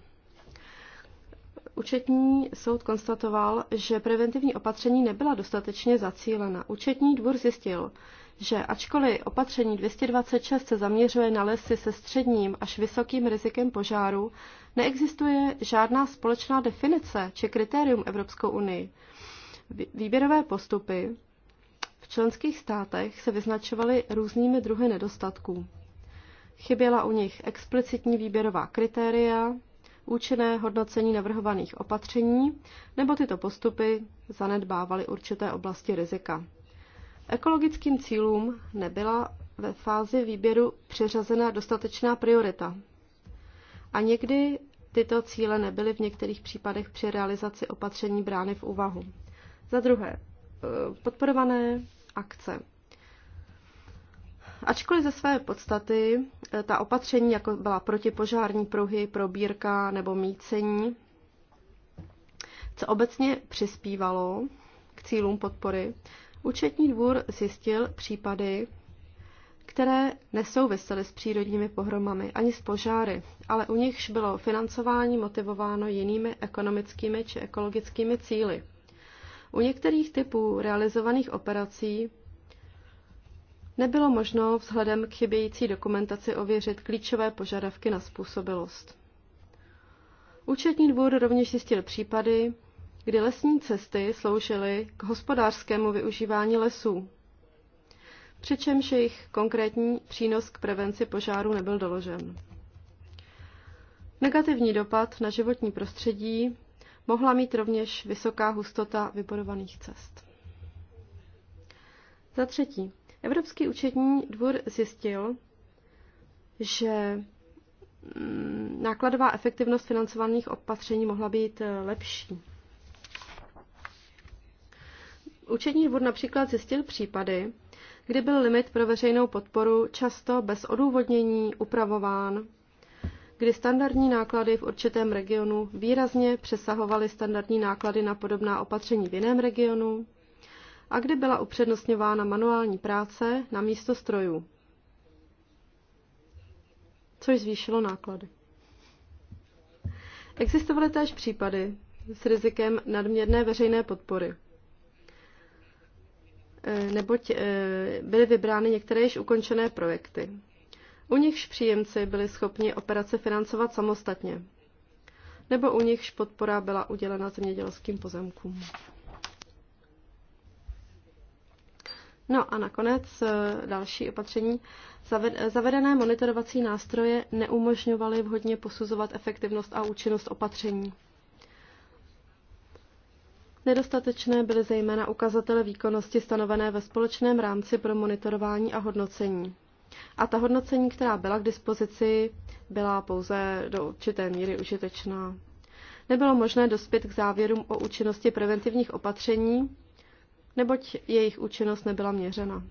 Účetní soud konstatoval, že preventivní opatření nebyla dostatečně zacílena. Účetní dvůr zjistil, že ačkoliv opatření 226 se zaměřuje na lesy se středním až vysokým rizikem požáru, neexistuje žádná společná definice či kritérium Evropskou unii. Výběrové postupy v členských státech se vyznačovaly různými druhy nedostatků. Chyběla u nich explicitní výběrová kritéria, účinné hodnocení navrhovaných opatření, nebo tyto postupy zanedbávaly určité oblasti rizika. Ekologickým cílům nebyla ve fázi výběru přeřazena dostatečná priorita. A někdy tyto cíle nebyly v některých případech při realizaci opatření brány v úvahu. Za druhé, e, podporované akce. Ačkoliv ze své podstaty e, ta opatření, jako byla protipožární pruhy, probírka nebo mícení, co obecně přispívalo k cílům podpory, Účetní dvůr zjistil případy, které nesouvisely s přírodními pohromami ani s požáry, ale u nichž bylo financování motivováno jinými ekonomickými či ekologickými cíly. U některých typů realizovaných operací nebylo možno vzhledem k chybějící dokumentaci ověřit klíčové požadavky na způsobilost. Účetní dvůr rovněž zjistil případy, kdy lesní cesty sloužily k hospodářskému využívání lesů, přičemž jejich konkrétní přínos k prevenci požáru nebyl doložen. Negativní dopad na životní prostředí mohla mít rovněž vysoká hustota vybudovaných cest. Za třetí, Evropský účetní dvůr zjistil, že mm, nákladová efektivnost financovaných opatření mohla být e, lepší. Učení dvůr například zjistil případy, kdy byl limit pro veřejnou podporu často bez odůvodnění upravován, kdy standardní náklady v určitém regionu výrazně přesahovaly standardní náklady na podobná opatření v jiném regionu a kdy byla upřednostňována manuální práce na místo strojů, což zvýšilo náklady. Existovaly též případy s rizikem nadměrné veřejné podpory. E, neboť e, byly vybrány některé již ukončené projekty. U nichž příjemci byli schopni operace financovat samostatně, nebo u nichž podpora byla udělena zemědělským pozemkům. No a nakonec e, další opatření. Zavedené monitorovací nástroje neumožňovaly vhodně posuzovat efektivnost a účinnost opatření. Nedostatečné byly zejména ukazatele výkonnosti stanovené ve společném rámci pro monitorování a hodnocení. A ta hodnocení, která byla k dispozici, byla pouze do určité míry užitečná. Nebylo možné dospět k závěrům o účinnosti preventivních opatření, neboť jejich účinnost nebyla měřena.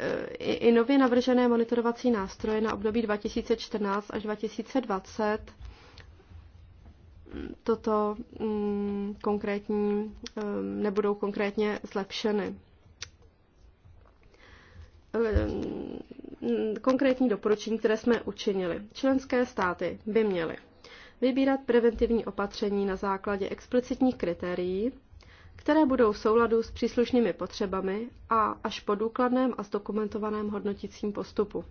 E, I nově navržené monitorovací nástroje na období 2014 až 2020 toto mm, konkrétní, nebudou konkrétně zlepšeny. Konkrétní doporučení, které jsme učinili. Členské státy by měly vybírat preventivní opatření na základě explicitních kritérií, které budou v souladu s příslušnými potřebami a až po důkladném a zdokumentovaném hodnotícím postupu.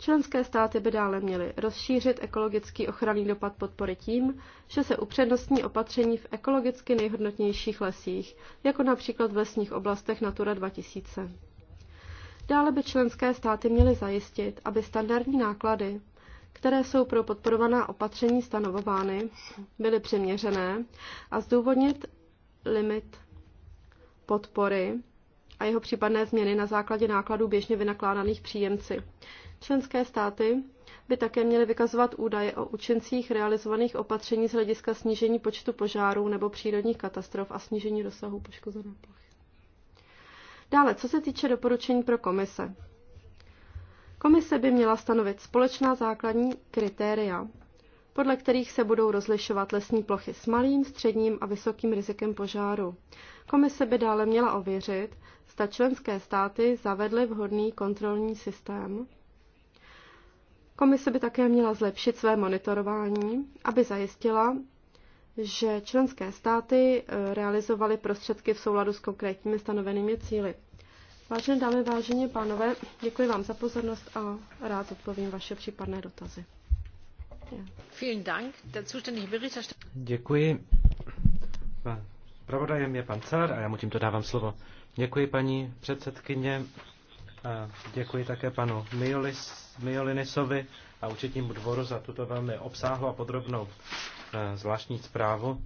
Členské státy by dále měly rozšířit ekologický ochranný dopad podpory tím, že se upřednostní opatření v ekologicky nejhodnotnějších lesích, jako například v lesních oblastech Natura 2000. Dále by členské státy měly zajistit, aby standardní náklady, které jsou pro podporovaná opatření stanovovány, byly přiměřené a zdůvodnit limit podpory a jeho případné změny na základě nákladů běžně vynakládaných příjemci. Členské státy by také měly vykazovat údaje o účincích realizovaných opatření z hlediska snížení počtu požárů nebo přírodních katastrof a snížení rozsahu poškozené plochy. Dále, co se týče doporučení pro komise. Komise by měla stanovit společná základní kritéria, podle kterých se budou rozlišovat lesní plochy s malým, středním a vysokým rizikem požáru. Komise by dále měla ověřit, zda členské státy zavedly vhodný kontrolní systém Komise by také měla zlepšit své monitorování, aby zajistila, že členské státy eh, realizovaly prostředky v souladu s konkrétními stanovenými cíly. Vážené dámy, vážení pánové, děkuji vám za pozornost a rád odpovím vaše případné dotazy. Děkuji. Pravodajem je pan Cár a já mu tímto dávám slovo. Děkuji, paní předsedkyně. A děkuji také panu Miolis, Miolinisovi a určitímu dvoru za tuto velmi obsáhlou a podrobnou e, zvláštní zprávu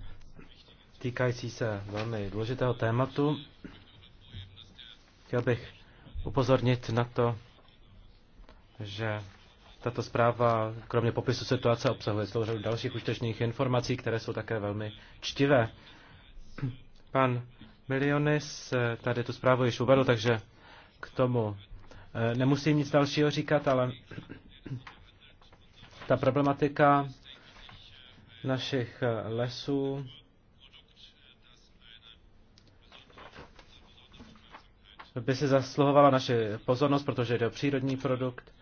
týkající se velmi důležitého tématu. Chtěl bych upozornit na to, že tato zpráva, kromě popisu situace, obsahuje celou řadu dalších užitečných informací, které jsou také velmi čtivé. Pan Milionis e, tady tu zprávu již uvedl, takže k tomu Eh, nemusím nic dalšího říkat, ale ta problematika našich eh, lesů by se zasluhovala naše pozornost, protože jde o přírodní produkt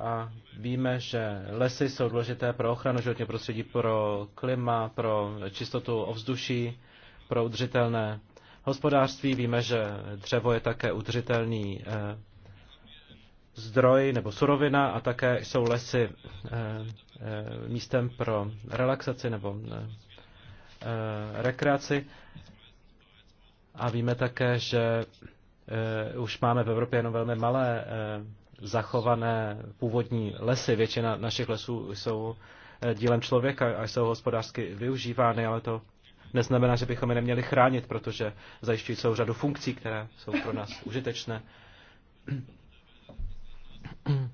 a víme, že lesy jsou důležité pro ochranu životního prostředí, pro klima, pro čistotu ovzduší, pro udržitelné hospodářství. Víme, že dřevo je také udržitelný eh, zdroj nebo surovina a také jsou lesy eh, eh, místem pro relaxaci nebo rekreaci. A víme také, že už máme v Evropě jenom velmi malé zachované původní lesy. Většina našich lesů jsou dílem člověka a jsou hospodářsky využívány, ale to neznamená, že bychom je neměli chránit, protože zajišťují celou řadu funkcí, které jsou pro nás užitečné. [CLEARS THROAT]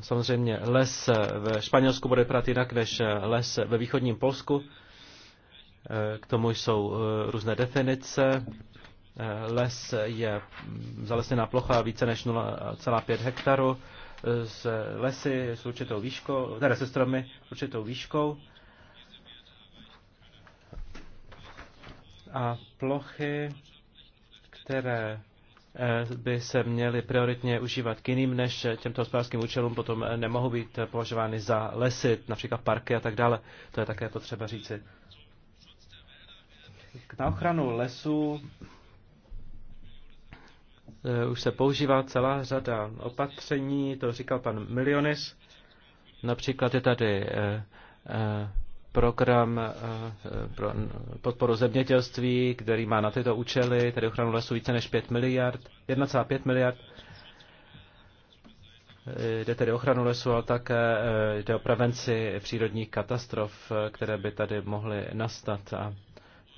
Samozřejmě les ve Španělsku bude vypadat jinak než les ve východním Polsku. K tomu jsou eh, různé definice. Eh, les je zalesněná plocha více než 0,5 hektaru eh, s lesy s určitou výškou, teda se stromy s určitou výškou a plochy, které eh, by se měly prioritně užívat k jiným než těmto hospodářským účelům, potom eh, nemohou být považovány za lesy, například parky a tak dále. To je také potřeba říci. Na ochranu lesů eh, už se používá celá řada opatření, to říkal pan Milionis. Například je tady program eh, eh, pro podporu zemědělství, který má na tyto účely, tedy ochranu lesů více než 5 miliard, 1,5 miliard. Eh, jde tedy ochranu lesu, ale také jde o prevenci přírodních katastrof, které by tady mohly nastat a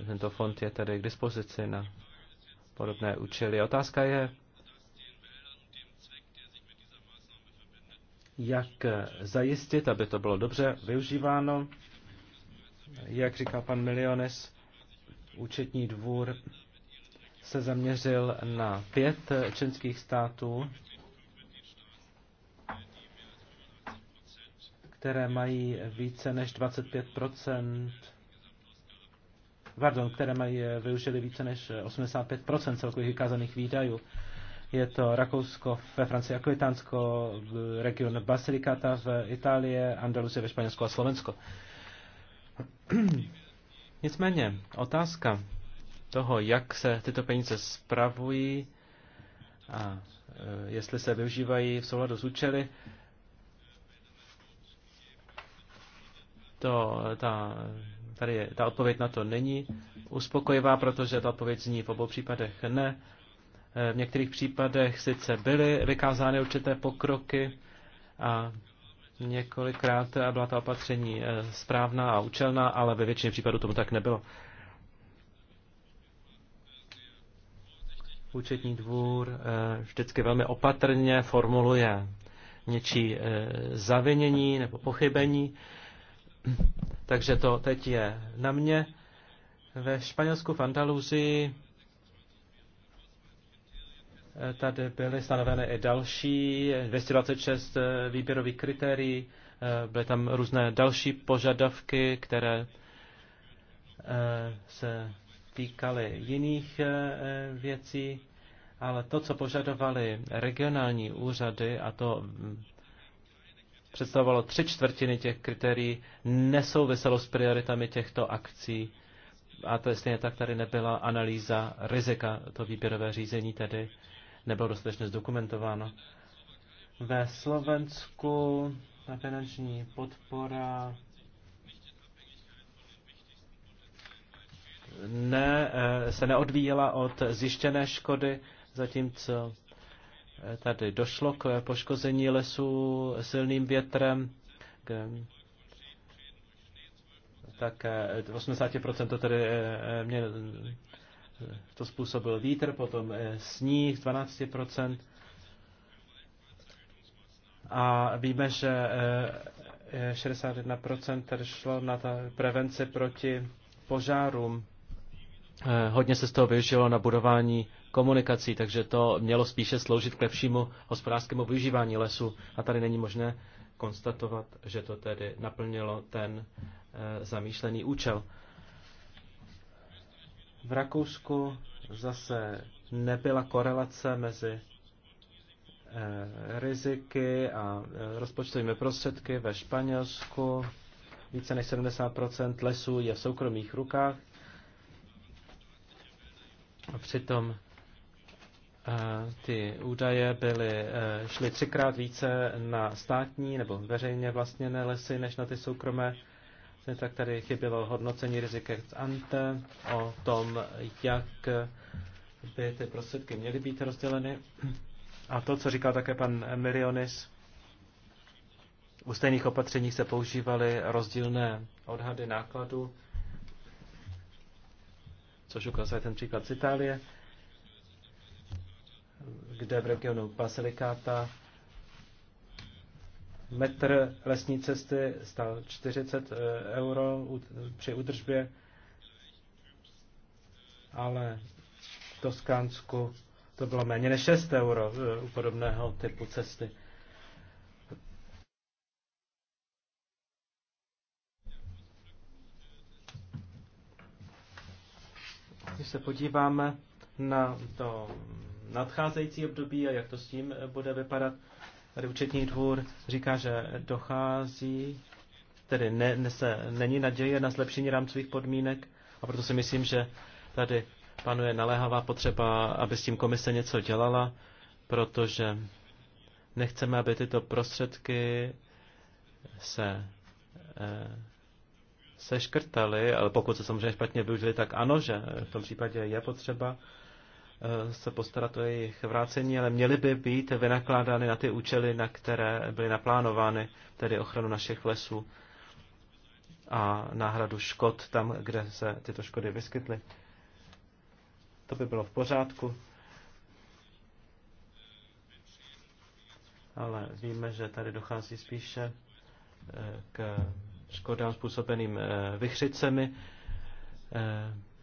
tento fond je tady k dispozici na podobné účely. Otázka je, jak zajistit, aby to bylo dobře využíváno, jak říká pan Miliones, účetní dvůr se zaměřil na pět členských států, které mají více než 25 pardon, které mají využili více než 85 celkových vykázaných výdajů. Je to Rakousko ve Francii, Akvitánsko, region Basilikata v Itálii, Andaluzie ve Španělsku a Slovensko. [CLEARS THROAT] Nicméně otázka toho, jak se tyto peníze spravují a e, jestli se využívají v souladu s účely, to, ta, tady je, ta odpověď na to není uspokojivá, protože ta odpověď zní v obou případech ne. E, v některých případech sice byly vykázány určité pokroky a několikrát byla ta opatření eh, správná a účelná, ale ve většině případů tomu tak nebylo. Účetní dvůr eh, vždycky velmi opatrně formuluje něčí eh, zavinění nebo pochybení, [CLEARS THROAT] takže to teď je na mě. Ve Španělsku v Andaluzii Tady byly stanoveny i další 226 eh, výběrových kritérií, eh, byly tam různé další požadavky, které eh, se týkaly jiných věcí, ale to, co požadovaly regionální úřady, a to mm, představovalo tři čtvrtiny těch kritérií, nesouviselo s prioritami těchto akcí. A to je stejně tak, tady nebyla analýza rizika, to výběrové řízení tedy nebylo dostatečně zdokumentováno. Ve Slovensku ta finanční podpora ne, eh, se neodvíjela od zjištěné škody, zatímco eh, tady došlo k poškození lesů silným větrem, k, tak 80% eh, to tedy mě to způsobil vítr, potom eh, sníh 12%. A víme, že 61% eh, eh, tady šlo na ta prevence proti požárům. Hodně se z toho využilo na budování komunikací, takže to mělo spíše sloužit k lepšímu hospodářskému využívání lesu. A tady není možné konstatovat, že to tedy naplnilo ten zamýšlený účel. V Rakousku zase nebyla korelace mezi eh, riziky a eh, rozpočtovými prostředky ve Španělsku. Více než 70 lesů je v soukromých rukách. A přitom eh, ty údaje byly, šly třikrát více na státní nebo veřejně vlastněné lesy než na ty soukromé ne, tak tady chybělo hodnocení rizik ex ante o tom, jak by ty prostředky měly být rozděleny. A to, co říkal také pan Mirionis, u stejných opatření se používaly rozdílné odhady nákladů, což ukazuje ten příklad z Itálie, kde v regionu Basilikáta Metr lesní cesty stál 40 eh, euro při udržbě, ale v Toskánsku to bylo méně než 6 euro eh, u podobného typu cesty. Když se podíváme na to nadcházející období a jak to s tím eh, bude vypadat, Tady účetní dvůr říká, že dochází, tedy ne, ne se, není naděje na zlepšení rámcových podmínek a proto si myslím, že tady panuje naléhavá potřeba, aby s tím komise něco dělala, protože nechceme, aby tyto prostředky se eh, seškrtaly, ale pokud se samozřejmě špatně využili, tak ano, že v tom případě je potřeba Eh, se postarat o jejich vrácení, ale měly by být vynakládány na ty účely, na které byly naplánovány, tedy ochranu našich lesů a náhradu škod tam, kde se tyto škody vyskytly. To by bylo v pořádku. Ale víme, že tady dochází spíše eh, k škodám způsobeným eh, vychřicemi.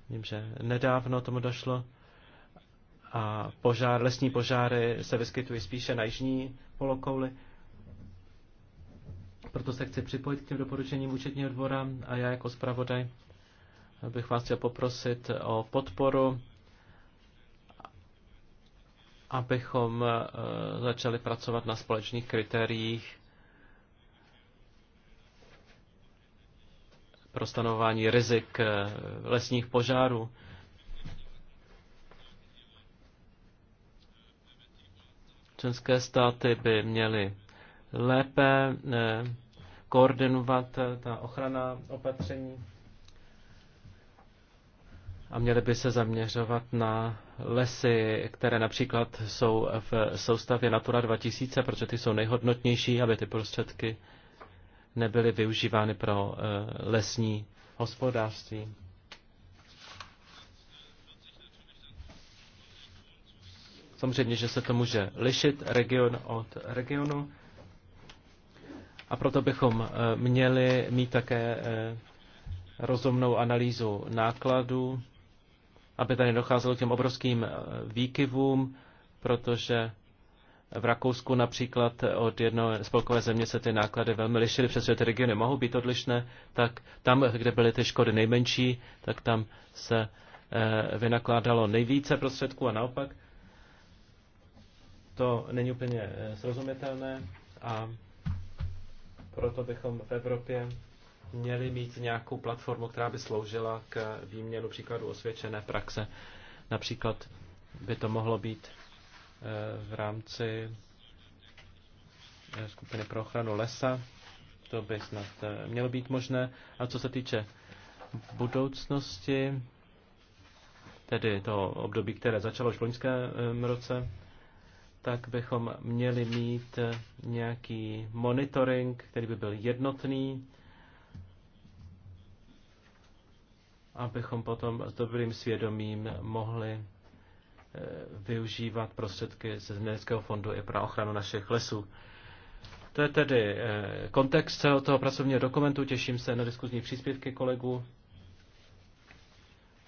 Vím, že nedávno tomu došlo a požár, lesní požáry se vyskytují spíše na jižní polokouli. Proto se chci připojit k těm doporučením účetního dvora a já jako zpravodaj bych vás chtěl poprosit o podporu, abychom e, začali pracovat na společných kritériích pro stanování rizik e, lesních požárů. Členské státy by měly lépe eh, koordinovat eh, ta ochrana opatření a měly by se zaměřovat na lesy, které například jsou v soustavě Natura 2000, protože ty jsou nejhodnotnější, aby ty prostředky nebyly využívány pro eh, lesní hospodářství. Samozřejmě, že se to může lišit region od regionu. A proto bychom eh, měli mít také eh, rozumnou analýzu nákladů, aby tady docházelo k těm obrovským eh, výkyvům, protože v Rakousku například od jedné spolkové země se ty náklady velmi lišily, přestože ty regiony mohou být odlišné, tak tam, kde byly ty škody nejmenší, tak tam se vynakládalo nejvíce prostředků a naopak to není úplně eh, srozumitelné a proto bychom v Evropě měli mít nějakou platformu, která by sloužila k výměnu příkladů osvědčené praxe. Například by to mohlo být eh, v rámci eh, skupiny pro ochranu lesa. To by snad mělo být možné. A co se týče budoucnosti, tedy to období, které začalo už v loňském roce, tak bychom měli mít eh, nějaký monitoring, který by byl jednotný, abychom potom s dobrým svědomím mohli eh, využívat prostředky ze Zemědělského fondu i pro ochranu našich lesů. To je tedy eh, kontext celého toho pracovního dokumentu. Těším se na diskuzní příspěvky kolegů.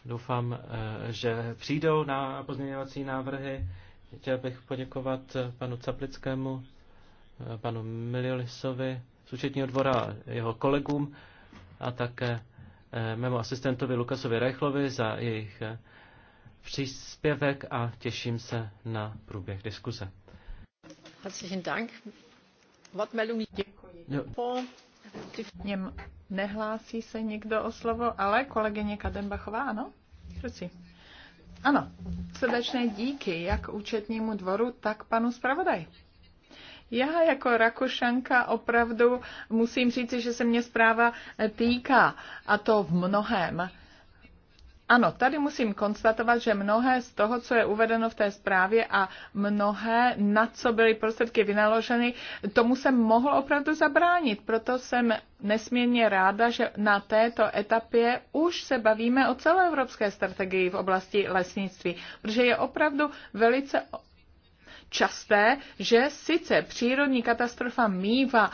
Doufám, že přijdou na pozměňovací návrhy. Chtěl bych poděkovat panu Caplickému, panu Miliolisovi z účetního dvora a jeho kolegům a také eh, mému asistentovi Lukasovi Rechlovi za jejich eh, příspěvek a těším se na průběh diskuze. Herzlichen Dank. Wortmeldung. Děkuji. Něm nehlásí se někdo o slovo, ale kolegyně Kadenbachová, ano? Prosím. Ano, srdečné díky jak účetnímu dvoru, tak panu zpravodaj. Já jako Rakošanka opravdu musím říct, že se mě zpráva týká a to v mnohem. Ano, tady musím konstatovat, že mnohé z toho, co je uvedeno v té zprávě a mnohé, na co byly prostředky vynaloženy, tomu jsem mohl opravdu zabránit. Proto jsem nesmírně ráda, že na této etapě už se bavíme o celoevropské strategii v oblasti lesnictví, protože je opravdu velice časté, že sice přírodní katastrofa mývá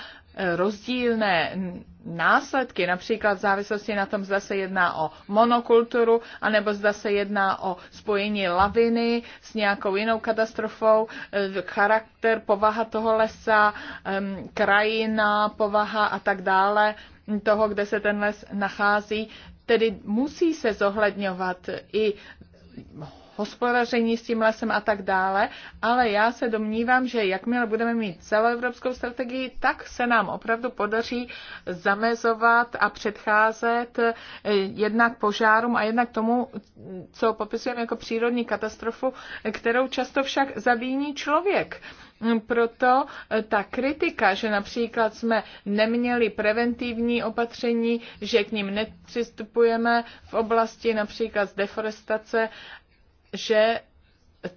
rozdílné následky, například v závislosti na tom, zda se jedná o monokulturu, anebo zda se jedná o spojení laviny s nějakou jinou katastrofou, eh, charakter, povaha toho lesa, krajina, povaha a tak dále, toho, kde se ten les nachází. Tedy musí se zohledňovat i hospodaření s tím lesem a tak dále, ale já se domnívám, že jakmile budeme mít celoevropskou strategii, tak se nám opravdu podaří zamezovat a předcházet eh, jednak požárům a jednak tomu, co popisujeme jako přírodní katastrofu, kterou často však zavíní člověk. Mm, proto eh, ta kritika, že například jsme neměli preventivní opatření, že k ním nepřistupujeme v oblasti například z deforestace že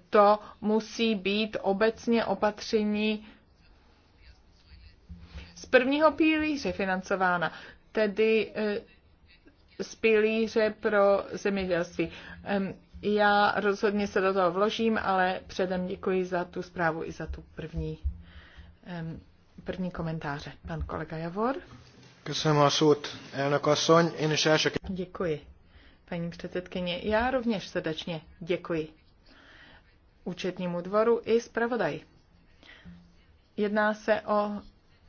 to musí být obecně opatření z prvního pilíře financována, tedy eh, z pilíře pro zemědělství. Já rozhodně se do toho vložím, ale předem děkuji za tu zprávu i za tu první, první komentáře. Pan kolega Javor. Děkuji paní předsedkyně. Já rovněž srdečně děkuji účetnímu dvoru i zpravodaji. Jedná se o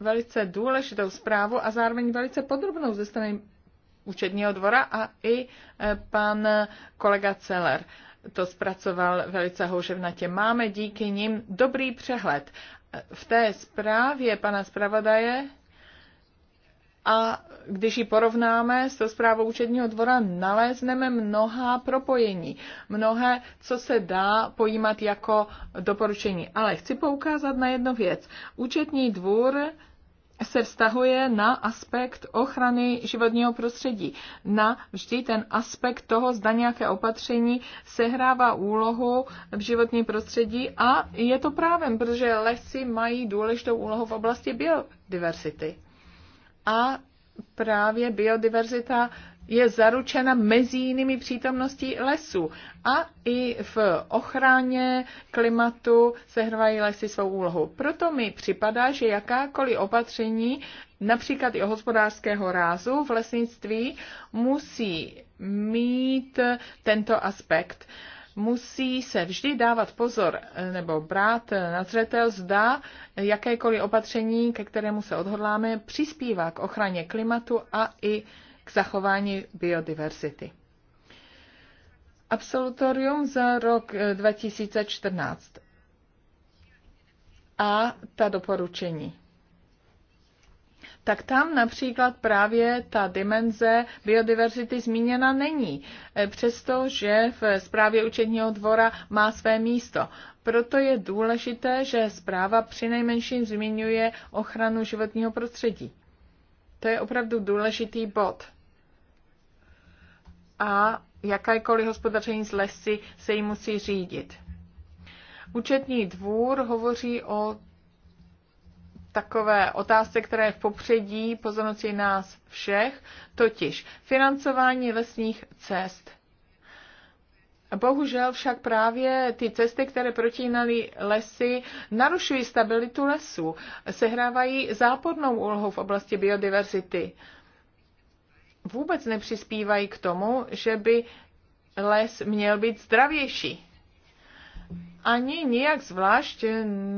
velice důležitou zprávu a zároveň velice podrobnou ze strany účetního dvora a i e, pan kolega Celer to zpracoval velice houževnatě. Máme díky nim dobrý přehled. E, v té zprávě pana zpravodaje a když ji porovnáme s tou zprávou účetního dvora, nalezneme mnoha propojení, mnohé, co se dá pojímat jako doporučení. Ale chci poukázat na jednu věc. Účetní dvůr se vztahuje na aspekt ochrany životního prostředí. Na vždy ten aspekt toho, zda nějaké opatření sehrává úlohu v životním prostředí a je to právem, protože lesy mají důležitou úlohu v oblasti biodiversity a právě biodiverzita je zaručena mezi jinými přítomností lesů. A i v ochraně klimatu sehrávají lesy svou úlohu. Proto mi připadá, že jakákoliv opatření, například i hospodářského rázu v lesnictví, musí mít tento aspekt. Uh, musí se vždy dávat pozor eh, nebo brát eh, na zřetel, zda jakékoliv opatření, ke kterému se odhodláme, přispívá k ochraně klimatu a i k zachování biodiverzity. Absolutorium za rok 2014 eh, a ta doporučení tak tam například právě ta dimenze biodiverzity zmíněna není, e, přestože v zprávě účetního dvora má své místo. Proto je důležité, že zpráva přinejmenším zmiňuje ochranu životního prostředí. To je opravdu důležitý bod. A jakékoliv hospodaření s lesy se jí musí řídit. Účetní dvůr hovoří o takové otázce, které je v popředí pozornosti nás všech, totiž financování lesních cest. Bohužel však právě ty cesty, které protínaly lesy, narušují stabilitu lesů, sehrávají zápornou úlohu v oblasti biodiverzity. Vůbec nepřispívají k tomu, že by les měl být zdravější ani nijak zvlášť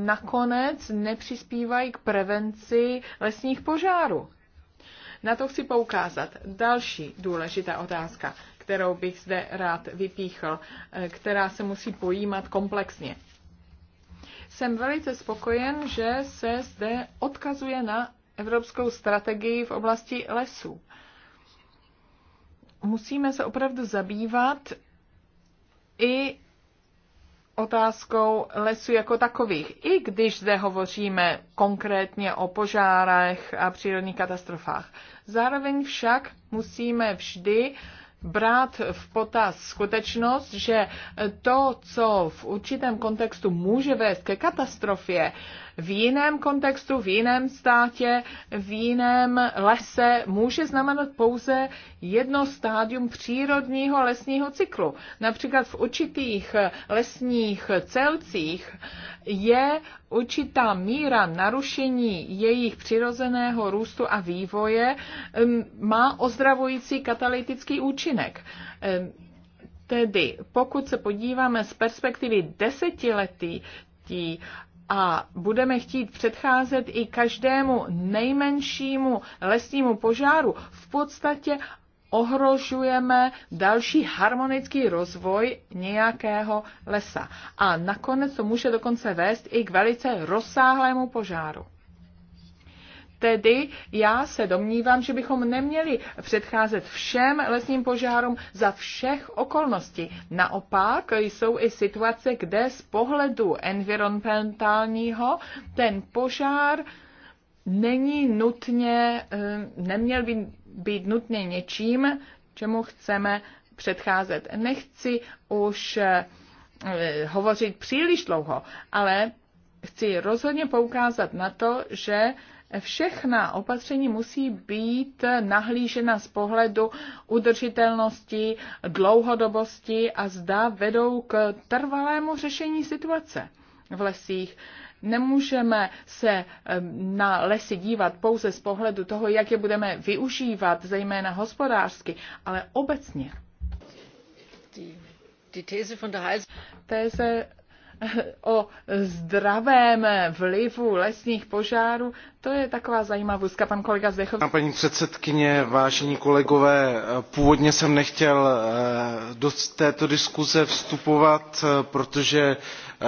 nakonec nepřispívají k prevenci lesních požárů. Na to chci poukázat. Další důležitá otázka, kterou bych zde rád vypíchl, eh, která se musí pojímat komplexně. Jsem velice spokojen, že se zde odkazuje na evropskou strategii v oblasti lesů. Musíme se opravdu zabývat i otázkou lesů jako takových. I když zde hovoříme konkrétně o požárech a přírodních katastrofách. Zároveň však musíme vždy uh, brát v potaz skutečnost, že to, co v určitém kontextu může vést ke katastrofě, v jiném kontextu, v jiném státě, v jiném lese může znamenat pouze jedno stádium přírodního lesního cyklu. Například v určitých lesních celcích je určitá míra narušení jejich přirozeného růstu a vývoje má ozdravující katalytický účinek. Tedy pokud se podíváme z perspektivy desetiletí, a budeme chtít předcházet i každému nejmenšímu lesnímu požáru, v podstatě ohrožujeme další harmonický rozvoj nějakého lesa. A nakonec to může dokonce vést i k velice rozsáhlému požáru. Tedy já se domnívám, že bychom neměli předcházet všem lesním požárům za všech okolností. Naopak jsou i situace, kde z pohledu environmentálního ten požár není nutně, eh, neměl by být nutně něčím, čemu chceme předcházet. Nechci už eh, eh, hovořit příliš dlouho, ale chci rozhodně poukázat na to, že všechna opatření musí být nahlížena z pohledu udržitelnosti, dlouhodobosti a zda vedou k trvalému řešení situace v lesích. Nemůžeme se na lesy dívat pouze z pohledu toho, jak je budeme využívat, zejména hospodářsky, ale obecně. Téze [LAUGHS] o zdravém vlivu lesních požárů. To je taková zajímavostka, pan kolega Zdechov. Paní předsedkyně, vážení kolegové, původně jsem nechtěl eh, do této diskuze vstupovat, eh, protože Eh,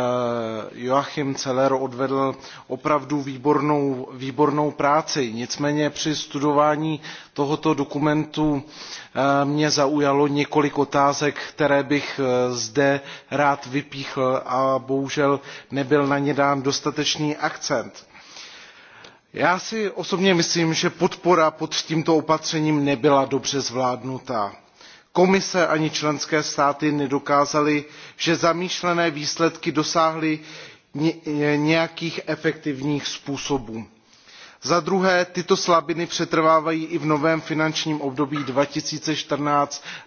Joachim Celer odvedl opravdu výbornou, výbornou práci. Nicméně při studování tohoto dokumentu eh, mě zaujalo několik otázek, které bych eh, zde rád vypíchl a bohužel nebyl na ně dán dostatečný akcent. Já si osobně myslím, že podpora pod tímto opatřením nebyla dobře zvládnuta komise ani členské státy nedokázaly že zamýšlené výsledky dosáhly nějakých efektivních způsobů. za druhé tyto slabiny přetrvávají i v novém finančním období two thousand and fourteen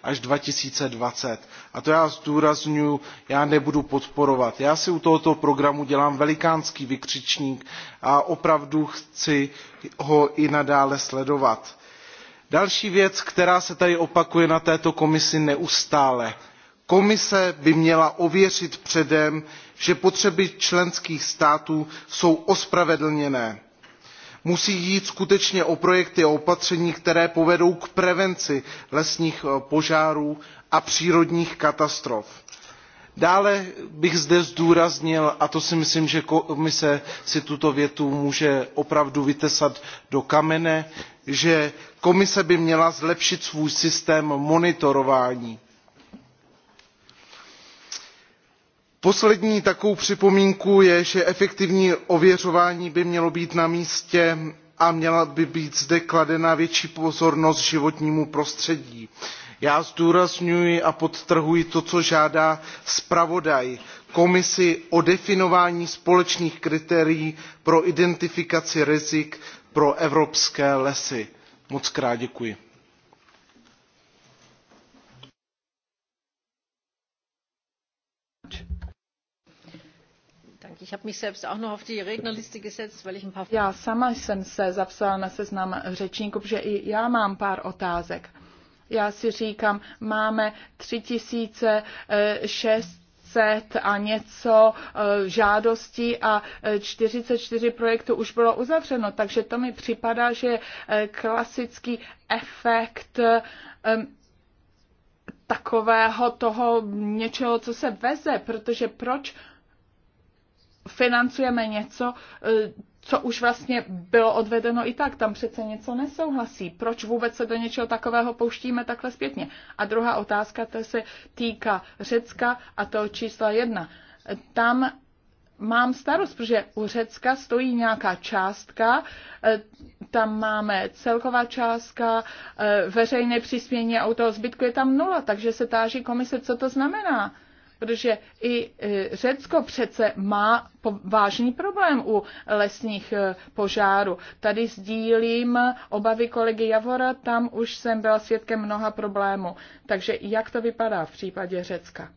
až two thousand and twenty a to já zdůrazňuji já nebudu podporovat. já si u tohoto programu dělám velikánský vykřičník a opravdu chci ho i nadále sledovat další věc která se tady opakuje na této komisi neustále komise by měla ověřit předem že potřeby členských států jsou ospravedlněné. musí jít skutečně o projekty a opatření které povedou k prevenci lesních eh, požárů a přírodních katastrof. dále bych zde zdůraznil a to si myslím že komise si tuto větu může opravdu vytesat do kamene že komise by měla zlepšit svůj systém monitorování. poslední takovou připomínkou je že efektivní ověřování by mělo být na místě a měla by být zde kladena větší pozornost životnímu prostředí. já zdůrazňuji a podtrhuji to co žádá zpravodaj komisi o definování společných kritérií pro identifikaci rizik pro evropské lesy. Moc krát děkuji. Já sama jsem se zapsala na seznam řečníků, protože i já mám pár otázek. Já si říkám, máme 3600 20 a něco e, žádostí a 44 e, projektů už bylo uzavřeno, takže to mi připadá, že e, klasický efekt takového toho něčeho, co se veze, protože proč financujeme něco, co už vlastně bylo odvedeno i tak, tam přece něco nesouhlasí. Proč vůbec se do něčeho takového pouštíme takhle zpětně? A druhá otázka, to se týká Řecka a toho čísla jedna. Tam mám starost, protože u Řecka stojí nějaká částka, eh, tam máme celková částka, eh, veřejné přispění a u toho zbytku je tam nula, takže se táží komise, co to znamená protože i e, Řecko přece má vážný problém u lesních e, požárů. Tady sdílím obavy kolegy Javora, tam už jsem byla svědkem mnoha problémů. Takže jak to vypadá v případě Řecka?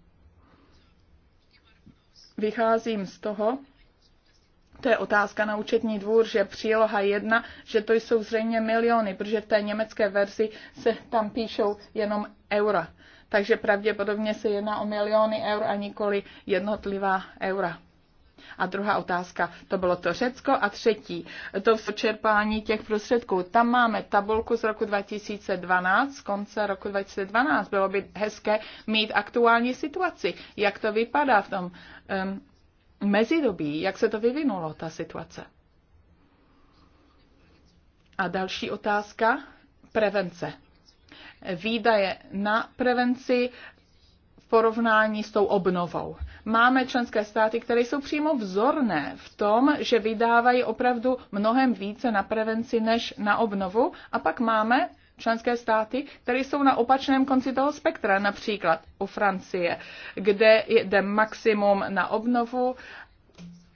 Vycházím z toho, to je otázka na účetní dvůr, že příloha jedna, že to jsou zřejmě miliony, protože v té německé verzi se tam píšou jenom eura takže pravděpodobně se jedná o miliony eur a nikoli jednotlivá eura. A druhá otázka, to bylo to Řecko. A třetí, to v čerpání těch prostředků. Tam máme tabulku z roku 2012, z konce roku 2012. Bylo by hezké mít aktuální situaci. Jak to vypadá v tom um, mezidobí? Jak se to vyvinulo, ta situace? A další otázka, prevence výdaje na prevenci v porovnání s tou obnovou. Máme členské státy, které jsou přímo vzorné v tom, že vydávají opravdu mnohem více na prevenci než na obnovu. A pak máme členské státy, které jsou na opačném konci toho spektra, například u Francie, kde jde maximum na obnovu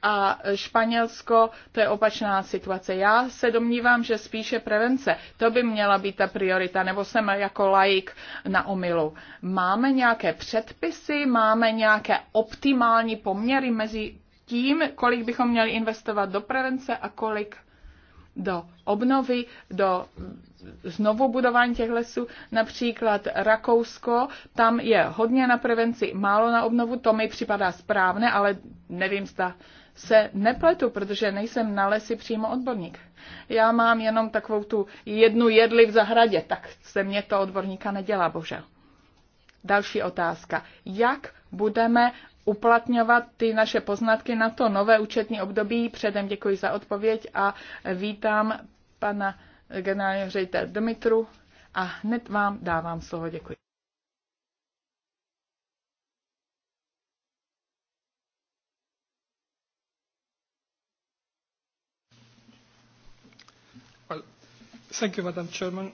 a Španělsko, to je opačná situace. Já se domnívám, že spíše prevence, to by měla být ta priorita, nebo jsem jako laik na omilu. Máme nějaké předpisy, máme nějaké optimální poměry mezi tím, kolik bychom měli investovat do prevence a kolik do obnovy, do znovu budování těch lesů. Například Rakousko, tam je hodně na prevenci, málo na obnovu, to mi připadá správné, ale nevím, zda se nepletu, protože nejsem na lesy přímo odborník. Já mám jenom takovou tu jednu jedli v zahradě, tak se mě to odborníka nedělá, bohužel. Další otázka. Jak budeme uplatňovat ty naše poznatky na to nové účetní období? Předem děkuji za odpověď a vítám pana generálního ředitele Dmitru a hned vám dávám slovo. Děkuji. Thank you, Madam Chairman.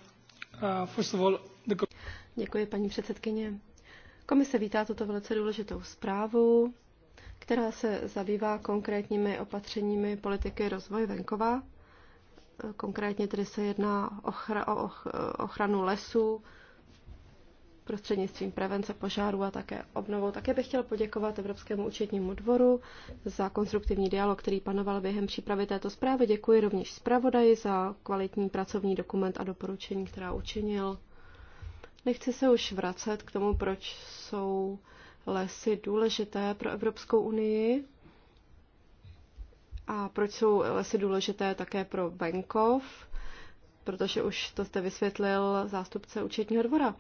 Uh, first of all, the... Děkuji, paní předsedkyně. Komise vítá tuto velice důležitou zprávu, která se zabývá konkrétními opatřeními politiky rozvoje venkova. Konkrétně tedy se jedná o ochranu lesů, prostřednictvím prevence požáru a také obnovou. Také bych chtěl poděkovat Evropskému účetnímu dvoru za konstruktivní dialog, který panoval během přípravy této zprávy. Děkuji rovněž zpravodaji za kvalitní pracovní dokument a doporučení, která učinil. Nechci se už vracet k tomu, proč jsou lesy důležité pro Evropskou unii a proč jsou lesy důležité také pro venkov, protože už to jste vysvětlil zástupce účetního dvora.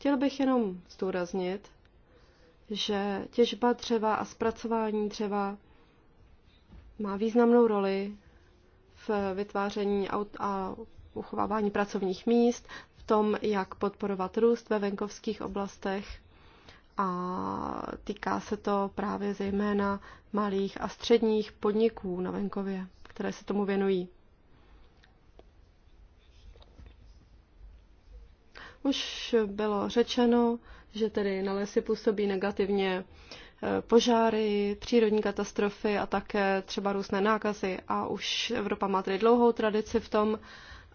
Chtěl bych jenom zdůraznit, že těžba dřeva a zpracování dřeva má významnou roli v vytváření a uchovávání pracovních míst, v tom, jak podporovat růst ve venkovských oblastech a týká se to právě zejména malých a středních podniků na venkově, které se tomu věnují. Už bylo řečeno, že tedy na lesy působí negativně e, požáry, přírodní katastrofy a také třeba různé nákazy. A už Evropa má tedy dlouhou tradici v tom,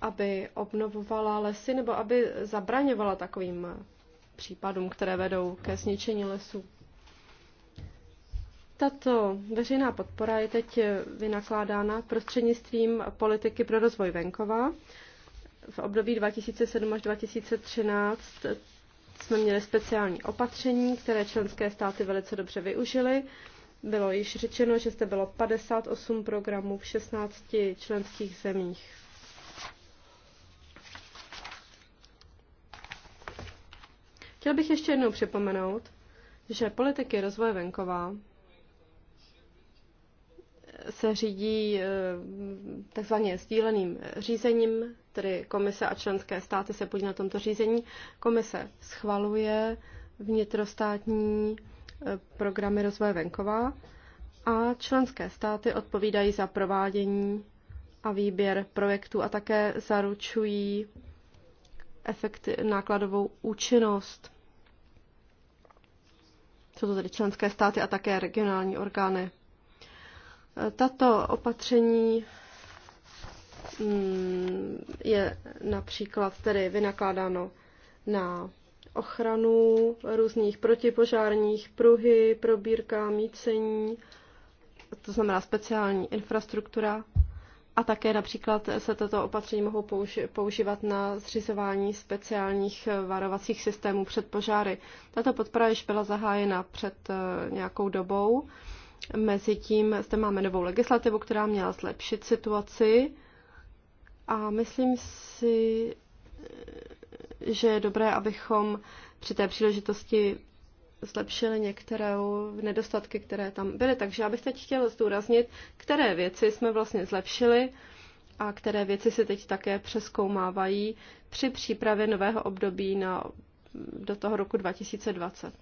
aby obnovovala lesy nebo aby zabraňovala takovým případům, které vedou ke zničení lesů. Tato veřejná podpora je teď vynakládána prostřednictvím politiky pro rozvoj venkova v období 2007 až 2013 jsme měli speciální opatření, které členské státy velice dobře využily. Bylo již řečeno, že zde bylo 58 programů v 16 členských zemích. Chtěl bych ještě jednou připomenout, že politiky rozvoje venková se řídí eh, takzvaně sdíleným řízením tedy komise a členské státy se podílí na tomto řízení. Komise schvaluje vnitrostátní e, programy rozvoje venkova a členské státy odpovídají za provádění a výběr projektů a také zaručují efekty, nákladovou účinnost. Jsou to tedy členské státy a také regionální orgány. E, tato opatření Mm, je například tedy vynakládáno na ochranu různých protipožárních pruhy, probírka, mícení, to znamená speciální infrastruktura. A také například se tato opatření mohou používat na zřizování speciálních varovacích systémů před požáry. Tato podpora již byla zahájena před eh, nějakou dobou. Mezitím zde máme novou legislativu, která měla zlepšit situaci a myslím si, že je dobré, abychom při té příležitosti zlepšili některé nedostatky, které tam byly. Takže já bych teď chtěla zdůraznit, které věci jsme vlastně zlepšili a které věci se teď také přeskoumávají při přípravě nového období na, do toho roku 2020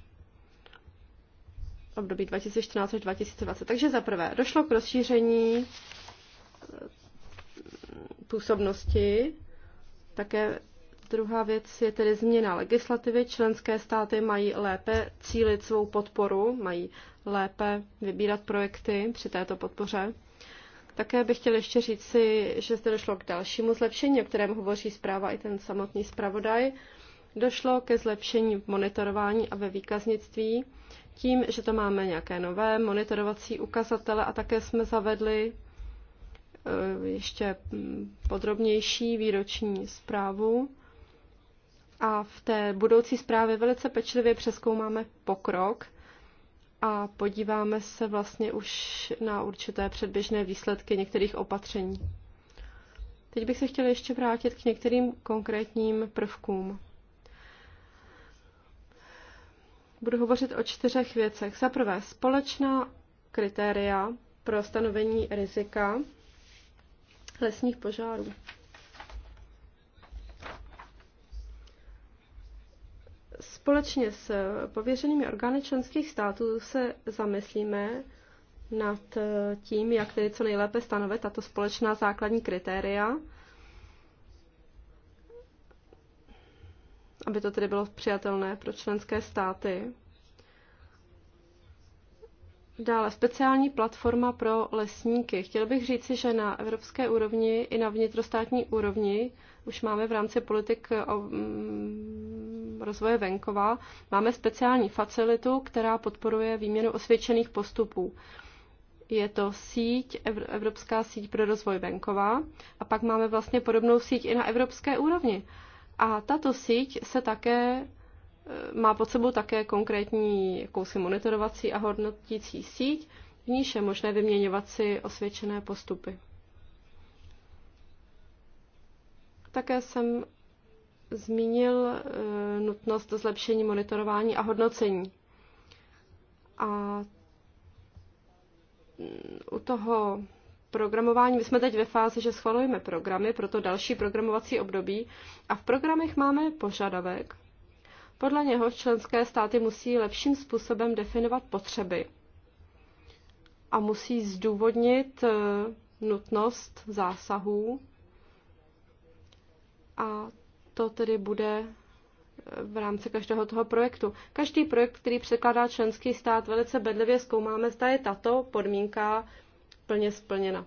období 2014 až 2020. Takže za prvé, došlo k rozšíření působnosti. Také druhá věc je tedy změna legislativy. Členské státy mají lépe cílit svou podporu, mají lépe vybírat projekty při této podpoře. Také bych chtěl ještě říct si, že zde došlo k dalšímu zlepšení, o kterém hovoří zpráva i ten samotný zpravodaj. Došlo ke zlepšení v monitorování a ve výkaznictví tím, že to máme nějaké nové monitorovací ukazatele a také jsme zavedli Eh, ještě podrobnější výroční zprávu a v té budoucí zprávě velice pečlivě přeskoumáme pokrok a podíváme se vlastně už na určité předběžné výsledky některých opatření. Teď bych se chtěla ještě vrátit k některým konkrétním prvkům. Budu hovořit o čtyřech věcech. Za prvé, společná kritéria pro stanovení rizika lesních požárů. Společně s pověřenými orgány členských států se zamyslíme nad tím, jak tedy co nejlépe stanovit tato společná základní kritéria, aby to tedy bylo přijatelné pro členské státy. Dále speciální platforma pro lesníky. Chtěl bych říci, že na evropské úrovni i na vnitrostátní úrovni už máme v rámci politik eh, mm, rozvoje venkova, máme speciální facilitu, která podporuje výměnu osvědčených postupů. Je to síť, Evropská síť pro rozvoj venkova a pak máme vlastně podobnou síť i na evropské úrovni. A tato síť se také má pod sebou také konkrétní jakousi monitorovací a hodnotící síť, v níž je možné vyměňovat si osvědčené postupy. Také jsem zmínil e, nutnost zlepšení monitorování a hodnocení. A u toho programování, my jsme teď ve fázi, že schvalujeme programy pro to další programovací období a v programech máme požadavek, podle něho členské státy musí lepším způsobem definovat potřeby a musí zdůvodnit eh, nutnost zásahů. A to tedy bude eh, v rámci každého toho projektu. Každý projekt, který překládá členský stát, velice bedlivě zkoumáme, zda je tato podmínka plně splněna.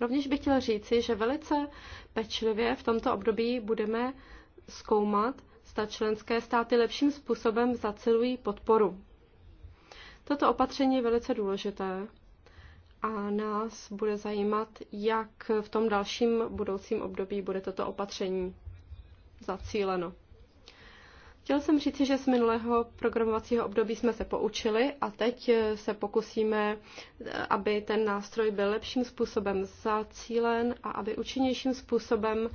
Rovněž bych chtěla říci, že velice pečlivě v tomto období budeme zkoumat, zda členské státy lepším způsobem zacelují podporu. Toto opatření je velice důležité a nás bude zajímat, jak v tom dalším budoucím období bude toto opatření zacíleno. Chtěl jsem říci, že z minulého programovacího období jsme se poučili a teď se pokusíme, aby ten nástroj byl lepším způsobem zacílen a aby účinnějším způsobem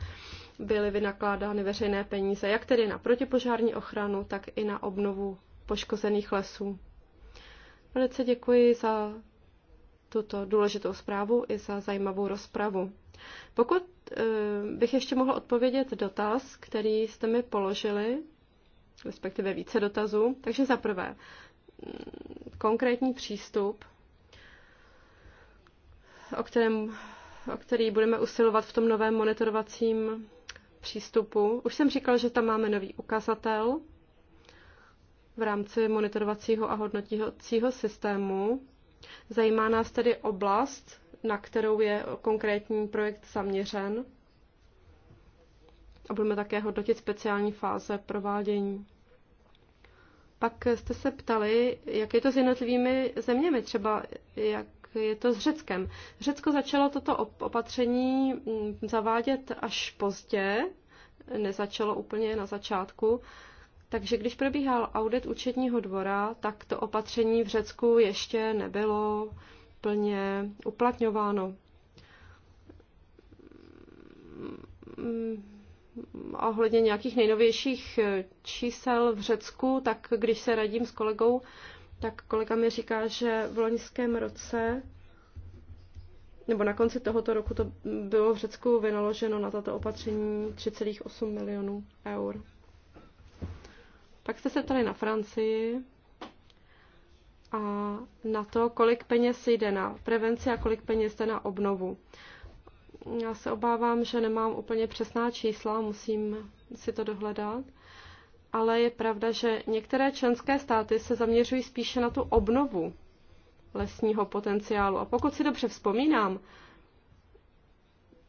byly vynakládány veřejné peníze, jak tedy na protipožární ochranu, tak i na obnovu poškozených lesů. Velice děkuji za tuto důležitou zprávu i za zajímavou rozpravu. Pokud eh, bych ještě mohla odpovědět dotaz, který jste mi položili, respektive více dotazů, takže za prvé, mm, konkrétní přístup, o kterém o který budeme usilovat v tom novém monitorovacím přístupu. Už jsem říkal, že tam máme nový ukazatel v rámci monitorovacího a hodnotícího systému. Zajímá nás tedy oblast, na kterou je konkrétní projekt zaměřen a budeme také hodnotit speciální fáze provádění. Pak jste se ptali, jak je to s jednotlivými zeměmi, třeba jak je to s Řeckem. Řecko začalo toto opatření mm, zavádět až pozdě, nezačalo úplně na začátku. Takže když probíhal audit účetního dvora, tak to opatření v Řecku ještě nebylo plně uplatňováno. A mm, ohledně nějakých nejnovějších eh, čísel v Řecku, tak když se radím s kolegou, tak kolega mi říká, že v loňském roce nebo na konci tohoto roku to bylo v Řecku vynaloženo na tato opatření 3,8 milionů eur. Pak jste se tady na Francii a na to, kolik peněz jde na prevenci a kolik peněz jde na obnovu. Já se obávám, že nemám úplně přesná čísla, musím si to dohledat ale je pravda, že některé členské státy se zaměřují spíše na tu obnovu lesního potenciálu. A pokud si dobře vzpomínám,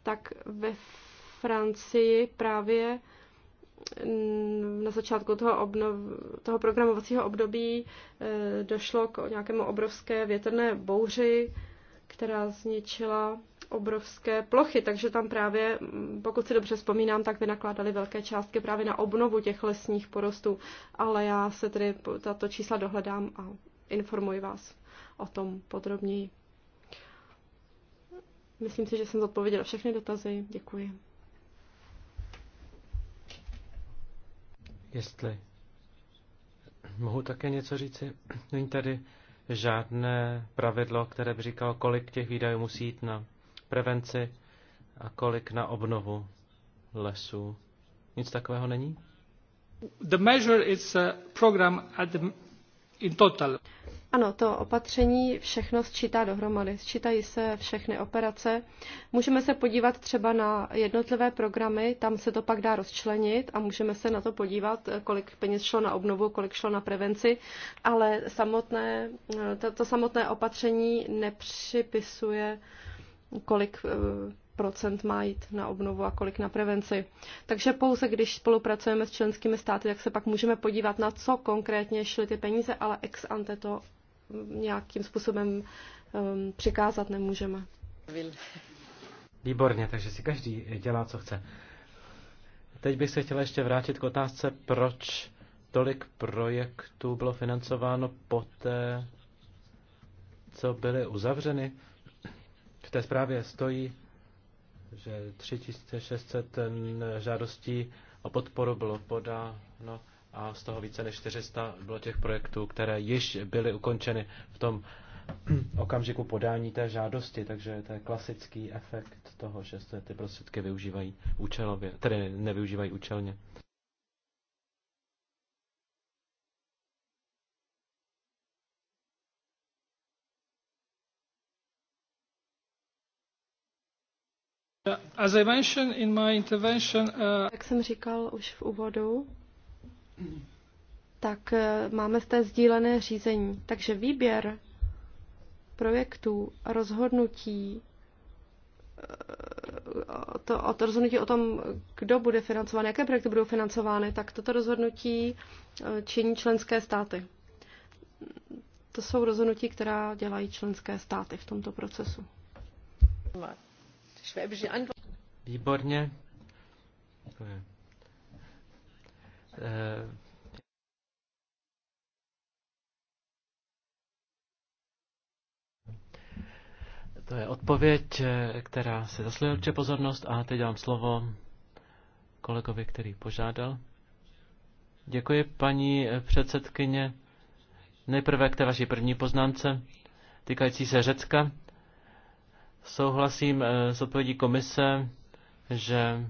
tak ve Francii právě mm, na začátku toho, obnov, toho programovacího období eh, došlo k nějakému obrovské větrné bouři, která zničila obrovské plochy, takže tam právě, pokud si dobře vzpomínám, tak vynakládali velké částky právě na obnovu těch lesních porostů, ale já se tedy tato čísla dohledám a informuji vás o tom podrobněji. Myslím si, že jsem zodpověděla všechny dotazy. Děkuji. Jestli mohu také něco říci, není tady žádné pravidlo, které by říkalo, kolik těch výdajů musí jít na prevenci a kolik na obnovu lesů. Nic takového není? The measure is a program at the, in total. Ano, to opatření všechno sčítá dohromady. Sčítají se všechny operace. Můžeme se podívat třeba na jednotlivé programy, tam se to pak dá rozčlenit a můžeme se na to podívat, kolik peněz šlo na obnovu, kolik šlo na prevenci, ale samotné, to, to samotné opatření nepřipisuje uh, kolik eh, procent má jít na obnovu a kolik na prevenci. Takže pouze když spolupracujeme s členskými státy, tak se pak můžeme podívat na co konkrétně šly ty peníze, ale ex ante to mm, nějakým způsobem um, přikázat nemůžeme. Výborně, takže si každý dělá, co chce. Teď bych se chtěla ještě vrátit k otázce, proč tolik projektů bylo financováno poté, co byly uzavřeny té zprávě stojí, že 3600 eh, žádostí o podporu bylo podáno a z toho více než 400 bylo těch projektů, které již byly ukončeny v tom [CLEARS THROAT] okamžiku podání té žádosti, takže to je klasický efekt toho, že se ty prostředky využívají účelově, tedy nevyužívají účelně. As I mentioned in my intervention, uh... Jak jsem říkal už v úvodu, tak eh, máme zde sdílené řízení. Takže výběr projektů a rozhodnutí eh, to, o to rozhodnutí o tom, kdo bude financován, jaké projekty budou financovány, tak toto rozhodnutí eh, činí členské státy. To jsou rozhodnutí, která dělají členské státy v tomto procesu. Výborně. To je eh, odpověď, eh, která se zaslouží určitě pozornost a teď dám slovo kolegovi, který požádal. Děkuji, paní předsedkyně. Nejprve k té vaší první poznámce týkající se Řecka. Souhlasím eh, s odpovědí komise, že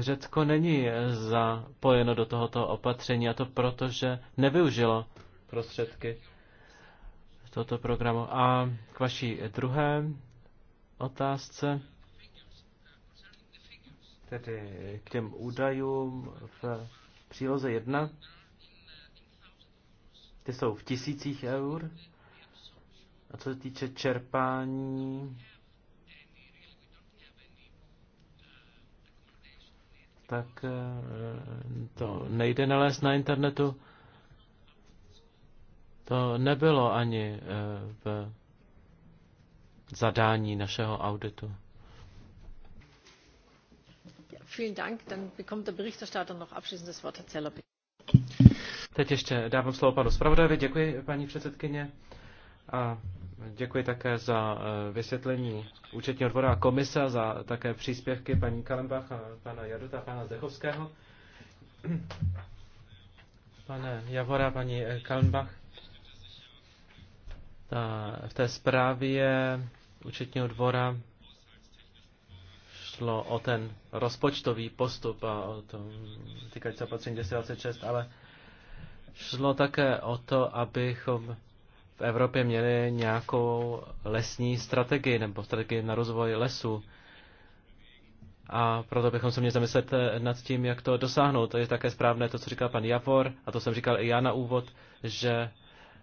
Řecko není zapojeno do tohoto opatření a to proto, že nevyužilo prostředky tohoto programu. A k vaší druhé otázce, tedy k těm údajům v příloze 1, ty jsou v tisících eur. A co se týče čerpání, tak eh, to nejde nalézt na internetu. To nebylo ani eh, v zadání našeho auditu. Teď ještě dávám slovo panu zpravodajovi. Děkuji, paní předsedkyně. A Děkuji také za eh, vysvětlení účetního dvora a komise, za také příspěvky paní Kalembach pana Jaduta, pana Zdechovského. [CLEARS THROAT] Pane Javora, paní eh, Kalembach, ta, v té zprávě účetního dvora šlo o ten rozpočtový postup a o tom týkající opatření 1026, ale šlo také o to, abychom v Evropě měli nějakou lesní strategii nebo strategii na rozvoj lesu. A proto bychom se měli zamyslet nad tím, jak to dosáhnout. To je také správné to, co říkal pan Javor, a to jsem říkal i já na úvod, že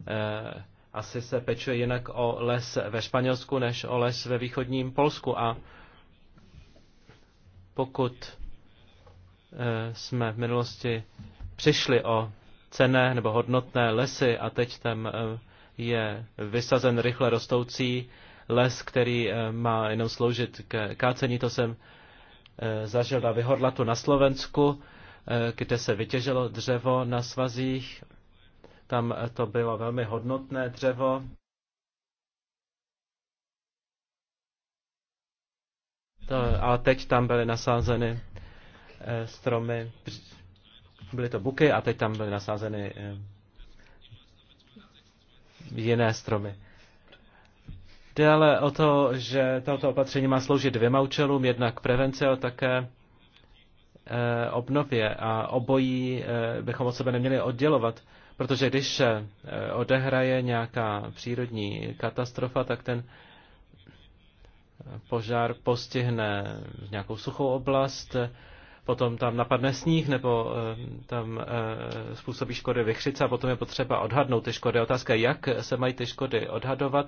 eh, asi se pečuje jinak o les ve Španělsku, než o les ve východním Polsku. A pokud eh, jsme v minulosti přišli o cené nebo hodnotné lesy a teď tam eh, je vysazen rychle rostoucí les, který eh, má jenom sloužit k kácení. To jsem eh, zažil na Vyhorlatu na Slovensku, eh, kde se vytěžilo dřevo na svazích. Tam to bylo velmi hodnotné dřevo. To, ale teď tam byly nasázeny stromy, byly to buky a teď tam byly nasázeny jiné stromy. Jde ale o to, že toto opatření má sloužit dvěma účelům, jednak prevence a také eh, obnově a obojí eh, bychom od sebe neměli oddělovat, protože když se eh, odehraje nějaká přírodní katastrofa, tak ten požár postihne nějakou suchou oblast, potom tam napadne sníh nebo eh, tam eh, způsobí škody vychřice a potom je potřeba odhadnout ty škody. Otázka jak se mají ty škody odhadovat.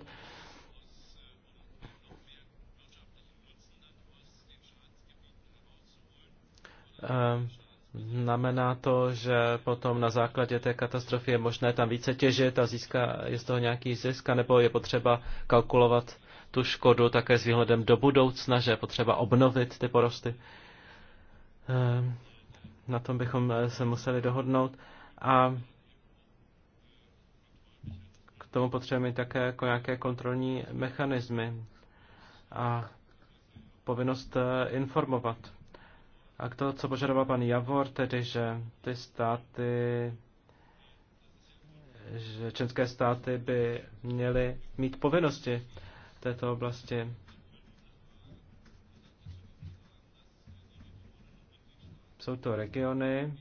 Eh, znamená to, že potom na základě té katastrofy je možné tam více těžit a získá, je z toho nějaký zisk, nebo je potřeba kalkulovat tu škodu také s výhledem do budoucna, že je potřeba obnovit ty porosty. Uh, Eh, na tom bychom eh, se museli dohodnout. A k tomu potřebujeme také jako nějaké kontrolní mechanismy a povinnost eh, informovat. A k to, co požadoval pan Javor, tedy, že ty státy, že české státy by měly mít povinnosti v této oblasti. Jsou to regiony,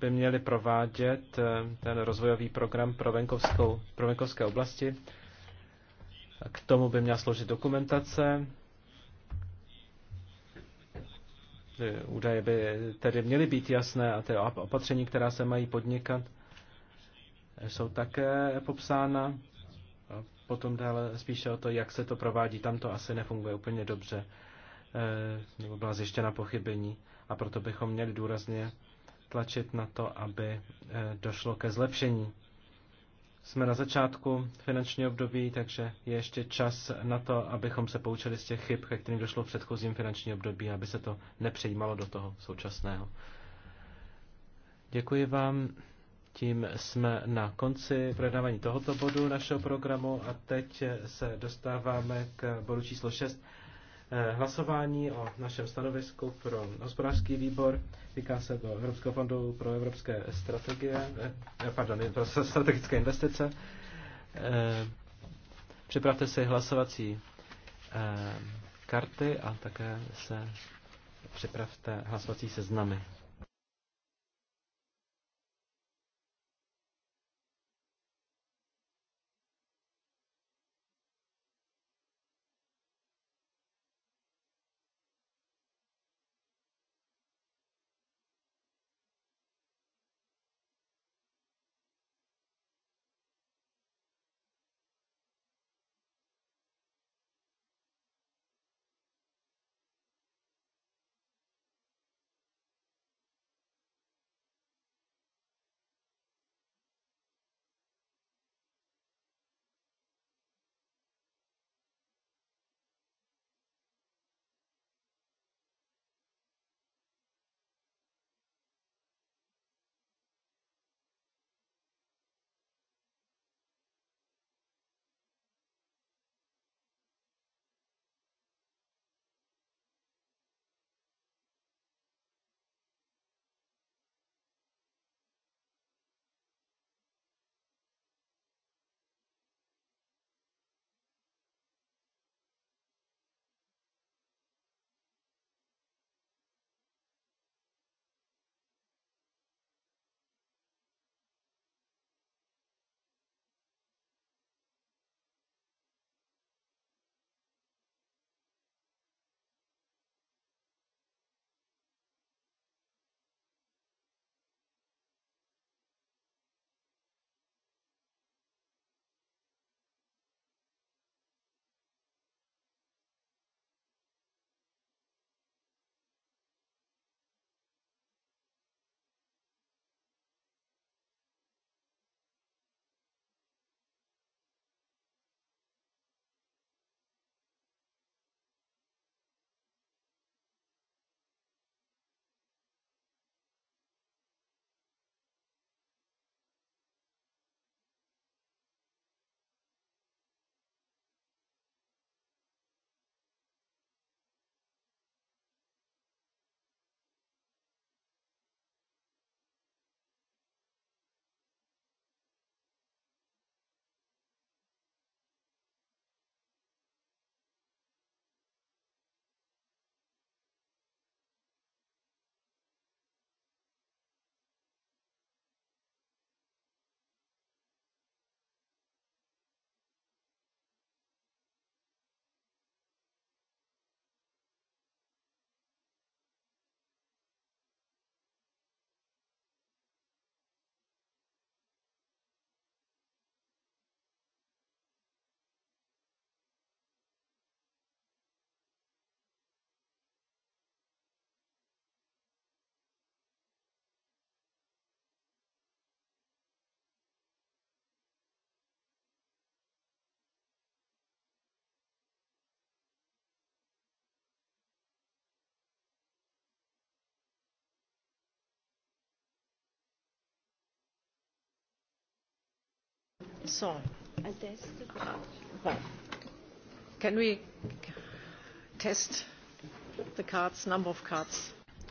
by měly provádět eh, ten rozvojový program pro, venkovskou, pro venkovské oblasti. K tomu by měla sloužit dokumentace. údaje by tedy měly být jasné a ty opatření, která se mají podnikat, eh, jsou také popsána. A potom dále spíše o to, jak se to provádí. Tam to asi nefunguje úplně dobře. Eh, nebo byla zjištěna pochybení a proto bychom měli důrazně tlačit na to, aby eh, došlo ke zlepšení. Jsme na začátku finančního období, takže je ještě čas na to, abychom se poučili z těch chyb, ke kterým došlo v předchozím finančním období, aby se to nepřejímalo do toho současného. Děkuji vám. Tím jsme na konci projednávání tohoto bodu našeho programu a teď se dostáváme k bodu číslo 6. Eh, hlasování o našem stanovisku pro hospodářský výbor. Týká se do Evropského fondu pro evropské strategie, eh, pardon, pro strategické investice. Eh, připravte si hlasovací karty a také se připravte hlasovací seznamy.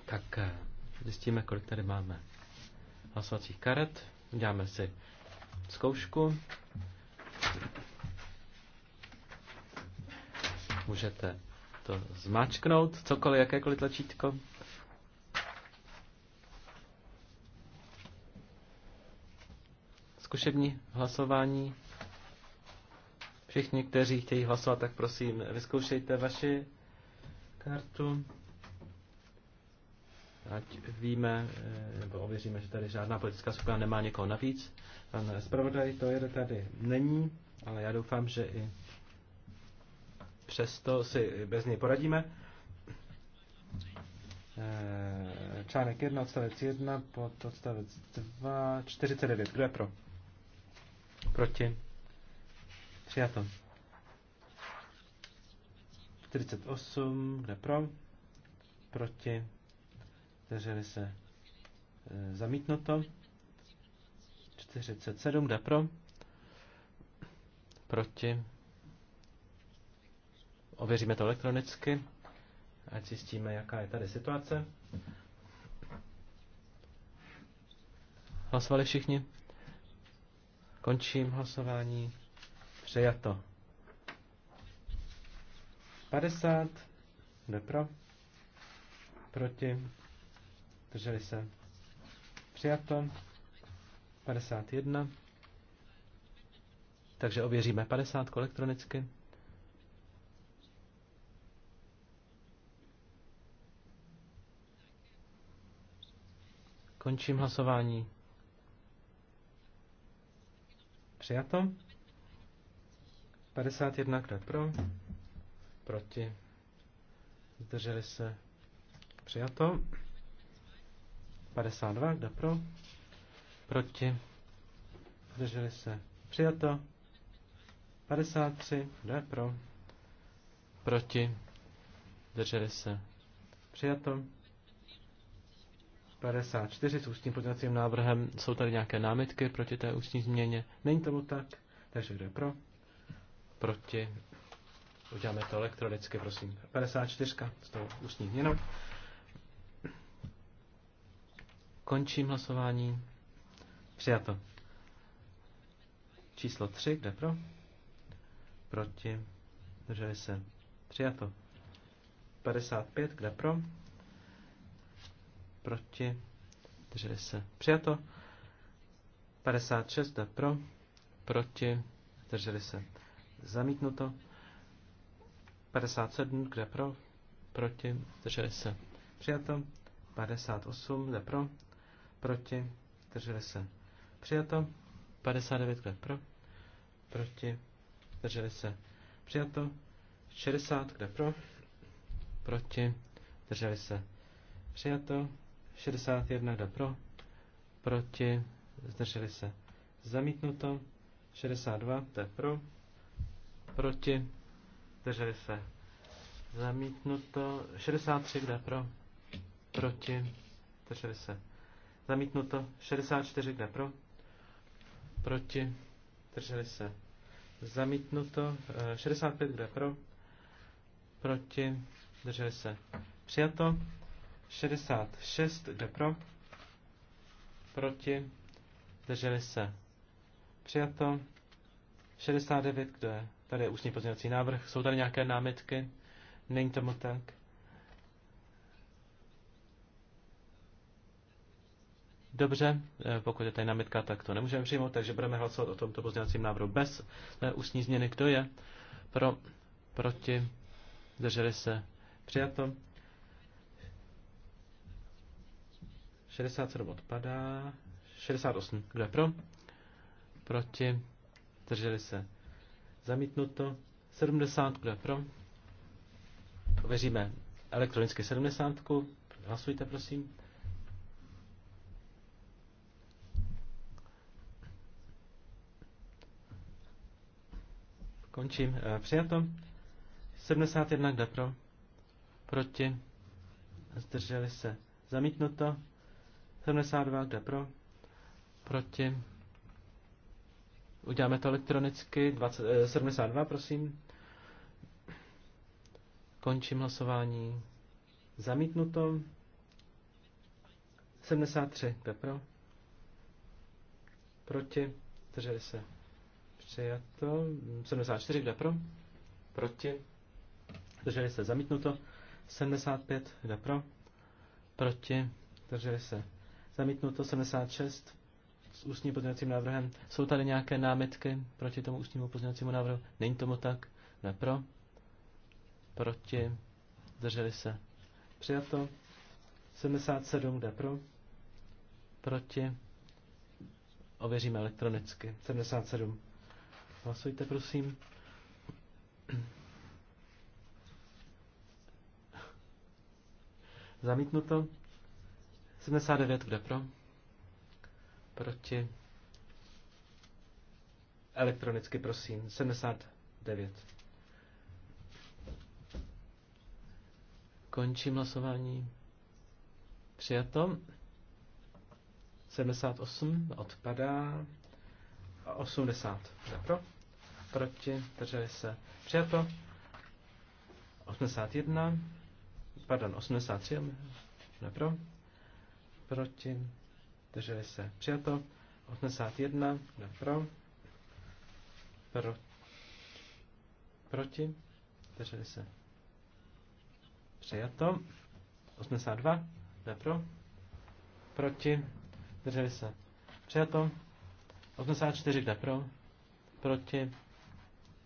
Tak zjistíme, kolik tady máme hlasovacích karet. Uděláme si zkoušku. Můžete to zmáčknout, cokoliv, jakékoliv tlačítko. zkušební hlasování. Všichni, kteří chtějí hlasovat, tak prosím, vyzkoušejte vaši kartu. Ať víme, eh, nebo ověříme, že tady žádná politická skupina nemá někoho navíc. Pan zpravodaj to jede tady není, ale já doufám, že i přesto si bez něj poradíme. Eh, článek 1, odstavec 1, pod odstavec 2, 49. Kdo je pro? Proti? Přijato. 48, kde pro? Proti? Zdrželi se. E, zamítnuto. 47, kde pro? Proti? Ověříme to elektronicky, ať zjistíme, jaká je tady situace. Hlasovali všichni? Končím hlasování. Přijato. 50. Jde pro. Proti. Drželi se. Přijato. 51. Takže ověříme 50 elektronicky. Končím hlasování. Přijato. 51, krát pro? Proti. Zdrželi se. Přijato. 52, kde pro? Proti. Zdrželi se. Přijato. 53, kde pro? Proti. Zdrželi se. Přijato. 54 s ústním pozměňovacím návrhem. Jsou tady nějaké námitky proti té ústní změně? Není tomu tak, takže kdo je pro? Proti? Uděláme to elektronicky, prosím. 54 s tou ústní změnou. Končím hlasování. Přijato. Číslo 3, kde pro? Proti. Drželi se. Přijato. 55, kde pro? proti, drželi se přijato. 56 jde pro, proti, drželi se zamítnuto. 57 kde pro, proti, drželi se přijato. 58 jde pro, proti, drželi se přijato. 59 kde pro, proti, drželi se přijato. 60 kde pro, proti, drželi se přijato. 61 jde pro, proti, zdrželi se. Zamítnuto. 62 jde pro, proti, zdrželi se. Zamítnuto. 63 jde pro, proti, zdrželi se. Zamítnuto. 64 jde pro, proti, zdrželi se. Zamítnuto. 65 eh, jde pro, proti, zdrželi se. Přijato. 66 jde pro, proti, zdrželi se. Přijato. 69, kdo je? Tady je ústní pozměňovací návrh. Jsou tady nějaké námitky? Není tomu tak. Dobře, eh, pokud je tady námitka, tak to nemůžeme přijmout, takže budeme hlasovat o tomto pozměňovacím návrhu bez eh, ústní změny. Kdo je? Pro, proti, zdrželi se. Přijato. 67 odpadá. 68. Kdo je pro? Proti. Drželi se. Zamítnuto. 70. Kdo je pro? Ověříme elektronicky 70. Hlasujte, prosím. Končím. Přijato. 71 Kdo je pro? Proti. Zdrželi se. Zamítnuto. 72 jde pro, proti. Uděláme to elektronicky. 20, eh, 72, prosím. Končím hlasování. Zamítnuto. 73 jde pro, proti. Drželi se. Přijato. 74 jde pro, proti. Drželi se. Zamítnuto. 75 jde pro, proti. Drželi se. Zamítnuto 76 s ústním pozměňovacím návrhem. Jsou tady nějaké námitky proti tomu ústnímu pozměňovacímu návrhu? Není tomu tak? Ne pro. Proti. Zdrželi se. Přijato. 77 jde pro. Proti. Ověříme elektronicky. 77. Hlasujte, prosím. Zamítnuto. 79, kde pro? Proti. Elektronicky, prosím. 79. Končím hlasování. Přijato. 78 odpadá. 80 kde pro? Proti. Drželi se. Přijato. 81. Pardon, 83 ne pro proti, drželi se přijato, 81, kdo pro, pro, proti, drželi se přijato, 82, kdo pro, proti, drželi se přijato, 84, kdo pro, proti,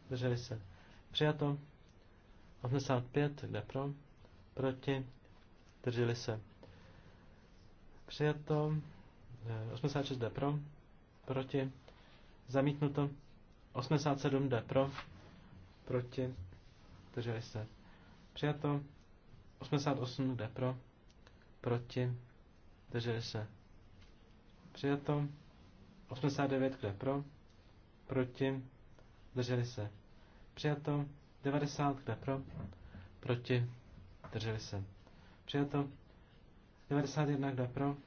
drželi se přijato, 85, kdo pro, proti, drželi se Přijato. 86 eh, jde pro. Proti. Zamítnuto. 87 jde pro. Proti. Drželi se. Přijato. 88 jde pro. Proti. Drželi se. Přijato. 89 jde pro. Proti. Drželi se. Přijato. 90 jde pro. Proti. Drželi se. Přijato. 91, kdo pro,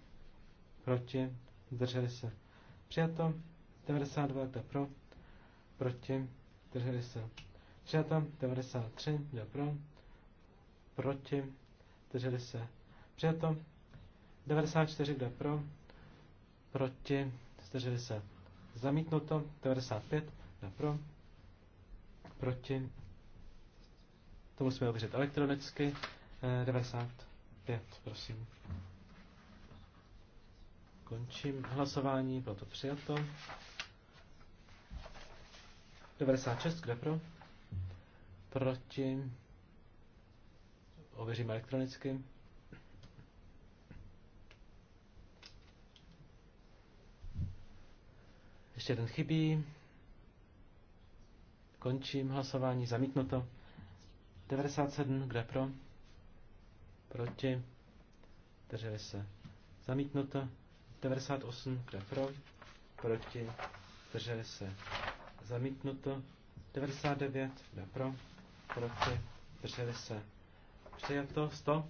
proti, zdrželi se. Přijato 92, kdo pro, proti, zdrželi se. Přijato 93, kdo pro, proti, zdrželi se. Přijato 94, kdo pro, proti, zdrželi se. Zamítnuto 95, kdo pro, proti, to musíme ověřit elektronicky, 90 eh, 5, prosím. Končím hlasování, bylo to přijato. 96, kde pro? Proti. Ověřím elektronicky. Ještě jeden chybí. Končím hlasování, zamítnuto. 97, kde pro? proti, drželi se zamítnuto, 98, kdo je pro, proti, drželi se zamítnuto, 99, kdo je pro, proti, drželi se přijato, 100,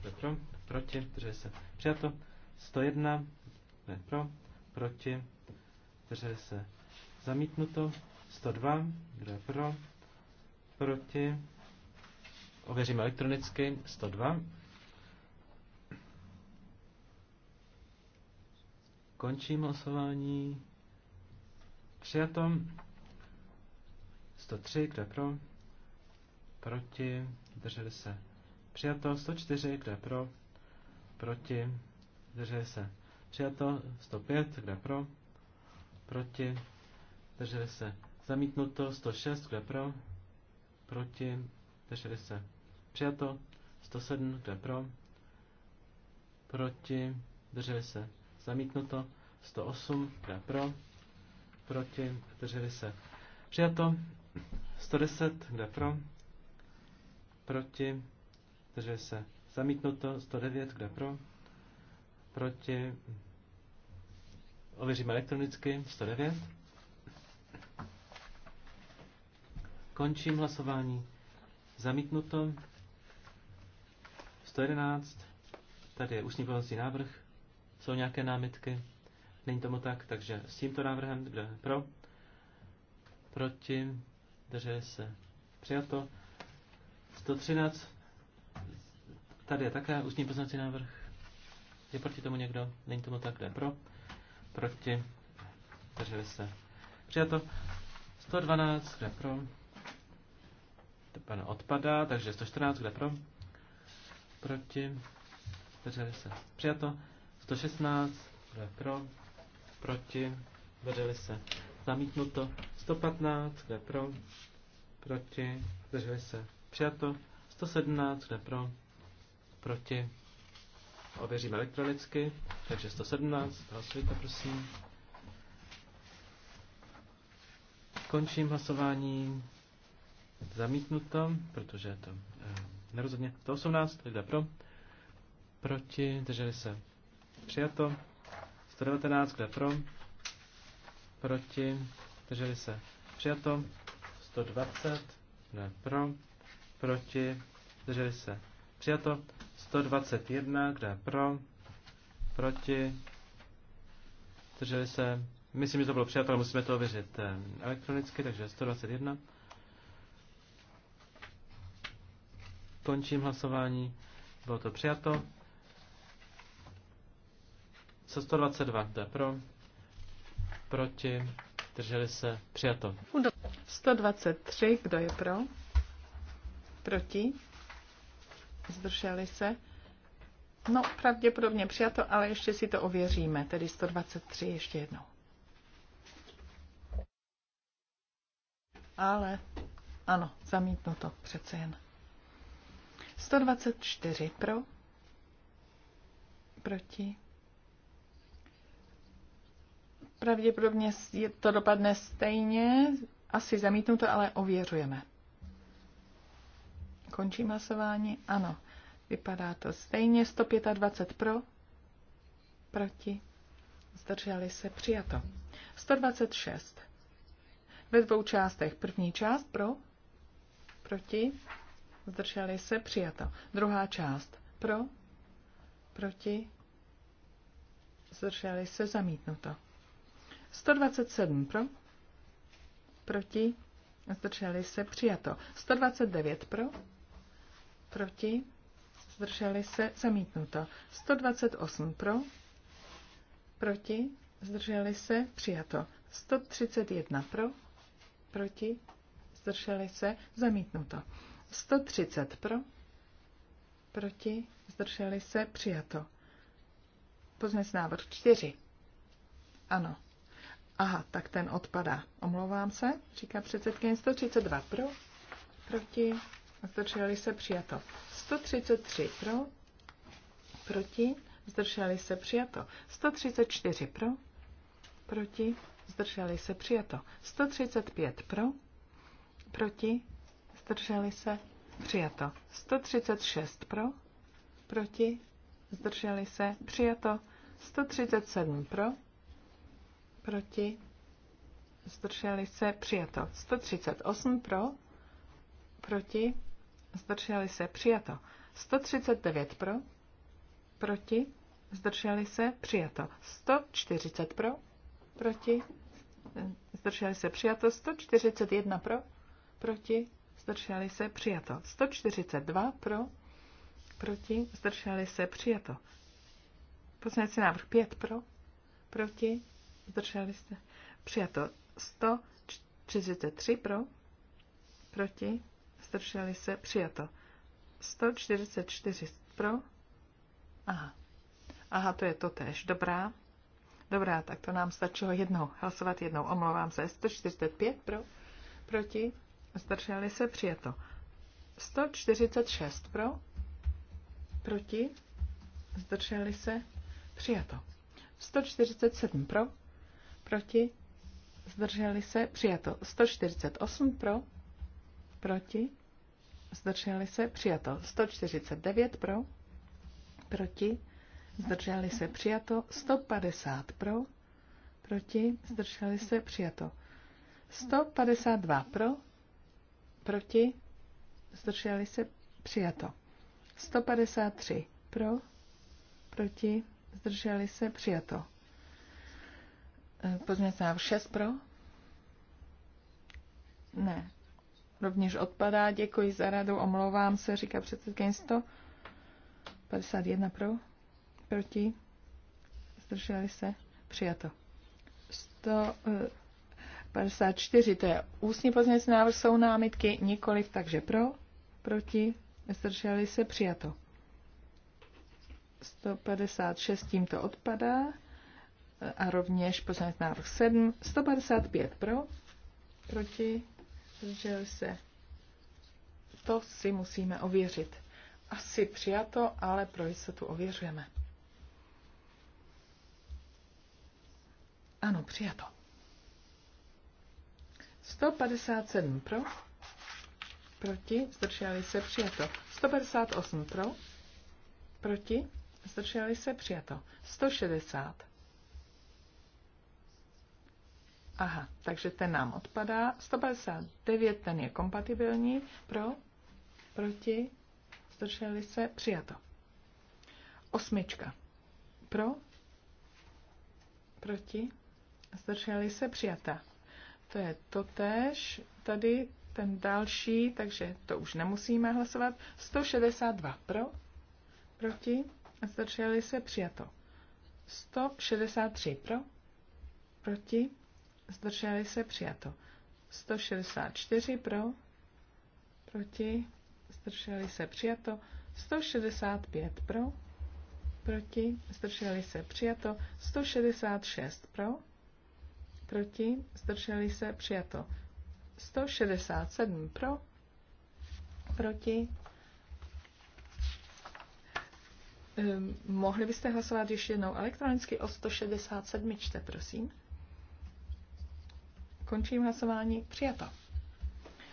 kdo je pro, proti, drželi se přijato, 101, kdo je pro, proti, drželi se zamítnuto, 102, kdo je pro, proti, Ověříme elektronicky. 102. Končím hlasování. Přijato. 103, kdo je pro? Proti. Drželi se. Přijato. 104, kdo je pro? Proti. Drželi se. Přijato. 105, kdo je pro? Proti. Drželi se. Zamítnuto. 106, kdo je pro? Proti. Drželi se. Přijato 107, kdo je pro? Proti, drželi se. Zamítnuto 108, kdo je pro? Proti, drželi se. Přijato 110, kdo je pro? Proti, drželi se. Zamítnuto 109, kdo je pro? Proti, ověříme elektronicky 109. Končím hlasování. Zamítnuto. 111. Tady je ústní pozvací návrh. Jsou nějaké námitky? Není tomu tak, takže s tímto návrhem bude pro. Proti. Drže se. Přijato. 113. Tady je také ústní poznací návrh. Je proti tomu někdo? Není tomu tak, jde pro. Proti. Drželi se. Přijato. 112, kde pro. Ten odpadá, takže 114, kde pro proti, zdrželi se přijato, 116, kdo je pro, proti, zdrželi se zamítnuto, 115, kdo je pro, proti, zdrželi se přijato, 117, kdo je pro, proti, ověříme elektronicky, takže 117, hlasujte prosím. Končím hlasování zamítnuto, protože je to nerozhodně. 18, lidé pro, proti, drželi se přijato. 119, kde pro, proti, drželi se přijato. 120, ne pro, proti, drželi se přijato. 121, kde pro, proti, drželi se Myslím, že to bylo přijato, ale musíme to ověřit eh, elektronicky, takže 121. Končím hlasování. Bylo to přijato. Co 122 jde pro, proti, drželi se, přijato. 123, kdo je pro, proti, zdrželi se. No, pravděpodobně přijato, ale ještě si to ověříme, tedy 123 ještě jednou. Ale ano, zamítnu to přece jen. 124 pro, proti. Pravděpodobně to dopadne stejně, asi zamítnu to, ale ověřujeme. Končí hlasování? Ano. Vypadá to stejně. 125 pro, proti. Zdrželi se přijato. 126. Ve dvou částech. První část pro, proti zdrželi se, přijato. Druhá část pro, proti, zdrželi se, zamítnuto. 127 pro, proti, zdrželi se, přijato. 129 pro, proti, zdrželi se, zamítnuto. 128 pro, proti, zdrželi se, přijato. 131 pro, proti, zdrželi se, zamítnuto. 130 pro, proti, zdrželi se, přijato. Poznes návrh 4. Ano. Aha, tak ten odpadá. Omlouvám se, říká předsedkyně 132 pro, proti, zdrželi se, přijato. 133 pro, proti, zdrželi se, přijato. 134 pro, proti, zdrželi se, přijato. 135 pro, proti, zdrželi se, přijato. 136 pro, proti, zdrželi se, přijato. 137 pro, proti, zdrželi se, přijato. 138 pro, proti, zdrželi se, přijato. 139 pro, proti, zdrželi se, přijato. 140 pro, proti, zdrželi se, přijato. 141 pro, proti, zdrželi se, přijato. 142 pro, proti, zdrželi se, přijato. Pozměňovací návrh 5 pro, proti, zdrželi se, přijato. 143 pro, proti, zdrželi se, přijato. 144 pro, aha, aha, to je to tež, dobrá. Dobrá, tak to nám stačilo jednou, hlasovat jednou, omlouvám se, 145 pro, proti, zdrželi se, přijeto. 146 pro, proti, zdrželi se, přijeto. 147 pro, proti, zdrželi se, přijeto. 148 pro, proti, zdrželi se, přijato. 149 pro, proti, zdrželi se, přijato. 150 pro, proti, zdrželi se, přijato. 152 pro, Proti? Zdrželi se? Přijato. 153. Pro? Proti? Zdrželi se? Přijato. E, Pozměnit návrh 6 pro? Ne. Rovněž odpadá. Děkuji za radu. Omlouvám se, říká předsedkyně 151 pro? Proti? Zdrželi se? Přijato. 100, 54, to je ústní pozměňovací návrh, jsou námitky, nikoliv, takže pro, proti, zdrželi se, přijato. 156 tímto odpadá a rovněž poslanec návrh 7, 155 pro, proti, zdrželi se. To si musíme ověřit. Asi přijato, ale pro jistotu ověřujeme. Ano, přijato. 157 pro, proti, zdrželi se přijato. 158 pro, proti, zdrželi se přijato. 160. Aha, takže ten nám odpadá. 159, ten je kompatibilní. Pro, proti, zdrželi se přijato. Osmička. Pro, proti, zdrželi se přijata to je totéž, tady ten další, takže to už nemusíme hlasovat. 162 pro, proti, zdrželi se, přijato. 163 pro, proti, zdrželi se, přijato. 164 pro, proti, zdrželi se, přijato. 165 pro, proti, zdrželi se, přijato. 166 pro, proti, zdrželi se, přijato. 167 pro, proti. Um, mohli byste hlasovat ještě jednou elektronicky o 167, prosím. Končím hlasování. Přijato.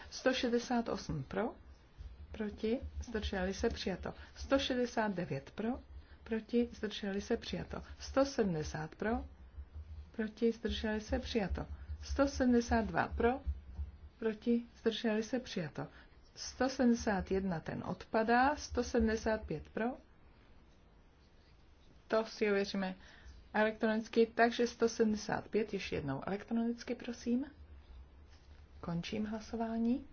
168 pro, proti, zdrželi se, přijato. 169 pro, proti, zdrželi se, přijato. 170 pro, proti, zdrželi se, přijato. 172 pro, proti, zdrželi se, přijato. 171 ten odpadá, 175 pro. To si ověříme elektronicky, takže 175 ještě jednou elektronicky, prosím. Končím hlasování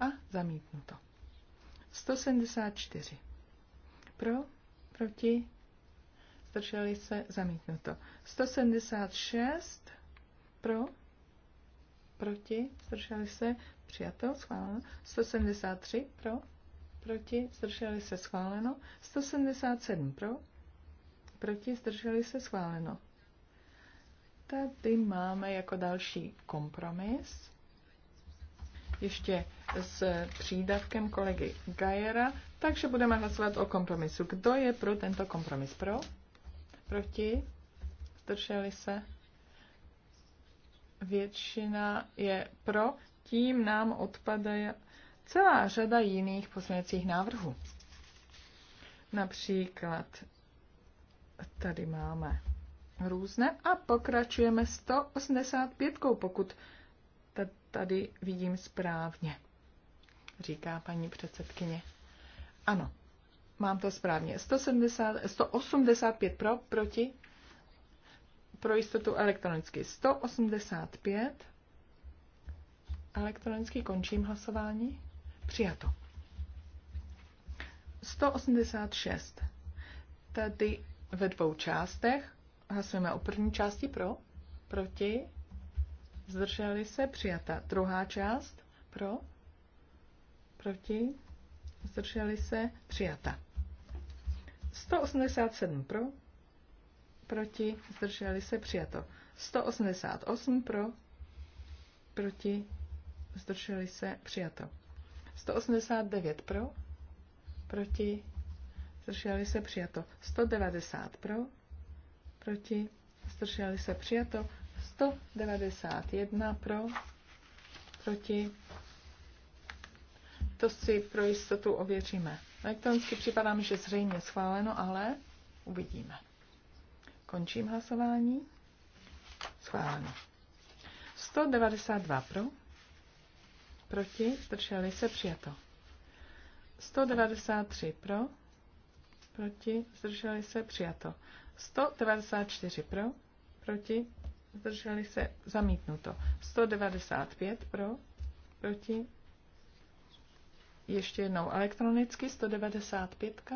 a zamítnu to. 174 pro, proti, zdrželi se, zamítnuto. 176 pro, proti, zdrželi se, přijato, schváleno. 173 pro, proti, zdrželi se, schváleno. 177 pro, proti, zdrželi se, schváleno. Tady máme jako další kompromis. Ještě s přídavkem kolegy Gajera, takže budeme hlasovat o kompromisu. Kdo je pro tento kompromis? Pro? proti, zdrželi se. Většina je pro, tím nám odpadá celá řada jiných pozměňovacích návrhů. Například tady máme různé a pokračujeme 185, pokud tady vidím správně, říká paní předsedkyně. Ano, Mám to správně. 170, 185 pro, proti. Pro jistotu elektronicky. 185. Elektronicky končím hlasování. Přijato. 186. Tady ve dvou částech. Hlasujeme o první části pro, proti, zdrželi se, přijata. Druhá část pro, proti, zdrželi se, přijata. 187 pro, proti, zdrželi se, přijato. 188 pro, proti, zdrželi se, přijato. 189 pro, proti, zdrželi se, přijato. 190 pro, proti, zdrželi se, přijato. 191 pro, proti. To si pro jistotu ověříme. Elektronicky připadá mi, že zřejmě schváleno, ale uvidíme. Končím hlasování. Schváleno. 192 pro. Proti. Zdrželi se. Přijato. 193 pro. Proti. Zdrželi se. Přijato. 194 pro. Proti. Zdrželi se. Zamítnuto. 195 pro. Proti. Ještě jednou elektronicky 195.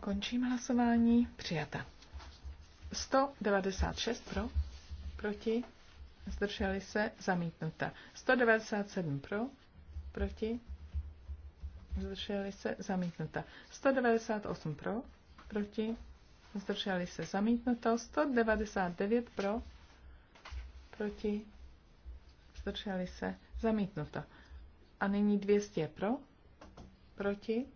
Končím hlasování. Přijata. 196 pro, proti, zdrželi se, zamítnuta. 197 pro, proti, zdrželi se, zamítnuta. 198 pro, proti, zdrželi se, zamítnuto. 199 pro, proti, zdrželi se, Zamítnuto. A nyní 200 pro, proti.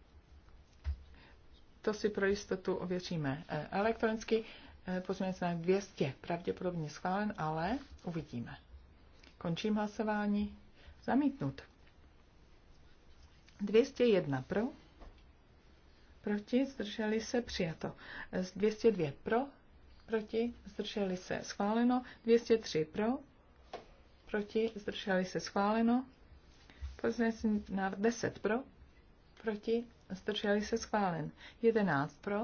To si pro jistotu ověříme eh, elektronicky. Eh, pozměňovací návrh 200 pravděpodobně schválen, ale uvidíme. Končím hlasování. Zamítnut. 201 pro, proti, zdrželi se, přijato. 202 eh, pro, proti, zdrželi se, schváleno. 203 pro, proti, zdrželi se schváleno. Pozměňovací návrh 10 pro, proti, zdrželi se schválen. 11 pro,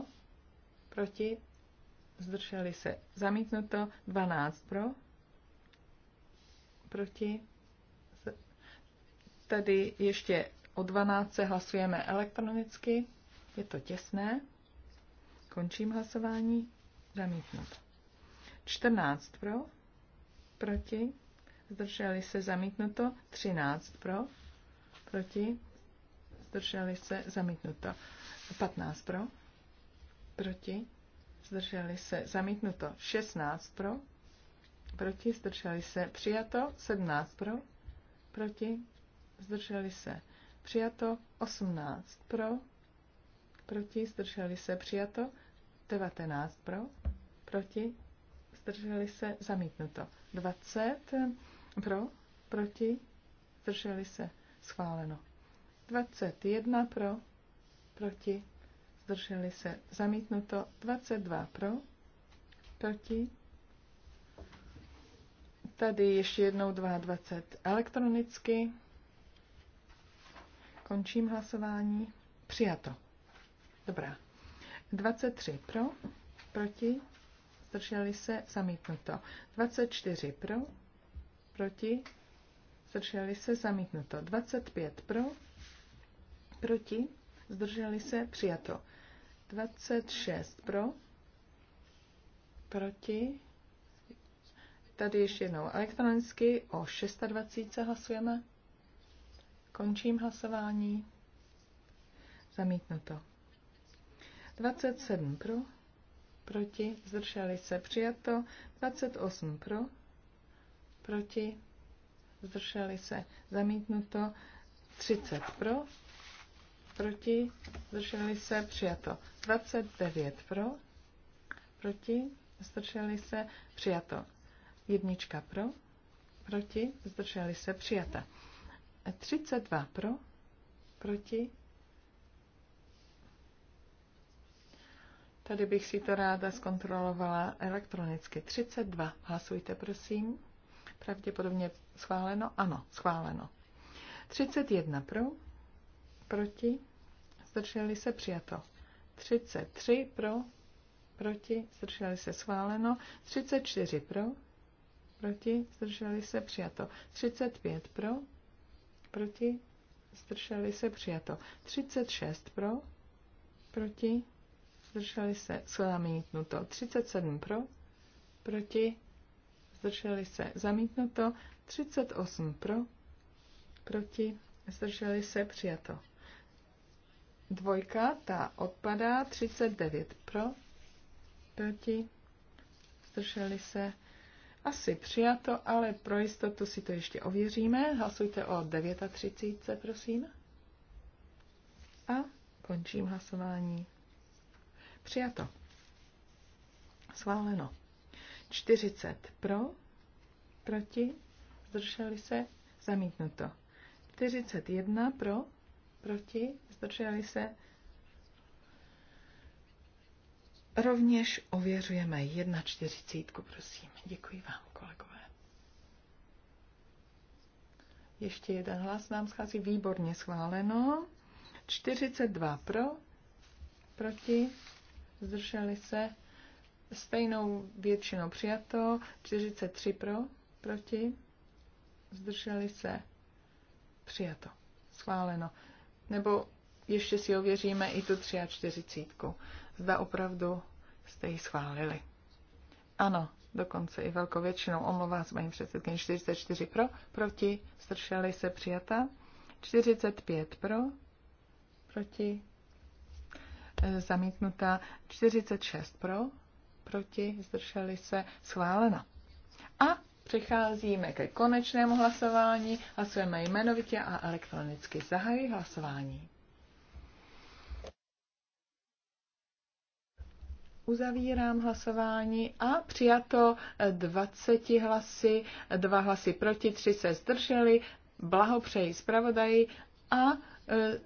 proti, zdrželi se zamítnuto. 12 pro, proti. Tady ještě o 12 se hlasujeme elektronicky. Je to těsné. Končím hlasování. Zamítnuto. 14 pro, proti zdrželi se zamítnuto, 13 pro, proti, zdrželi se zamítnuto, 15 pro, proti, zdrželi se zamítnuto, 16 pro, proti, zdrželi se přijato, 17 pro, proti, zdrželi se přijato, 18 pro, proti, zdrželi se přijato, 19 pro, proti, zdrželi se zamítnuto, 20 pro? Proti? Zdrželi se. Schváleno. 21 pro? Proti? Zdrželi se. Zamítnuto. 22 pro? Proti? Tady ještě jednou 22 elektronicky. Končím hlasování. Přijato. Dobrá. 23 pro, proti, zdrželi se, zamítnuto. 24 pro, proti, zdrželi se, zamítnuto. 25 pro, proti, zdrželi se, přijato. 26 pro, proti, tady ještě jednou elektronicky o 26 hlasujeme. Končím hlasování. Zamítnuto. 27 pro, proti, zdrželi se, přijato. 28 pro, proti, zdrželi se zamítnuto, 30 pro, proti, zdrželi se přijato, 29 pro, proti, zdrželi se přijato, jednička pro, proti, zdrželi se přijata, 32 pro, proti, Tady bych si to ráda zkontrolovala elektronicky. 32. Hlasujte, prosím pravděpodobně schváleno? Ano, schváleno. 31 pro, proti, zdrželi se přijato. 33 pro, proti, zdrželi se schváleno. 34 pro, proti, zdrželi se přijato. 35 pro, proti, zdrželi se přijato. 36 pro, proti, zdrželi se zamítnuto. 37 pro, proti, zdrželi se, zamítnuto, 38 pro, proti, zdrželi se, přijato. Dvojka, ta odpadá, 39 pro, proti, zdrželi se, asi přijato, ale pro jistotu si to ještě ověříme. Hlasujte o 39, prosím. A končím hlasování. Přijato. Schváleno. 40 pro, proti, zdrželi se, zamítnuto. 41 pro, proti, zdrželi se. Rovněž ověřujeme 1,40, prosím. Děkuji vám, kolegové. Ještě jeden hlas nám schází. Výborně schváleno. 42 pro, proti, zdrželi se, stejnou většinou přijato, 43 pro, proti, zdrželi se, přijato, schváleno. Nebo ještě si ověříme i tu 43. Zda opravdu jste ji schválili. Ano, dokonce i velkou většinou, omlouvá se paní předsedkyně 44 pro, proti, zdrželi se, přijata, 45 pro, proti, e, zamítnuta, 46 pro, proti, zdrželi se, schválena. A přicházíme ke konečnému hlasování. Hlasujeme jmenovitě a elektronicky. Zahají hlasování. Uzavírám hlasování a přijato 20 hlasy, 2 hlasy proti, 3 se zdrželi. Blahopřeji zpravodaji a e,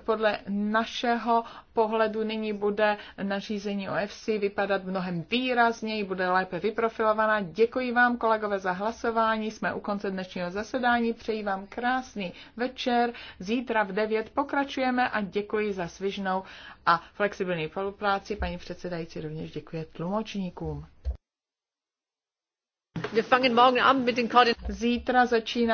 podle našeho pohledu nyní bude nařízení o FC vypadat mnohem výrazněji, bude lépe vyprofilovaná. Děkuji vám, kolegové, za hlasování. Jsme u konce dnešního zasedání. Přeji vám krásný večer. Zítra v 9 pokračujeme a děkuji za svižnou a flexibilní spolupráci. Paní předsedající rovněž děkuje tlumočníkům. Zítra začíná